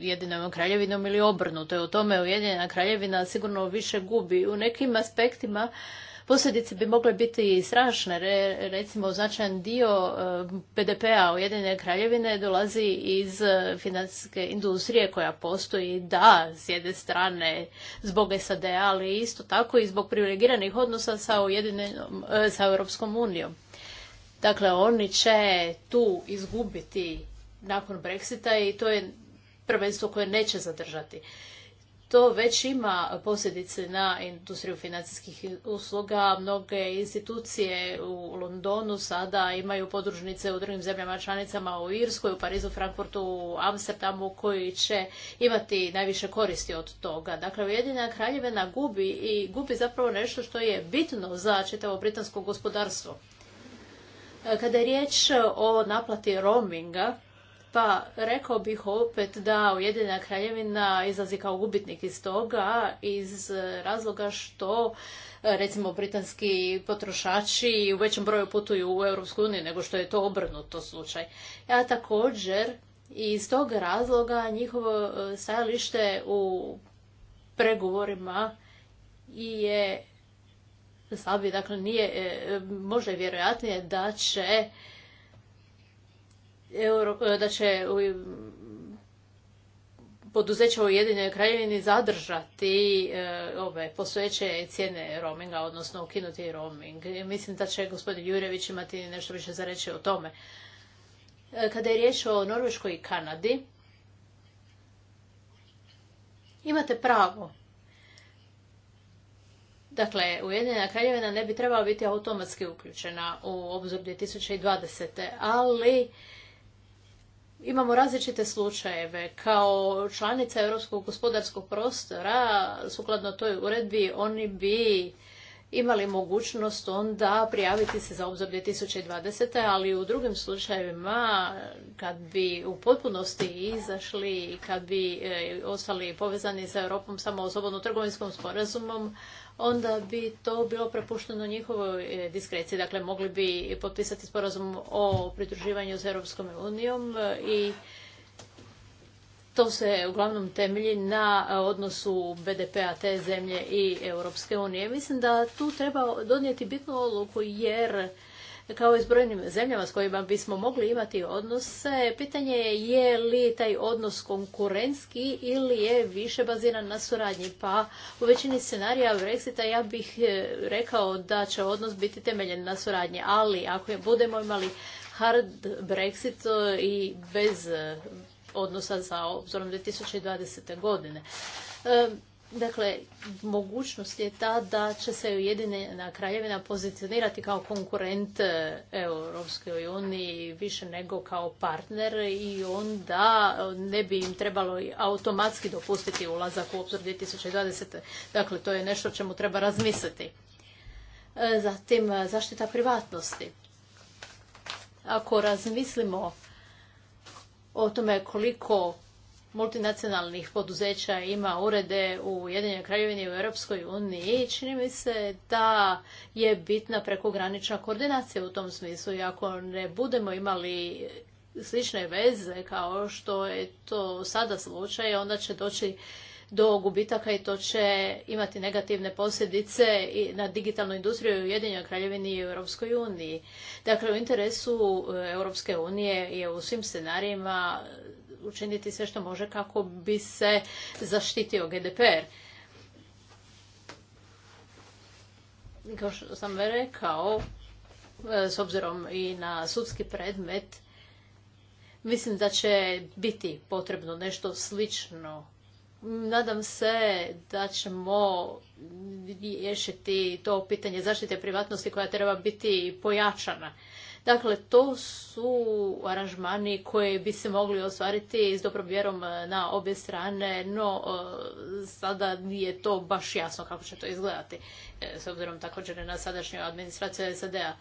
Ujedinjenom kraljevinom ili obrnuto je u tome Ujedinjena kraljevina sigurno više gubi. U nekim aspektima Posljedice bi mogle biti strašne. Recimo, značajan dio pdp e, a p-a Ujedinjene kraljevine dolazi iz e, financijske industrije koja postoji, da, s jedne strane zbog sad ali isto tako i zbog privilegiranih odnosa sa, Ujedinjenom, e, sa Europskom unijom. Dakle, oni će tu izgubiti nakon Brexita i to je prvenstvo koje neće zadržati to već ima posljedice na industriju financijskih usluga. Mnoge institucije u Londonu sada imaju podružnice u drugim zemljama članicama u Irskoj, u Parizu, Frankfurtu, u Amsterdamu koji će imati najviše koristi od toga. Dakle, Ujedinjena kraljevina gubi i gubi zapravo nešto što je bitno za čitavo britansko gospodarstvo. E, kada je riječ o naplati roaminga, pa rekao bih opet da Ujedinjena kraljevina izlazi kao gubitnik iz toga iz e, razloga što e, recimo britanski potrošači u većem broju putuju u Europsku uniju nego što je to obrnuto slučaj. Ja također iz tog razloga njihovo e, stajalište u pregovorima je slabije, dakle nije, možda vjerojatnije da će Euro, e, da će poduzeća u Jedinoj kraljevini zadržati e, ove postojeće cijene roaminga, odnosno ukinuti roaming. Mislim da će gospodin Jurević imati nešto više za reći o tome. E, kada je riječ o Norveškoj i Kanadi, imate pravo. Dakle, Ujedinjena kraljevina ne bi trebala biti automatski uključena u obzor 2020. Ali imamo različite slučajeve. Kao članica Europskog gospodarskog prostora, sukladno toj uredbi, oni bi imali mogućnost onda prijaviti se za obzor 2020. ali u drugim slučajevima kad bi u potpunosti izašli i kad bi e, ostali povezani sa Europom samo osobodno trgovinskom sporazumom, onda bi to bilo prepušteno njihovoj e, diskreciji. Dakle, mogli bi potpisati sporazum o pridruživanju s Europskom unijom e, i to se uglavnom temelji na e, odnosu BDP-a te zemlje i Europske unije. Mislim da tu treba donijeti bitnu odluku jer kao i s brojnim zemljama s kojima bismo mogli imati odnose. Pitanje je je li taj odnos konkurentski ili je više baziran na suradnji. Pa u većini scenarija Brexita ja bih e, rekao da će odnos biti temeljen na suradnji, ali ako budemo imali hard Brexit e, i bez e, odnosa za obzorom 2020. godine. Dakle, mogućnost je ta da će se Ujedinjena kraljevina pozicionirati kao konkurent e, Europskoj uniji više nego kao partner i onda ne bi im trebalo automatski dopustiti ulazak u obzor 2020. Dakle, to je nešto čemu treba razmisliti. E, zatim, e, zaštita privatnosti. Ako razmislimo o tome koliko multinacionalnih poduzeća ima urede u Ujedinjenoj kraljevini u Europskoj uniji, čini mi se da je bitna prekogranična koordinacija u tom smislu. I ako ne budemo imali slične veze kao što je to sada slučaj, onda će doći do gubitaka i to će imati negativne posljedice i na digitalnu industriju u Ujedinjenoj kraljevini i Europskoj uniji. Dakle, u interesu e, Europske unije je u svim scenarijima učiniti sve što može kako bi se zaštitio GDPR. Kao što sam rekao, e, s obzirom i na sudski predmet, mislim da će biti potrebno nešto slično. Nadam se da ćemo riješiti to pitanje zaštite privatnosti koja treba biti pojačana. Dakle, to su aranžmani koje bi se mogli ostvariti s dobrom vjerom eh, na obje strane, no eh, sada nije to baš jasno kako će to izgledati, eh, s obzirom također na sadašnju administraciju SAD-a.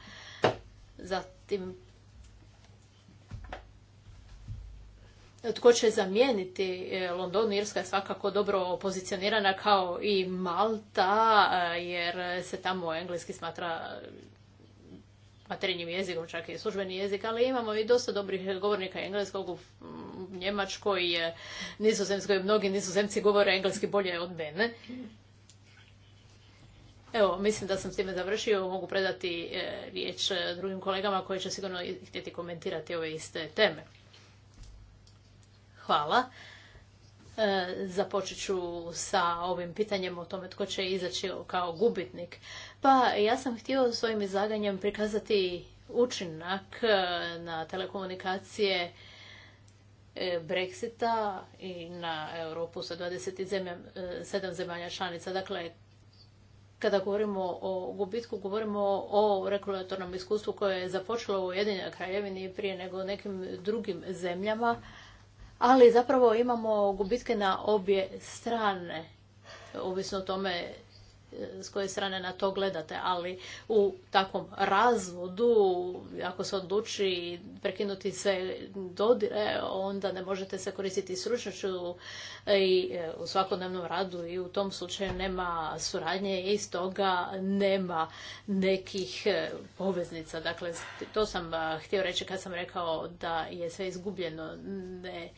Zatim, tko će zamijeniti London, Irska je svakako dobro opozicionirana kao i Malta, jer se tamo engleski smatra materinjim jezikom, čak i službeni jezik, ali imamo i dosta dobrih govornika engleskog u mm, Njemačkoj, e, nizozemskoj, mnogi nizozemci govore engleski bolje od mene. Evo, mislim da sam s time završio, mogu predati e, riječ e, drugim kolegama koji će sigurno htjeti komentirati ove iste teme. Hvala. E, započet ću sa ovim pitanjem o tome tko će izaći kao gubitnik. Pa ja sam htio svojim izlaganjem prikazati učinak e, na telekomunikacije e, Brexita i na Europu sa 27 zemalja članica. Dakle, kada govorimo o gubitku, govorimo o regulatornom iskustvu koje je započelo u Ujedinjenoj kraljevini prije nego nekim drugim zemljama ali zapravo imamo gubitke na obje strane, ovisno o tome s koje strane na to gledate, ali u takvom razvodu, ako se odluči prekinuti sve dodire, onda ne možete se koristiti sručnoću i e, u svakodnevnom radu i u tom slučaju nema suradnje i stoga nema nekih e, poveznica. Dakle, to sam e, htio reći kad sam rekao da je sve izgubljeno. Ne,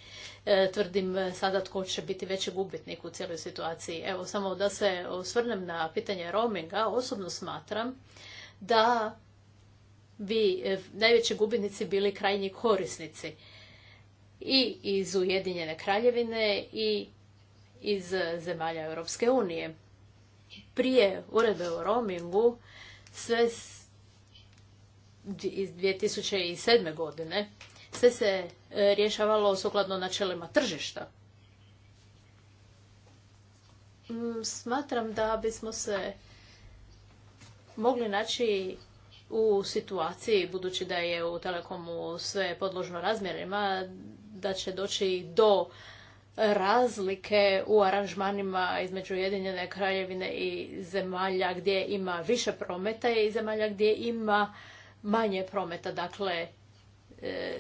tvrdim sada tko će biti veći gubitnik u cijeloj situaciji. Evo, samo da se osvrnem na pitanje roaminga, osobno smatram da bi e, najveći gubitnici bili krajnji korisnici i iz Ujedinjene kraljevine i iz zemalja Europske unije. Prije uredbe o roamingu sve iz 2007. godine sve se e, rješavalo sukladno načelima tržišta. Mm, smatram da bismo se mogli naći u situaciji, budući da je u Telekomu sve podložno razmjerima, da će doći do razlike u aranžmanima između Jedinjene kraljevine i zemalja gdje ima više prometa i zemalja gdje ima manje prometa. Dakle, e,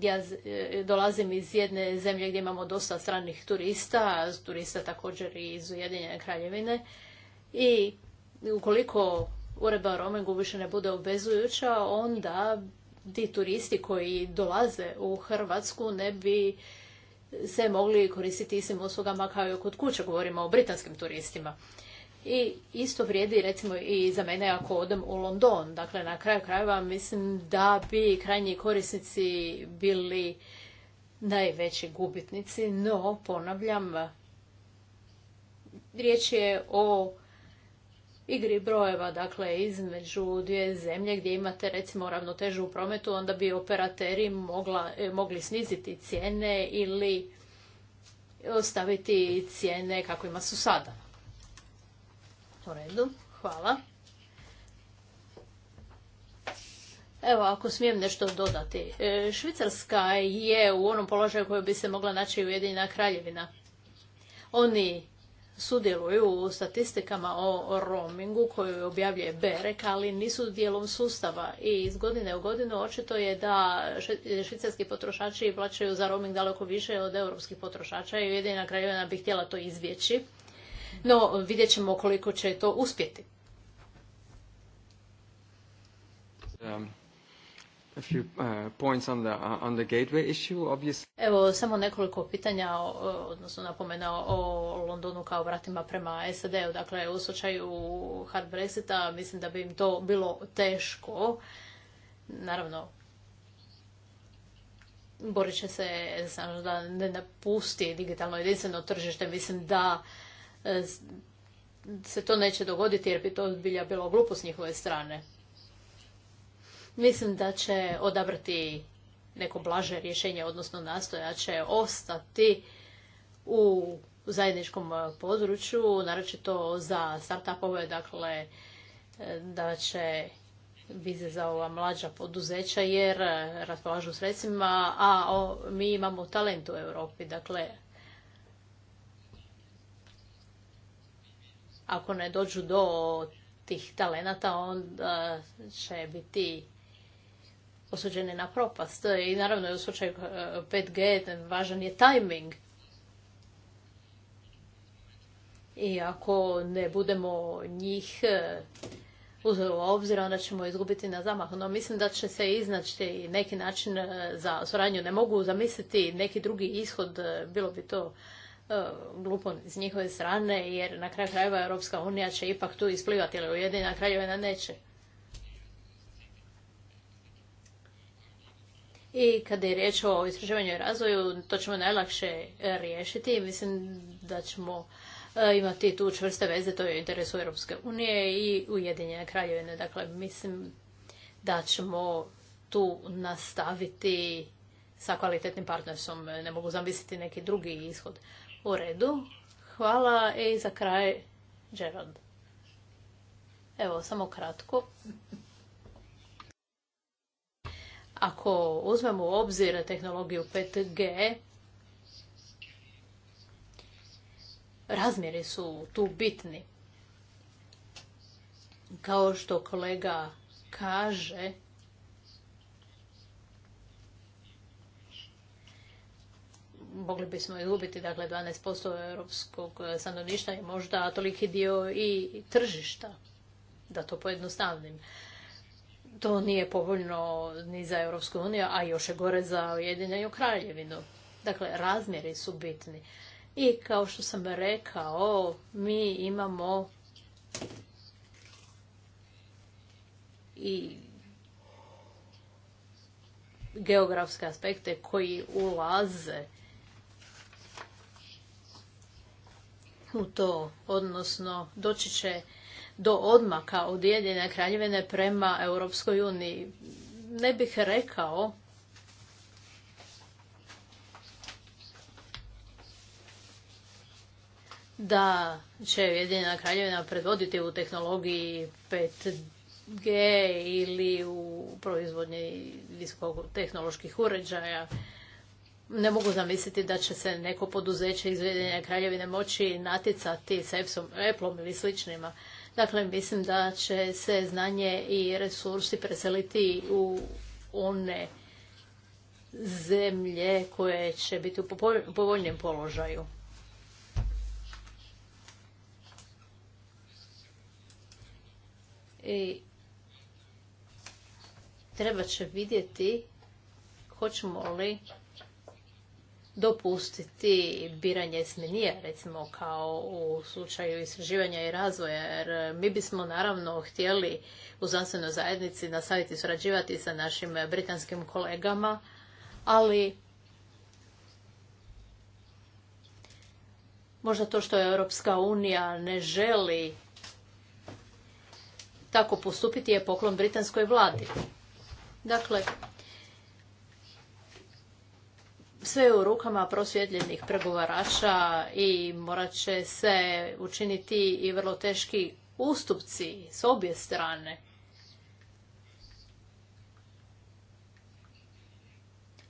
ja e, dolazim iz jedne zemlje gdje imamo dosta stranih turista, turista također i iz Ujedinjene kraljevine. I ukoliko uredba o roamingu više ne bude obvezujuća, onda ti turisti koji dolaze u Hrvatsku ne bi se mogli koristiti istim uslugama kao i kod kuće, govorimo o britanskim turistima. I isto vrijedi recimo i za mene ako odem u London. Dakle, na kraju krajeva mislim da bi krajnji korisnici bili najveći gubitnici, no ponavljam, riječ je o igri brojeva, dakle između dvije zemlje gdje imate recimo ravnotežu u prometu, onda bi operateri mogla, e, mogli sniziti cijene ili ostaviti cijene kako ima su sada. U redu, hvala. Evo, ako smijem nešto dodati. E, Švicarska je u onom položaju koju bi se mogla naći Ujedinjena kraljevina. Oni sudjeluju u statistikama o roamingu koju objavljuje Berek, ali nisu dijelom sustava i iz godine u godinu očito je da švicarski potrošači plaćaju za roaming daleko više od europskih potrošača i Ujedinjena kraljevina bi htjela to izbjeći no vidjet ćemo koliko će to uspjeti. Evo, samo nekoliko pitanja, odnosno napomena o Londonu kao vratima prema SAD-u. Dakle, u slučaju hard Brexita mislim da bi im to bilo teško. Naravno, borit će se da ne napusti digitalno jedinstveno tržište. Mislim da E, se to neće dogoditi jer bi to bilja bilo glupo s njihove strane. Mislim da će odabrati neko blaže rješenje, odnosno nastoja će ostati u zajedničkom području, naročito za startupove, dakle e, da će vize za ova mlađa poduzeća jer raspolažu sredstvima, a mi imamo talent u Europi. Dakle, ako ne dođu do tih talenata, onda će biti osuđeni na propast. I naravno, u slučaju e, 5G, važan je tajming. I ako ne budemo njih e, uzeli u obzir, onda ćemo izgubiti na zamah. No, mislim da će se iznaći neki način e, za suradnju. Ne mogu zamisliti neki drugi ishod, bilo bi to E, glupo s njihove strane, jer na kraju krajeva Europska unija će ipak tu isplivati, ali Ujedinjena kraljevina neće. I kada je riječ o istraživanju i razvoju, to ćemo najlakše riješiti i mislim da ćemo e, imati tu čvrste veze, to je u interesu Europske unije i Ujedinjene kraljevine. Dakle, mislim da ćemo tu nastaviti sa kvalitetnim partnerstvom. Ne mogu zamisliti neki drugi ishod. U redu. Hvala e, i za kraj Gerald. Evo, samo kratko. Ako uzmemo u obzir tehnologiju 5G, razmjeri su tu bitni. Kao što kolega kaže, mogli bismo izgubiti dakle 12% europskog e, stanovništva i možda toliki dio i tržišta, da to pojednostavnim. To nije povoljno ni za Europsku uniju, a još je gore za Ujedinjenu kraljevinu. Dakle, razmjeri su bitni. I kao što sam rekao, mi imamo i geografske aspekte koji ulaze u to, odnosno doći će do odmaka od Jedine kraljevine prema Europskoj uniji. Ne bih rekao da će jedina kraljevina predvoditi u tehnologiji 5G ili u proizvodnji tehnoloških uređaja ne mogu zamisliti da će se neko poduzeće iz Ujedinjene kraljevine moći natjecati s apple ili sličnima. Dakle, mislim da će se znanje i resursi preseliti u one zemlje koje će biti u povoljnijem položaju. I treba će vidjeti hoćemo li dopustiti biranje smenija, recimo kao u slučaju istraživanja i razvoja, jer mi bismo naravno htjeli u znanstvenoj zajednici nastaviti surađivati sa našim britanskim kolegama, ali možda to što je Europska unija ne želi tako postupiti je poklon britanskoj vladi. Dakle, sve u rukama prosvjetljenih pregovarača i morat će se učiniti i vrlo teški ustupci s obje strane.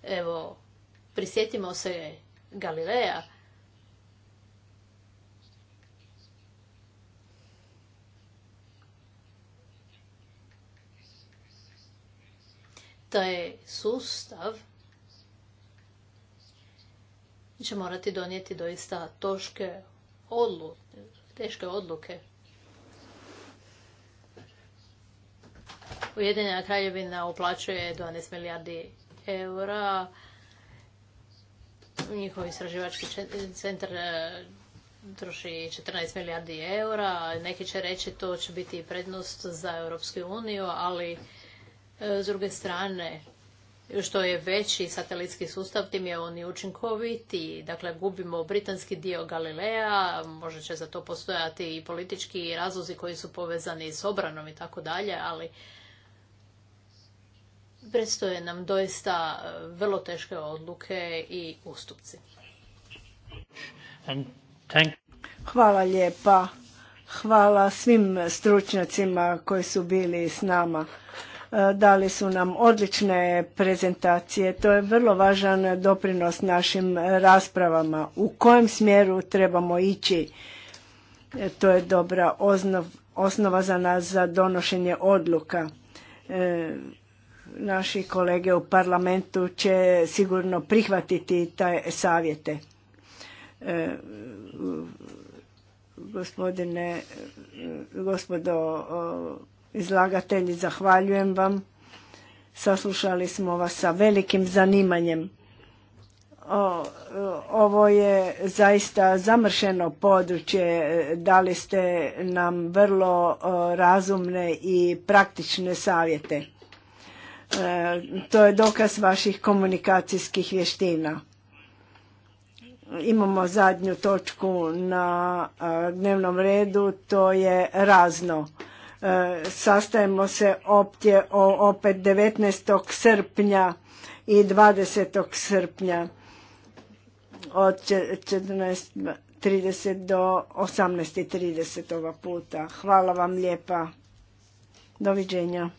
Evo, prisjetimo se Galileja. Taj sustav će morati donijeti doista toške odluke, teške odluke. Ujedinjena kraljevina uplaćuje 12 milijardi eura. Njihov istraživački centar e, troši 14 milijardi eura. Neki će reći to će biti prednost za Europsku uniju, ali e, s druge strane što je veći satelitski sustav, tim je on i učinkoviti. Dakle, gubimo britanski dio Galileja, možda će za to postojati i politički razlozi koji su povezani s obranom i tako dalje, ali predstoje nam doista e, vrlo teške odluke i ustupci. Hvala lijepa. Hvala svim stručnjacima koji su bili s nama. E, dali su nam odlične prezentacije. To je vrlo važan doprinos našim raspravama. U kojem smjeru trebamo ići? E, to je dobra osnova za nas za donošenje odluka. E, naši kolege u parlamentu će sigurno prihvatiti taj savjete. gospodine, gospodo izlagatelji, zahvaljujem vam. Saslušali smo vas sa velikim zanimanjem. ovo je zaista zamršeno područje. E, dali ste nam vrlo razumne i praktične savjete. E, to je dokaz vaših komunikacijskih vještina. Imamo zadnju točku na e, dnevnom redu, to je razno. E, sastajemo se optje opet 19. srpnja i 20. srpnja od 14.30 do 18.30 ova puta. Hvala vam lijepa. Doviđenja.